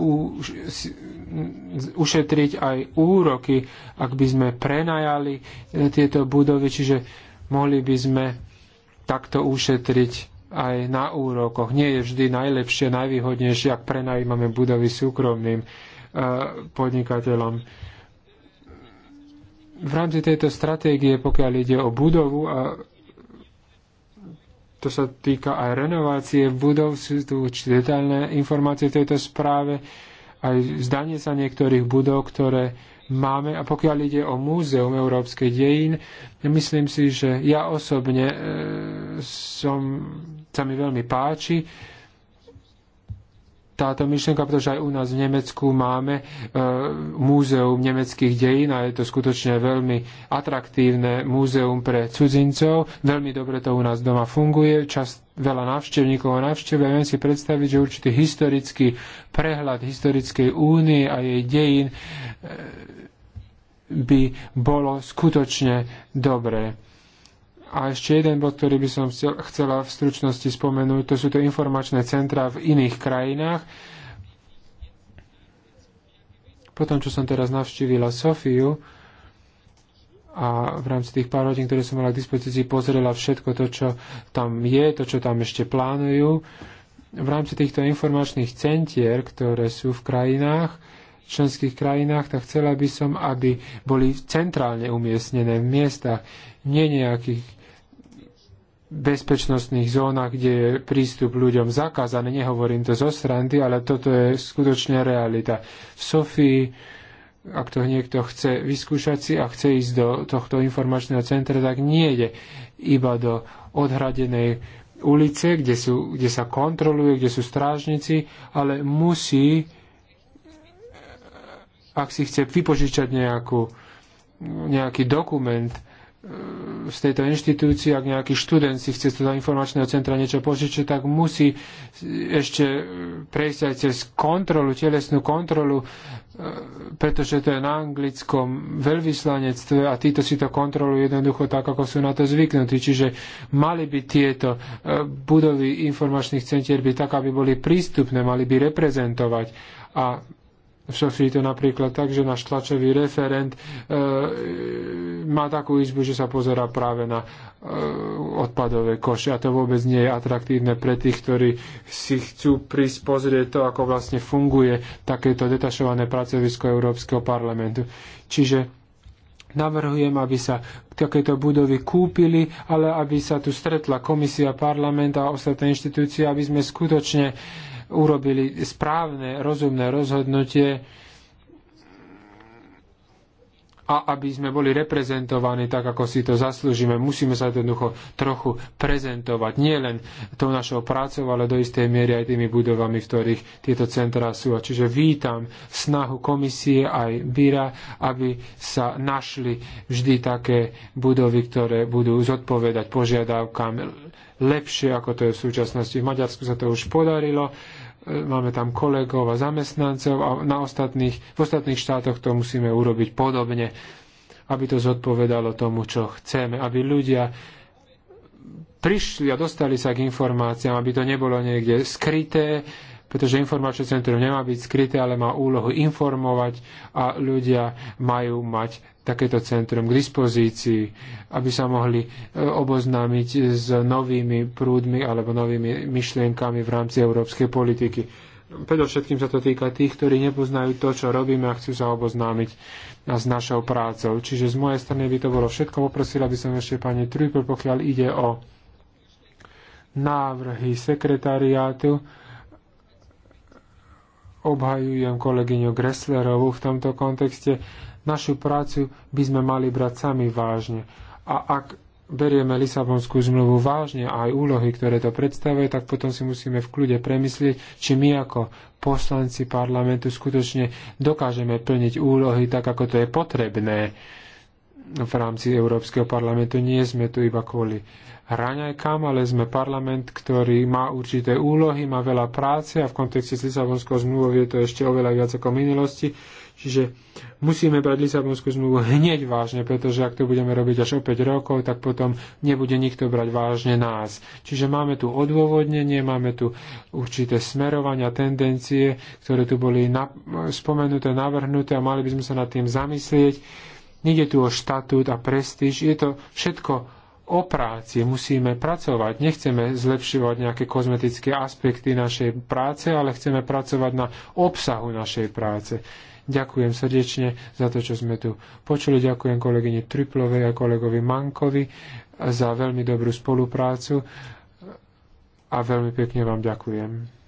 ušetriť aj úroky, ak by sme prenajali e, tieto budovy, čiže mohli by sme takto ušetriť aj na úrokoch. Nie je vždy najlepšie, najvýhodnejšie, ak prenajímame budovy súkromným eh, podnikateľom. V rámci tejto stratégie, pokiaľ ide o budovu a to sa týka aj renovácie budov, sú tu detailné informácie v tejto správe, aj zdanie sa niektorých budov, ktoré máme. A pokiaľ ide o Múzeum európskej dejín, myslím si, že ja osobne e, som, sa mi veľmi páči táto myšlienka, pretože aj u nás v Nemecku máme e, múzeum nemeckých dejín a je to skutočne veľmi atraktívne múzeum pre cudzincov. Veľmi dobre to u nás doma funguje, čas, veľa návštevníkov a návštevuje. Viem si predstaviť, že určitý historický prehľad historickej únie a jej dejín e, by bolo skutočne dobré a ešte jeden bod, ktorý by som chcela v stručnosti spomenúť, to sú to informačné centra v iných krajinách. Potom, čo som teraz navštívila Sofiu a v rámci tých pár hodín, ktoré som mala k dispozícii, pozrela všetko to, čo tam je, to, čo tam ešte plánujú. V rámci týchto informačných centier, ktoré sú v krajinách, členských krajinách, tak chcela by som, aby boli centrálne umiestnené v miestach, nie nejakých bezpečnostných zónach, kde je prístup ľuďom zakázaný. Nehovorím to zo srandy, ale toto je skutočne realita. V Sofii, ak to niekto chce vyskúšať si a chce ísť do tohto informačného centra, tak nie ide iba do odhradenej ulice, kde, sú, kde sa kontroluje, kde sú strážnici, ale musí, ak si chce vypožičať nejakú, nejaký dokument, z tejto inštitúcie, ak nejaký študent si chce z toho informačného centra niečo požičať, tak musí ešte prejsť aj cez kontrolu, telesnú kontrolu, e, pretože to je na anglickom veľvyslanectve a títo si to kontrolujú jednoducho tak, ako sú na to zvyknutí. Čiže mali by tieto e, budovy informačných centier byť tak, aby boli prístupné, mali by reprezentovať a v Sofii to napríklad tak, že náš tlačový referent e, má takú izbu, že sa pozera práve na e, odpadové koše a to vôbec nie je atraktívne pre tých, ktorí si chcú prísť pozrieť to, ako vlastne funguje takéto detašované pracovisko Európskeho parlamentu. Čiže Navrhujem, aby sa takéto budovy kúpili, ale aby sa tu stretla komisia, parlament a ostatné inštitúcie, aby sme skutočne urobili správne, rozumné rozhodnutie a aby sme boli reprezentovaní tak, ako si to zaslúžime. Musíme sa jednoducho trochu prezentovať. Nie len tou našou prácou, ale do istej miery aj tými budovami, v ktorých tieto centrá sú. A čiže vítam snahu komisie aj Bíra, aby sa našli vždy také budovy, ktoré budú zodpovedať požiadavkám lepšie, ako to je v súčasnosti. V Maďarsku sa to už podarilo máme tam kolegov a zamestnancov a na ostatných, v ostatných štátoch to musíme urobiť podobne, aby to zodpovedalo tomu, čo chceme, aby ľudia prišli a dostali sa k informáciám, aby to nebolo niekde skryté, pretože informačné centrum nemá byť skryté, ale má úlohu informovať a ľudia majú mať takéto centrum k dispozícii, aby sa mohli e, oboznámiť s novými prúdmi alebo novými myšlienkami v rámci európskej politiky. Predovšetkým sa to týka tých, ktorí nepoznajú to, čo robíme a chcú sa oboznámiť s našou prácou. Čiže z mojej strany by to bolo všetko. Poprosila by som ešte pani Trujko, pokiaľ ide o návrhy sekretariátu obhajujem kolegyňu Gresslerovú v tomto kontexte, našu prácu by sme mali brať sami vážne. A ak berieme Lisabonskú zmluvu vážne a aj úlohy, ktoré to predstavuje, tak potom si musíme v kľude premyslieť, či my ako poslanci parlamentu skutočne dokážeme plniť úlohy tak, ako to je potrebné v rámci Európskeho parlamentu. Nie sme tu iba kvôli hraňajkám, ale sme parlament, ktorý má určité úlohy, má veľa práce a v kontexte s Lisabonskou zmluvou je to ešte oveľa viac ako minulosti. Čiže musíme brať Lisabonskú zmluvu hneď vážne, pretože ak to budeme robiť až o 5 rokov, tak potom nebude nikto brať vážne nás. Čiže máme tu odôvodnenie, máme tu určité smerovania, tendencie, ktoré tu boli na, spomenuté, navrhnuté a mali by sme sa nad tým zamyslieť Nede tu o štatút a prestíž, je to všetko o práci. Musíme pracovať, nechceme zlepšovať nejaké kozmetické aspekty našej práce, ale chceme pracovať na obsahu našej práce. Ďakujem srdečne za to, čo sme tu počuli. Ďakujem kolegyni Triplovej a kolegovi Mankovi za veľmi dobrú spoluprácu a veľmi pekne vám ďakujem.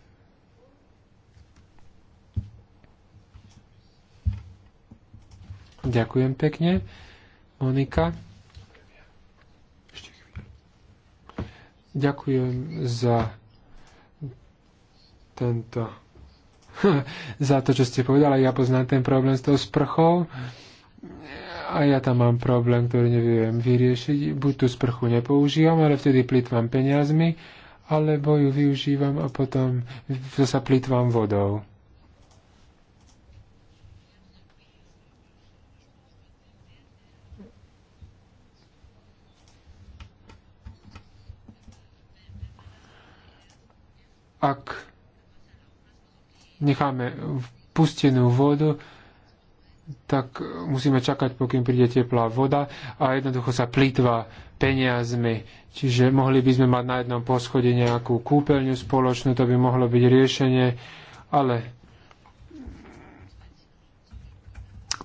Ďakujem pekne. Monika. Ďakujem za tento za to, čo ste povedali. Ja poznám ten problém s tou sprchou a ja tam mám problém, ktorý neviem vyriešiť. Buď tú sprchu nepoužívam, ale vtedy plýtvam peniazmi, alebo ju využívam a potom sa plýtvam vodou. ak necháme pustenú vodu, tak musíme čakať, pokým príde teplá voda a jednoducho sa plýtva peniazmi. Čiže mohli by sme mať na jednom poschode nejakú kúpeľňu spoločnú, to by mohlo byť riešenie, ale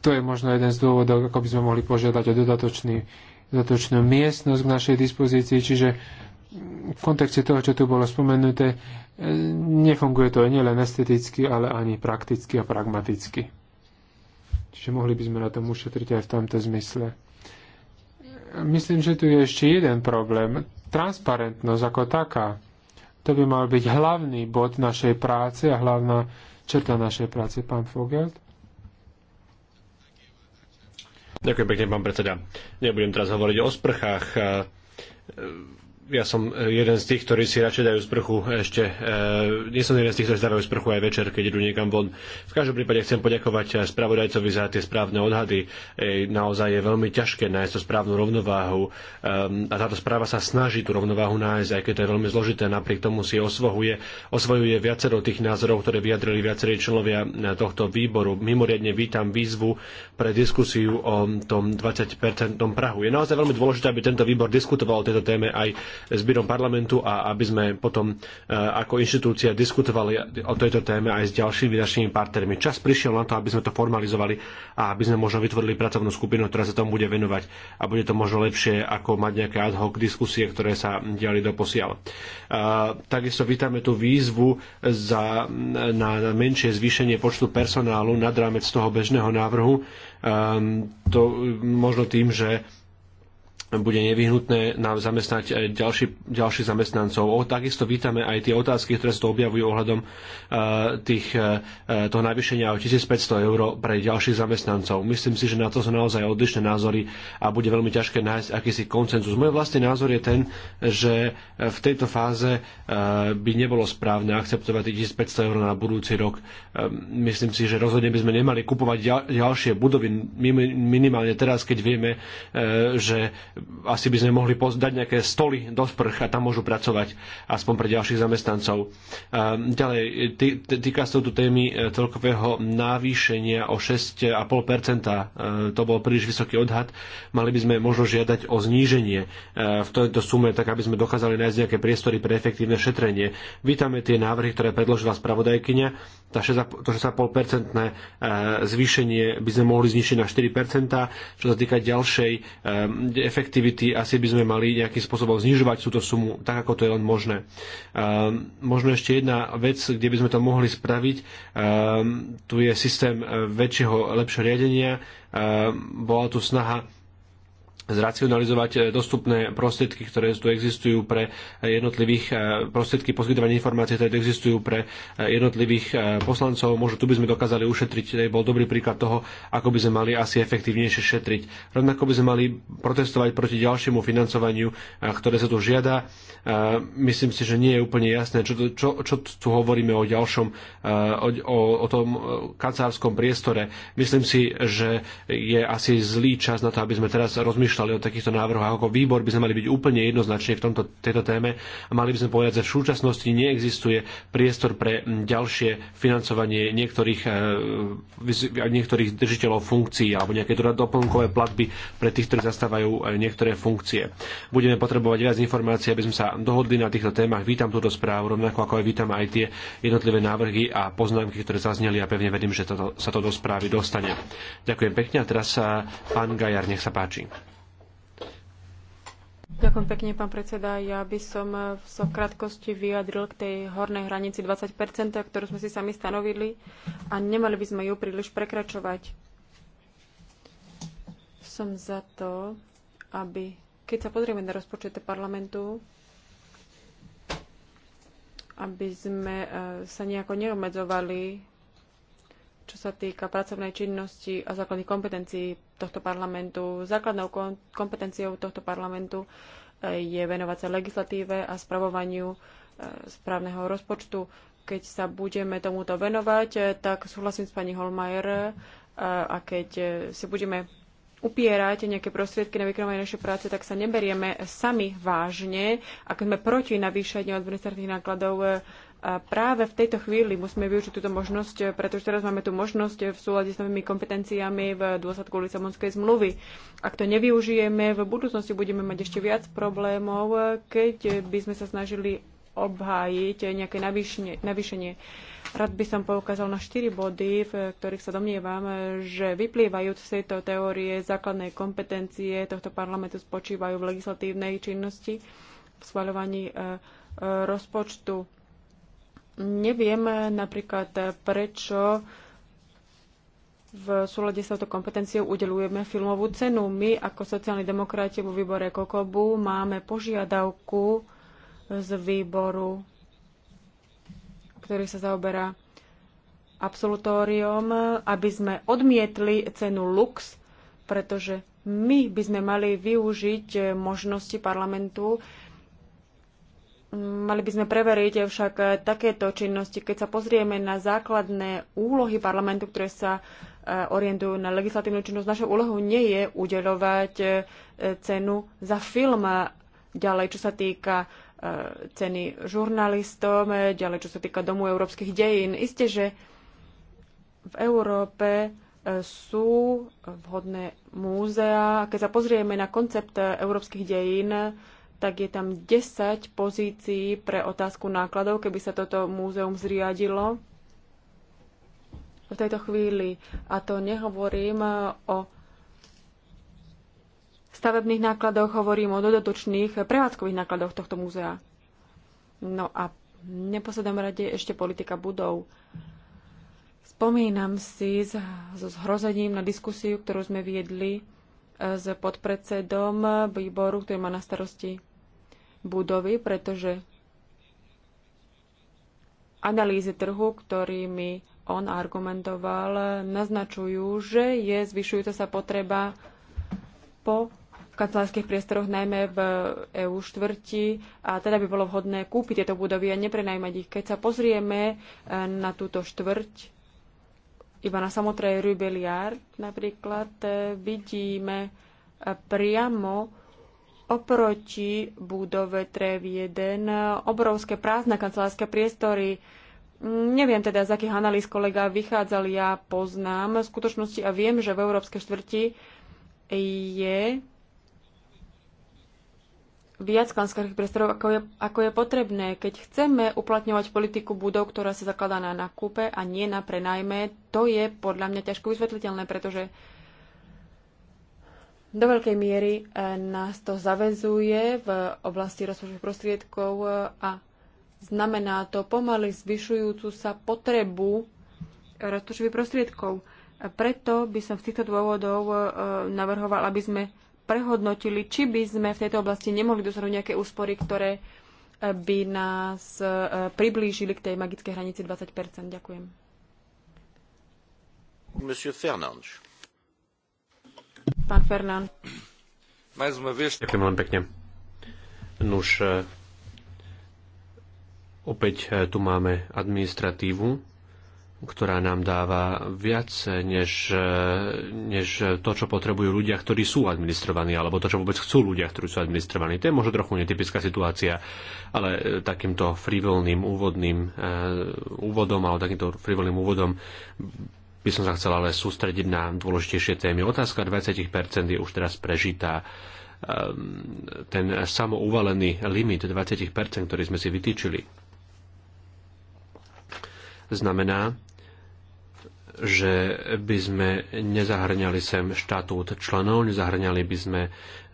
to je možno jeden z dôvodov, ako by sme mohli požiadať o dodatočný, dodatočnú miestnosť k našej dispozícii, čiže v kontexte toho, čo tu bolo spomenuté, nefunguje to nielen esteticky, ale ani prakticky a pragmaticky. Čiže mohli by sme na tom ušetriť aj v tomto zmysle. Myslím, že tu je ešte jeden problém. Transparentnosť ako taká. To by mal byť hlavný bod našej práce a hlavná črta našej práce, pán Fogelt. Ďakujem pekne, pán predseda. Nebudem teraz hovoriť o sprchách ja som eh, jeden z tých, ktorí si radšej dajú sprchu ešte, e, nie som jeden z tých, ktorí si dávajú sprchu aj večer, keď idú niekam von. V každom prípade chcem poďakovať eh, spravodajcovi za tie správne odhady. E, naozaj je veľmi ťažké nájsť tú správnu rovnováhu e, a táto správa sa snaží tú rovnováhu nájsť, aj keď to je veľmi zložité. Napriek tomu si osvohuje, osvojuje viacero tých názorov, ktoré vyjadrili viacerí členovia tohto výboru. Mimoriadne vítam výzvu pre diskusiu o tom 20-percentnom Prahu. Je naozaj veľmi dôležité, aby tento výbor diskutoval o tejto téme aj zbytom parlamentu a aby sme potom eh, ako inštitúcia diskutovali o tejto téme aj s ďalšími našimi partnermi. Čas prišiel na to, aby sme to formalizovali a aby sme možno vytvorili pracovnú skupinu, ktorá sa tomu bude venovať a bude to možno lepšie ako mať nejaké ad hoc diskusie, ktoré sa diali doposiaľ. Eh, takisto vítame tú výzvu za, mm, na menšie zvýšenie počtu personálu nad rámec toho bežného návrhu. Ehm, to mm, možno tým, že bude nevyhnutné nám zamestnať ďalší, ďalších zamestnancov. O, takisto vítame aj tie otázky, ktoré sa to objavujú ohľadom uh, tých, uh, toho navýšenia o 1500 eur pre ďalších zamestnancov. Myslím si, že na to sú naozaj odlišné názory a bude veľmi ťažké nájsť akýsi koncenzus. Môj vlastný názor je ten, že v tejto fáze uh, by nebolo správne akceptovať 1500 eur na budúci rok. Uh, myslím si, že rozhodne by sme nemali kupovať ďal, ďalšie budovy minimálne teraz, keď vieme, uh, že asi by sme mohli dať nejaké stoly do sprch a tam môžu pracovať aspoň pre ďalších zamestnancov. Ehm, ďalej, týka sa tu témy e, celkového návýšenia o 6,5%. Ehm, to bol príliš vysoký odhad. Mali by sme možno žiadať o zníženie e, v tejto sume, tak aby sme dokázali nájsť nejaké priestory pre efektívne šetrenie. Vítame tie návrhy, ktoré predložila spravodajkyňa. to 6,5% e, zvýšenie by sme mohli znišiť na 4%. Čo sa týka ďalšej efektívnej efektivity asi by sme mali nejakým spôsobom znižovať túto sumu, tak ako to je len možné. Um, možno ešte jedna vec, kde by sme to mohli spraviť, um, tu je systém eh, väčšieho, lepšieho riadenia, um, bola tu snaha zracionalizovať e, dostupné prostriedky, ktoré tu existujú pre e, jednotlivých e, prostriedky poskytovania informácií, ktoré tu existujú pre jednotlivých poslancov. Možno tu by sme dokázali ušetriť, bol dobrý príklad toho, ako by sme mali asi efektívnejšie šetriť. Rovnako by sme mali protestovať proti ďalšiemu financovaniu, ktoré sa tu žiada. Myslím si, že nie je úplne jasné, čo, čo, čo tu hovoríme o ďalšom, o, o, o tom kancelárskom priestore. Myslím si, že je asi zlý čas na to, aby sme teraz rozmýšľali rozmýšľali o takýchto návrhoch, ako výbor by sme mali byť úplne jednoznačne v tomto, tejto téme a mali by sme povedať, že v súčasnosti neexistuje priestor pre ďalšie financovanie niektorých, e, niektorých držiteľov funkcií alebo nejaké teda doplnkové platby pre tých, ktorí zastávajú e, niektoré funkcie. Budeme potrebovať viac informácií, aby sme sa dohodli na týchto témach. Vítam túto správu, rovnako ako aj vítam aj tie jednotlivé návrhy a poznámky, ktoré zazneli a pevne vedím, že toto, sa to do správy dostane. Ďakujem pekne a teraz sa pán Gajar, nech sa páči. Ďakujem pekne, pán predseda. Ja by som eh, sa v krátkosti vyjadril k tej hornej hranici 20 ktorú sme si sami stanovili a nemali by sme ju príliš prekračovať. Som za to, aby keď sa pozrieme na rozpočet parlamentu, aby sme eh, sa nejako neobmedzovali, čo sa týka pracovnej činnosti a základných kompetencií tohto parlamentu. Základnou kompetenciou tohto parlamentu eh, je venovať sa legislatíve a spravovaniu eh, správneho rozpočtu. Keď sa budeme tomuto venovať, eh, tak súhlasím s pani Holmajer a keď si budeme upierať nejaké prostriedky na vykonávanie našej práce, tak sa neberieme sami vážne. Ak sme proti navýšeniu administratívnych nákladov, a práve v tejto chvíli musíme využiť túto možnosť, pretože teraz máme tú možnosť v súlade s novými kompetenciami v dôsledku Lisabonskej zmluvy. Ak to nevyužijeme, v budúcnosti budeme mať ešte viac problémov, keď by sme sa snažili obhájiť nejaké navýšenie. Rád by som poukázal na štyri body, v ktorých sa domnievam, že vyplývajú z tejto teórie základnej kompetencie tohto parlamentu spočívajú v legislatívnej činnosti, v schváľovaní eh, eh, rozpočtu Neviem napríklad, eh, prečo v súlade s touto kompetenciou udelujeme filmovú cenu. My ako sociálni demokrati vo výbore Kokobu máme požiadavku z výboru, ktorý sa zaoberá absolutóriom, aby sme odmietli cenu Lux, pretože my by sme mali využiť eh, možnosti parlamentu Mali by sme preveriť však eh, takéto činnosti, keď sa pozrieme na základné úlohy parlamentu, ktoré sa eh, orientujú na legislatívnu činnosť. Našou úlohou nie je udeľovať eh, cenu za film ďalej, čo sa týka ceny žurnalistom, ďalej, čo sa týka Domu európskych dejín. Isté, že v Európe sú vhodné múzea. Keď sa pozrieme na koncept európskych dejín, tak je tam 10 pozícií pre otázku nákladov, keby sa toto múzeum zriadilo v tejto chvíli. A to nehovorím e, o stavebných nákladoch, hovorím o dodatočných prevádzkových nákladoch tohto múzea. No a neposledám rade ešte politika budov. Spomínam si so zhrozením na diskusiu, ktorú sme viedli e, s podpredsedom výboru, ktorý má na starosti budovy, pretože analýzy trhu, ktorými on argumentoval, naznačujú, že je zvyšujúca sa potreba po kancelárskych priestoroch, najmä v EU štvrti, a teda by bolo vhodné kúpiť tieto budovy a neprenajmať ich. Keď sa pozrieme e, na túto štvrť, iba na samotrej Rubeliard napríklad, e, vidíme e, priamo oproti budove Trev 1 obrovské prázdne kancelárske priestory. Neviem teda, z akých analýz kolega vychádzal, ja poznám v skutočnosti a viem, že v európskej štvrti je viac kancelárskych priestorov, ako je, ako je potrebné. Keď chceme uplatňovať politiku budov, ktorá sa zakladá na nákupe a nie na prenajme, to je podľa mňa ťažko vysvetliteľné, pretože uh, do veľkej miery e, nás to zavezuje v oblasti rozpočtových prostriedkov e, a znamená to pomaly zvyšujúcu sa potrebu e, rozpočtových prostriedkov. Preto by som z týchto dôvodov navrhoval, aby sme prehodnotili, či by sme v tejto oblasti nemohli dosiahnuť nejaké úspory, ktoré by nás priblížili k tej magickej hranici 20 Ďakujem. Monsieur Fernandes. Pán Fernán. Ďakujem veľmi pekne. Nuž, e, opäť e, tu máme administratívu, ktorá nám dáva viac, e, než, než to, čo potrebujú ľudia, ktorí sú administrovaní, alebo to, čo vôbec chcú ľudia, ktorí sú administrovaní. To je možno trochu netypická situácia, ale takýmto frivolným úvodným úvodom alebo takýmto frivolným úvodom by som sa chcel ale sústrediť na dôležitejšie témy. Otázka 20% je už teraz prežitá ehm, ten samouvalený limit 20%, ktorý sme si vytýčili, znamená, že by sme nezahrňali sem štatút členov, nezahrňali by sme,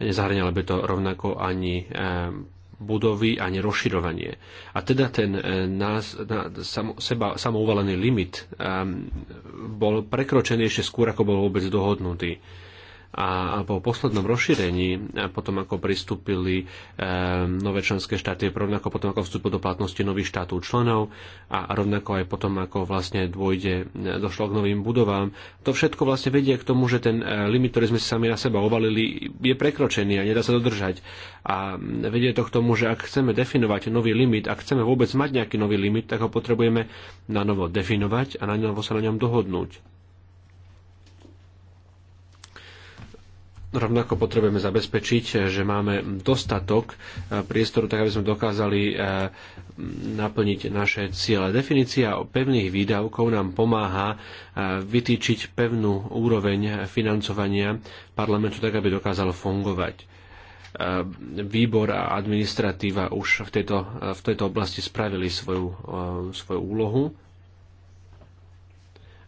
nezahrňali by to rovnako ani ehm, budovy a nerozširovanie. A teda ten e, nás, na, sam, seba, samouvalený limit um, bol prekročený ešte skôr, ako bol vôbec dohodnutý a, a po poslednom rozšírení, a potom ako pristúpili e, nové členské štáty, rovnako potom ako vstúpil do platnosti nových štátov členov a, a rovnako aj potom ako vlastne dôjde, e, došlo k novým budovám. To všetko vlastne vedie k tomu, že ten e, limit, ktorý sme si sami na seba ovalili, je prekročený a nedá sa dodržať. A vedie to k tomu, že ak chceme definovať nový limit, ak chceme vôbec mať nejaký nový limit, tak ho potrebujeme na novo definovať a na novo sa na ňom dohodnúť. Rovnako potrebujeme zabezpečiť, že máme dostatok eh, priestoru, tak aby sme dokázali eh, naplniť naše ciele. Definícia o pevných výdavkov nám pomáha eh, vytýčiť pevnú úroveň financovania parlamentu, tak aby dokázalo fungovať. Výbor a administratíva už v tejto, v tejto oblasti spravili svoju, svoju úlohu,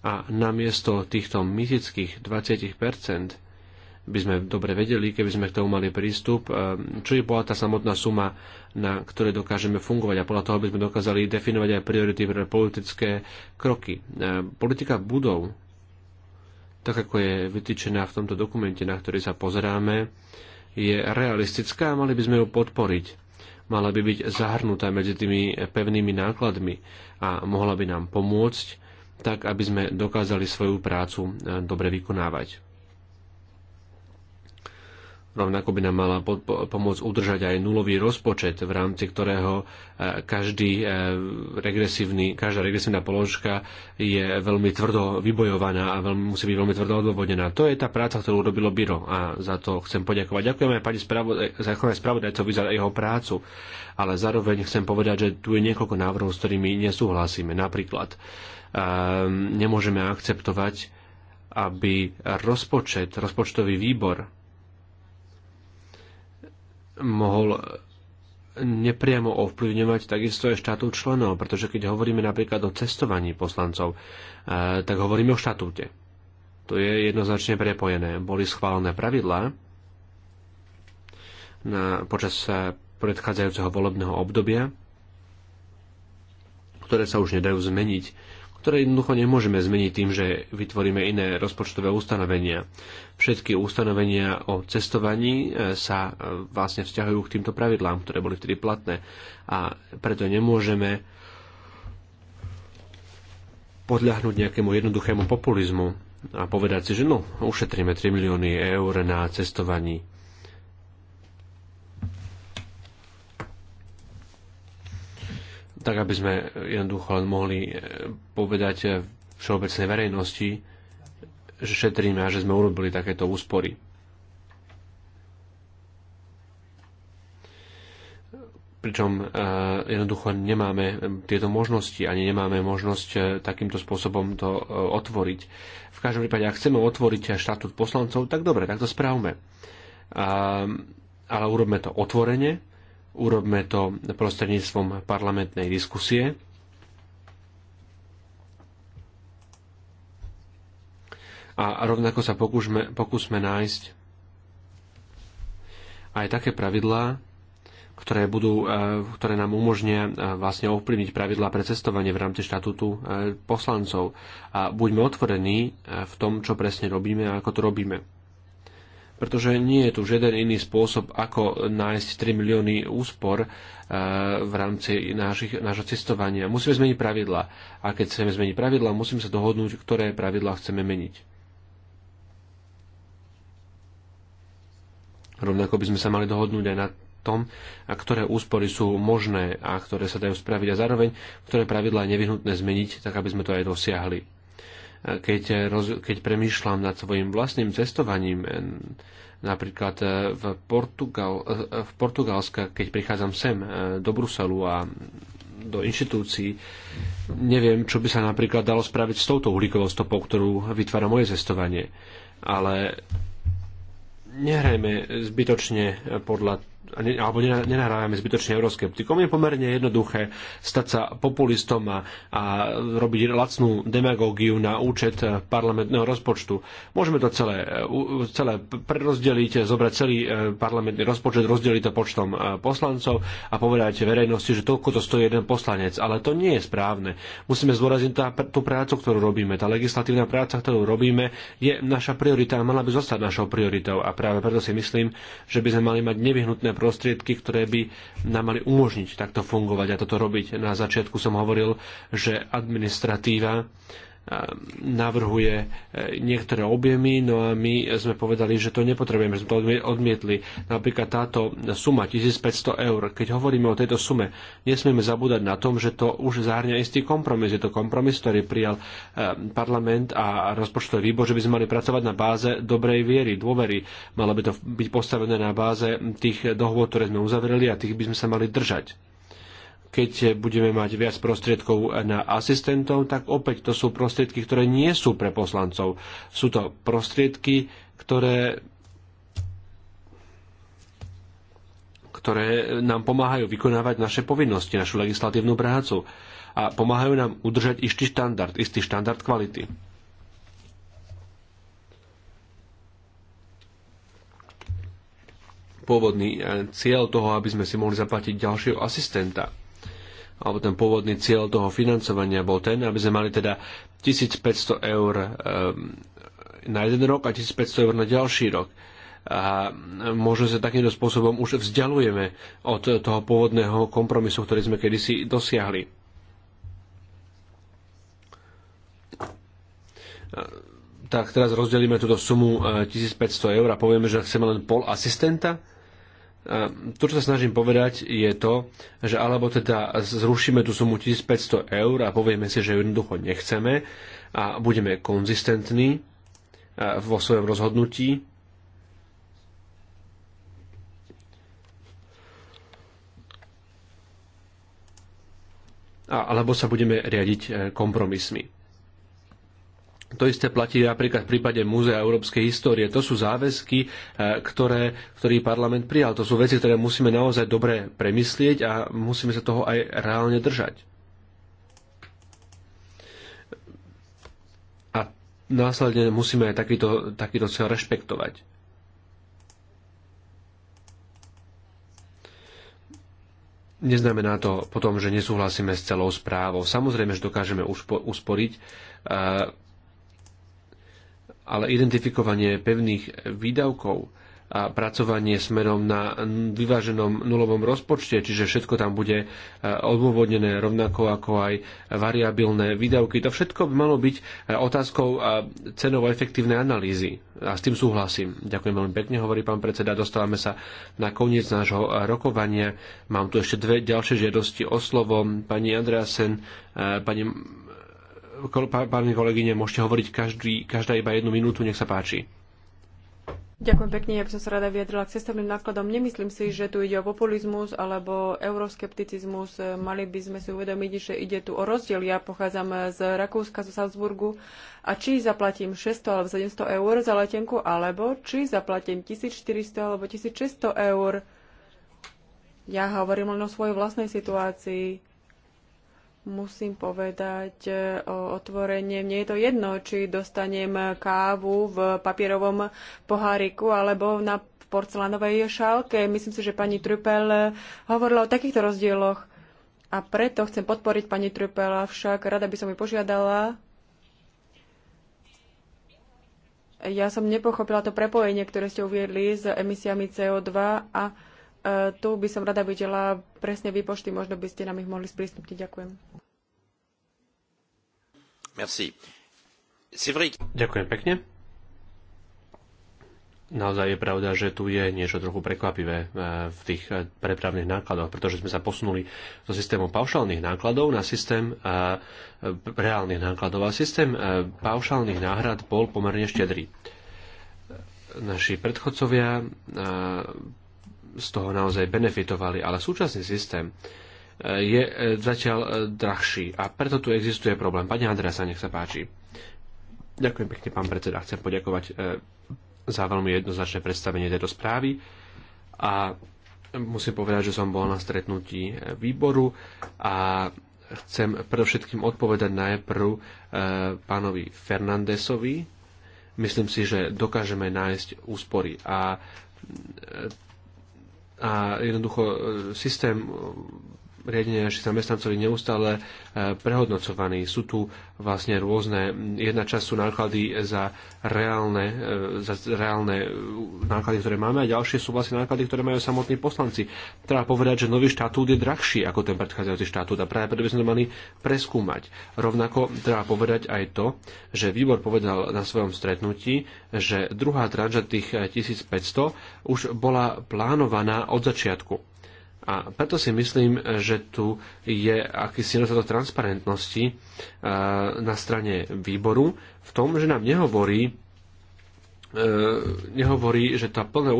a namiesto týchto mýtických 20% by sme dobre vedeli, keby sme k tomu mali prístup, e, čo je bola tá samotná suma, na ktorej dokážeme fungovať a podľa toho by sme dokázali definovať aj priority pre politické kroky. E, politika budov, tak ako je vytýčená v tomto dokumente, na ktorý sa pozeráme, je realistická a mali by sme ju podporiť. Mala by byť zahrnutá medzi tými pevnými nákladmi a mohla by nám pomôcť, tak aby sme dokázali svoju prácu e, dobre vykonávať. Rovnako by nám mala pomôcť udržať aj nulový rozpočet, v rámci ktorého e, každý e, regresívny, každá regresívna položka je veľmi tvrdo vybojovaná a veľmi, musí byť veľmi tvrdo odvodená. To je tá práca, ktorú robilo Biro a za to chcem poďakovať. Ďakujem aj pani spravodajcovi za jeho prácu, ale zároveň chcem povedať, že tu je niekoľko návrhov, s ktorými nesúhlasíme. Napríklad e, nemôžeme akceptovať aby rozpočet, rozpočtový výbor mohol nepriamo ovplyvňovať takisto aj štatút členov, pretože keď hovoríme napríklad o cestovaní poslancov, eh, tak hovoríme o štatúte. To je jednoznačne prepojené. Boli schválené pravidlá na, počas eh, predchádzajúceho volebného obdobia, ktoré sa už nedajú zmeniť ktoré jednoducho nemôžeme zmeniť tým, že vytvoríme iné rozpočtové ustanovenia. Všetky ustanovenia o cestovaní e, sa e, vlastne vzťahujú k týmto pravidlám, ktoré boli vtedy platné a preto nemôžeme podľahnúť nejakému jednoduchému populizmu a povedať si, že no, ušetríme 3 milióny eur na cestovaní tak aby sme jednoducho len mohli e, povedať e, všeobecnej verejnosti, že šetríme a že sme urobili takéto úspory. pričom e, jednoducho nemáme tieto možnosti, ani nemáme možnosť takýmto spôsobom to otvoriť. V každom prípade, ak chceme otvoriť štatút poslancov, tak dobre, tak to správme. Ale urobme to otvorene, Urobme to prostredníctvom parlamentnej diskusie. A rovnako sa pokúšme, pokúsme nájsť aj také pravidlá, ktoré, budú, e, ktoré nám umožnia e, vlastne ovplyvniť pravidlá pre cestovanie v rámci štatútu e, poslancov. A buďme otvorení v tom, čo presne robíme a ako to robíme pretože nie je tu žiaden iný spôsob, ako nájsť 3 milióny úspor eh, v rámci našich, nášho cestovania. Musíme zmeniť pravidla. A keď chceme zmeniť pravidla, musíme sa dohodnúť, ktoré pravidlá chceme meniť. Rovnako by sme sa mali dohodnúť aj na tom, a ktoré úspory sú možné a ktoré sa dajú spraviť a zároveň, ktoré pravidlá je nevyhnutné zmeniť, tak aby sme to aj dosiahli keď, roz, keď premýšľam nad svojim vlastným cestovaním, eh, napríklad eh, v, Portugal, eh, v Portugalska, keď prichádzam sem do Bruselu a do inštitúcií, neviem, čo by sa napríklad dalo spraviť s touto uhlíkovou stopou, ktorú vytvára moje cestovanie. Ale nehrajme zbytočne podľa alebo nenahrávame zbytočne euroskeptikom. Je pomerne jednoduché stať sa populistom a, a robiť lacnú demagógiu na účet parlamentného rozpočtu. Môžeme to celé, celé prerozdeliť, zobrať celý e, parlamentný rozpočet, rozdeliť to počtom e, poslancov a povedať verejnosti, že toľko to stojí jeden poslanec. Ale to nie je správne. Musíme zdôrazniť tá, tú prácu, ktorú robíme. Tá legislatívna práca, ktorú robíme, je naša priorita a mala by zostať našou prioritou. A práve preto si myslím, že by sme mali mať nevyhnutné prostriedky, ktoré by nám mali umožniť takto fungovať a toto robiť. Na začiatku som hovoril, že administratíva navrhuje e, niektoré objemy, no a my sme povedali, že to nepotrebujeme, sme to odmietli. Napríklad táto suma 1500 eur, keď hovoríme o tejto sume, nesmieme zabúdať na tom, že to už zahrňa istý kompromis. Je to kompromis, ktorý prijal e, parlament a rozpočtový výbor, že by sme mali pracovať na báze dobrej viery, dôvery. Malo by to byť postavené na báze tých dohôd, ktoré sme uzavreli a tých by sme sa mali držať keď budeme mať viac prostriedkov na asistentov, tak opäť to sú prostriedky, ktoré nie sú pre poslancov. Sú to prostriedky, ktoré ktoré nám pomáhajú vykonávať naše povinnosti, našu legislatívnu prácu a pomáhajú nám udržať istý štandard, istý štandard kvality. pôvodný eh, cieľ toho, aby sme si mohli zaplatiť ďalšieho asistenta alebo ten pôvodný cieľ toho financovania bol ten, aby sme mali teda 1500 eur ehm, na jeden rok a 1500 eur na ďalší rok a možno sa takýmto spôsobom už vzdialujeme od toho pôvodného kompromisu, ktorý sme kedysi dosiahli. Tak teraz rozdelíme túto sumu 1500 e, eur a povieme, že chceme len pol asistenta to, čo sa snažím povedať, je to, že alebo teda zrušíme tú sumu 1500 eur a povieme si, že ju jednoducho nechceme a budeme konzistentní vo svojom rozhodnutí. A, alebo sa budeme riadiť e, kompromismi. To isté platí napríklad v prípade Múzea európskej histórie. To sú záväzky, e, ktoré, ktorý parlament prijal. To sú veci, ktoré musíme naozaj dobre premyslieť a musíme sa toho aj reálne držať. A následne musíme aj takýto, takýto cieľ rešpektovať. Neznamená to potom, že nesúhlasíme s celou správou. Samozrejme, že dokážeme usporiť e, ale identifikovanie pevných výdavkov a pracovanie smerom na vyváženom nulovom rozpočte, čiže všetko tam bude e, odôvodnené rovnako ako aj variabilné výdavky. To všetko by malo byť e, otázkou e, cenovo efektívnej analýzy. A s tým súhlasím. Ďakujem veľmi pekne, hovorí pán predseda. Dostávame sa na koniec nášho rokovania. Mám tu ešte dve ďalšie žiadosti o slovo. Pani Andreasen, pani Páni kolegyne, môžete hovoriť každý, každá iba jednu minútu, nech sa páči. Ďakujem pekne, ja by som sa rada vyjadrila k cestovným nákladom. Nemyslím si, že tu ide o populizmus alebo euroskepticizmus. Mali by sme si uvedomiť, že ide tu o rozdiel. Ja pochádzam z Rakúska, zo Salzburgu a či zaplatím 600 alebo 700 eur za letenku, alebo či zaplatím 1400 alebo 1600 eur. Ja hovorím len o svojej vlastnej situácii musím povedať e, o otvorenie. Mne je to jedno, či dostanem kávu v papierovom poháriku alebo na porcelánovej šálke. Myslím si, že pani Trupel hovorila o takýchto rozdieloch. A preto chcem podporiť pani Trupel, avšak rada by som ju požiadala. Ja som nepochopila to prepojenie, ktoré ste uviedli s emisiami CO2 a E, tu by som rada videla presne výpočty, možno by ste nám ich mohli sprístupniť. Ďakujem. Merci. Ďakujem pekne. Naozaj je pravda, že tu je niečo trochu prekvapivé e, v tých e, prepravných nákladoch, pretože sme sa posunuli zo systému paušálnych nákladov na systém reálnych nákladov. A systém paušálnych náhrad bol pomerne štedrý. Naši predchodcovia z toho naozaj benefitovali, ale súčasný systém eh, je eh, zatiaľ eh, drahší a preto tu existuje problém. Pani Andresa, nech sa páči. Ďakujem pekne, pán predseda. Chcem poďakovať za veľmi jednoznačné predstavenie tejto správy a musím povedať, že som bol na stretnutí výboru a chcem predovšetkým odpovedať najprv pánovi Fernandesovi. Myslím si, že dokážeme nájsť úspory a a jednoducho e, systém riadenia naši zamestnancovi neustále e, prehodnocovaní. Sú tu vlastne rôzne, jedna časť sú náklady za reálne, e, za reálne e, náklady, ktoré máme a ďalšie sú vlastne náklady, ktoré majú samotní poslanci. Treba povedať, že nový štatút je drahší ako ten predchádzajúci štatút a práve preto by sme to mali preskúmať. Rovnako treba povedať aj to, že výbor povedal na svojom stretnutí, že druhá tranža tých 1500 už bola plánovaná od začiatku a preto si myslím, že tu je akýsi nedostatok transparentnosti eh, na strane výboru v tom, že nám nehovorí, eh, nehovorí, že tá, plné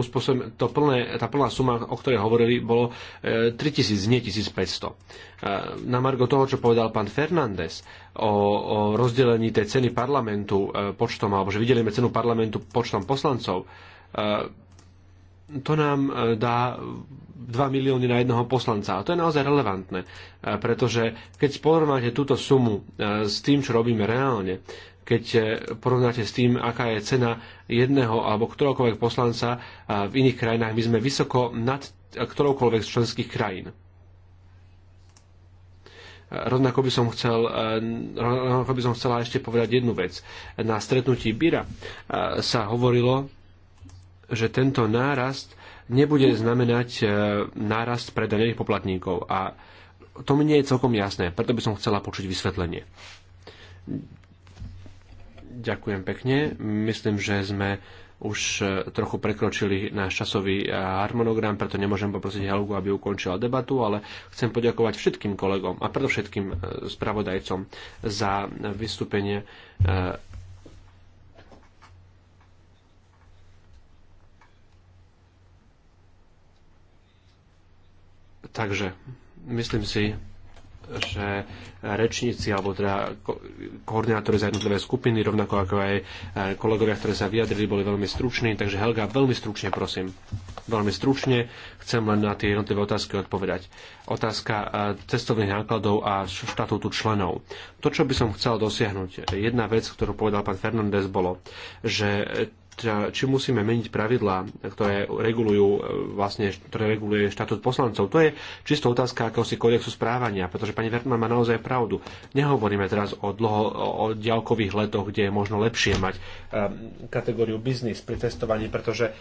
to plné, tá plná suma, o ktorej hovorili, bolo 3000, eh, nie 1500. Na margo toho, čo povedal pán Fernández o, o rozdelení tej ceny parlamentu počtom, alebo že videlíme cenu parlamentu počtom poslancov, to nám e, dá 2 milióny na jedného poslanca. A to je naozaj relevantné, e, pretože keď porovnáte túto sumu e, s tým, čo robíme reálne, keď porovnáte s tým, aká je cena jedného alebo ktoréhokoľvek poslanca v iných krajinách, my sme vysoko nad ktoroukoľvek z členských krajín. Rovnako by, som chcel, rovnako by som chcela ešte povedať jednu vec. Na stretnutí Bira sa hovorilo že tento nárast nebude znamenať e, nárast pre daňových poplatníkov. A to mi nie je celkom jasné, preto by som chcela počuť vysvetlenie. Ďakujem pekne. Myslím, že sme už e, trochu prekročili náš časový e, harmonogram, preto nemôžem poprosiť Helgu, aby ukončila debatu, ale chcem poďakovať všetkým kolegom a predovšetkým spravodajcom za vystúpenie Takže myslím si, že rečníci alebo teda ko- koordinátori za jednotlivé skupiny, rovnako ako aj eh, kolegovia, ktorí sa vyjadrili, boli veľmi struční. Takže Helga, veľmi stručne prosím. Veľmi stručne chcem len na tie jednotlivé otázky odpovedať. Otázka eh, cestovných nákladov a štatútu členov. To, čo by som chcel dosiahnuť, jedna vec, ktorú povedal pán Fernández, bolo, že teda, či musíme meniť pravidlá, ktoré regulujú, e, vlastne, ktoré reguluje štatút poslancov. To je čisto otázka akéhosi kodexu správania, pretože pani Vertman má naozaj pravdu. Nehovoríme teraz o, dlho, o ďalkových letoch, kde je možno lepšie mať um, kategóriu biznis pri testovaní, pretože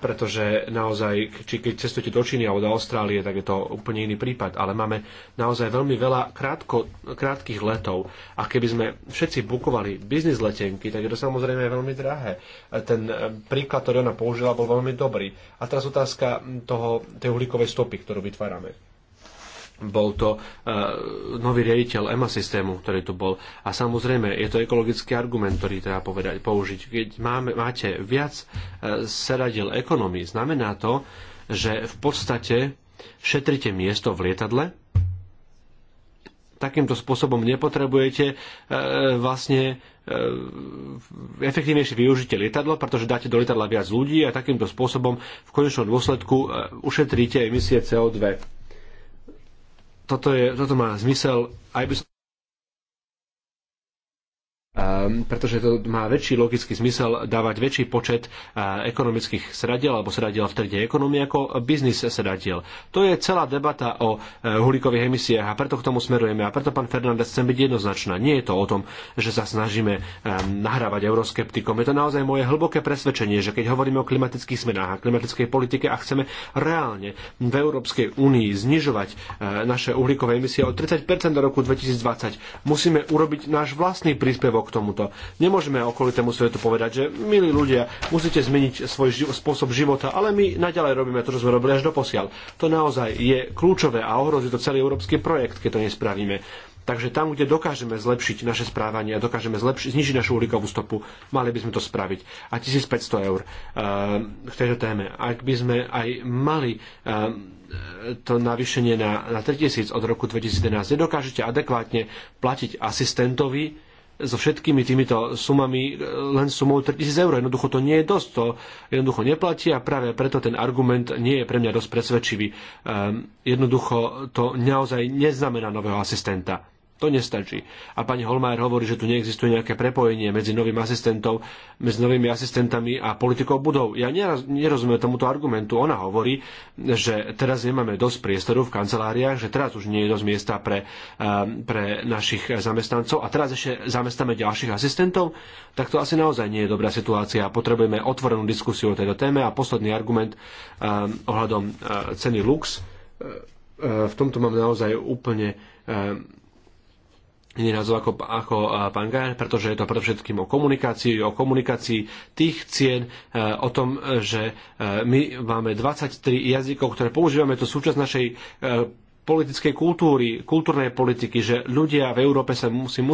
pretože naozaj, či keď cestujete do Číny alebo do Austrálie, tak je to úplne iný prípad, ale máme naozaj veľmi veľa krátko, krátkých letov a keby sme všetci bukovali biznis letenky, tak je to samozrejme veľmi drahé. Ten e, príklad, ktorý ona použila, bol veľmi dobrý. A teraz otázka toho, tej uhlíkovej stopy, ktorú vytvárame bol to e, nový riaditeľ EMA systému, ktorý tu bol. A samozrejme, je to ekologický argument, ktorý treba povedať, použiť. Keď máme, máte viac e, seradiel ekonomii, znamená to, že v podstate šetrite miesto v lietadle, takýmto spôsobom nepotrebujete e, vlastne e, efektívnejšie využite lietadlo, pretože dáte do lietadla viac ľudí a takýmto spôsobom v konečnom dôsledku e, ušetríte emisie CO2 toto, je, toto má zmysel. Aj by som Ehm, pretože to má väčší logický zmysel dávať väčší počet eh, ekonomických sradiel alebo sradiel v trede ekonomie ako biznis sradiel. To je celá debata o eh, uhlíkových emisiách a preto k tomu smerujeme a preto pán Fernández chcem byť jednoznačná. Nie je to o tom, že sa snažíme ehm, nahrávať euroskeptikom. Je to naozaj moje hlboké presvedčenie, že keď hovoríme o klimatických zmenách a klimatickej politike a chceme reálne v Európskej únii znižovať eh, naše uhlíkové emisie o 30% do roku 2020, musíme urobiť náš vlastný príspevok k tomuto. Nemôžeme okolitému svetu povedať, že milí ľudia, musíte zmeniť svoj živ- spôsob života, ale my naďalej robíme to, čo sme robili až posiaľ. To naozaj je kľúčové a ohrozí to celý európsky projekt, keď to nespravíme. Takže tam, kde dokážeme zlepšiť naše správanie a dokážeme zlepši- znižiť našu uhlíkovú stopu, mali by sme to spraviť. A 1500 eur uh, ehm, k tejto téme. Ak by sme aj mali uh, to navýšenie na, na 3000 od roku 2011, nedokážete adekvátne platiť asistentovi, so všetkými týmito sumami len sumou 3000 eur. Jednoducho to nie je dosť, to jednoducho neplatí a práve preto ten argument nie je pre mňa dosť presvedčivý. Ehm, jednoducho to naozaj neznamená nového asistenta. To nestačí. A pani Holmajer hovorí, že tu neexistuje nejaké prepojenie medzi novým asistentom, medzi novými asistentami a politikou budov. Ja nerozumiem tomuto argumentu. Ona hovorí, že teraz nemáme dosť priestoru v kanceláriách, že teraz už nie je dosť miesta pre, ehm, pre našich zamestnancov a teraz ešte zamestnáme ďalších asistentov, tak to asi naozaj nie je dobrá situácia. Potrebujeme otvorenú diskusiu o tejto téme a posledný argument ehm, ohľadom ehm, ceny Lux v tomto mám naozaj úplne iný názov ako, ako pán Gajan, pretože je to predovšetkým o komunikácii, o komunikácii tých cien, e, o tom, e, že e, my máme 23 jazykov, ktoré používame, to súčasť našej politickej kultúry, kultúrnej politiky, že ľudia v Európe sa musí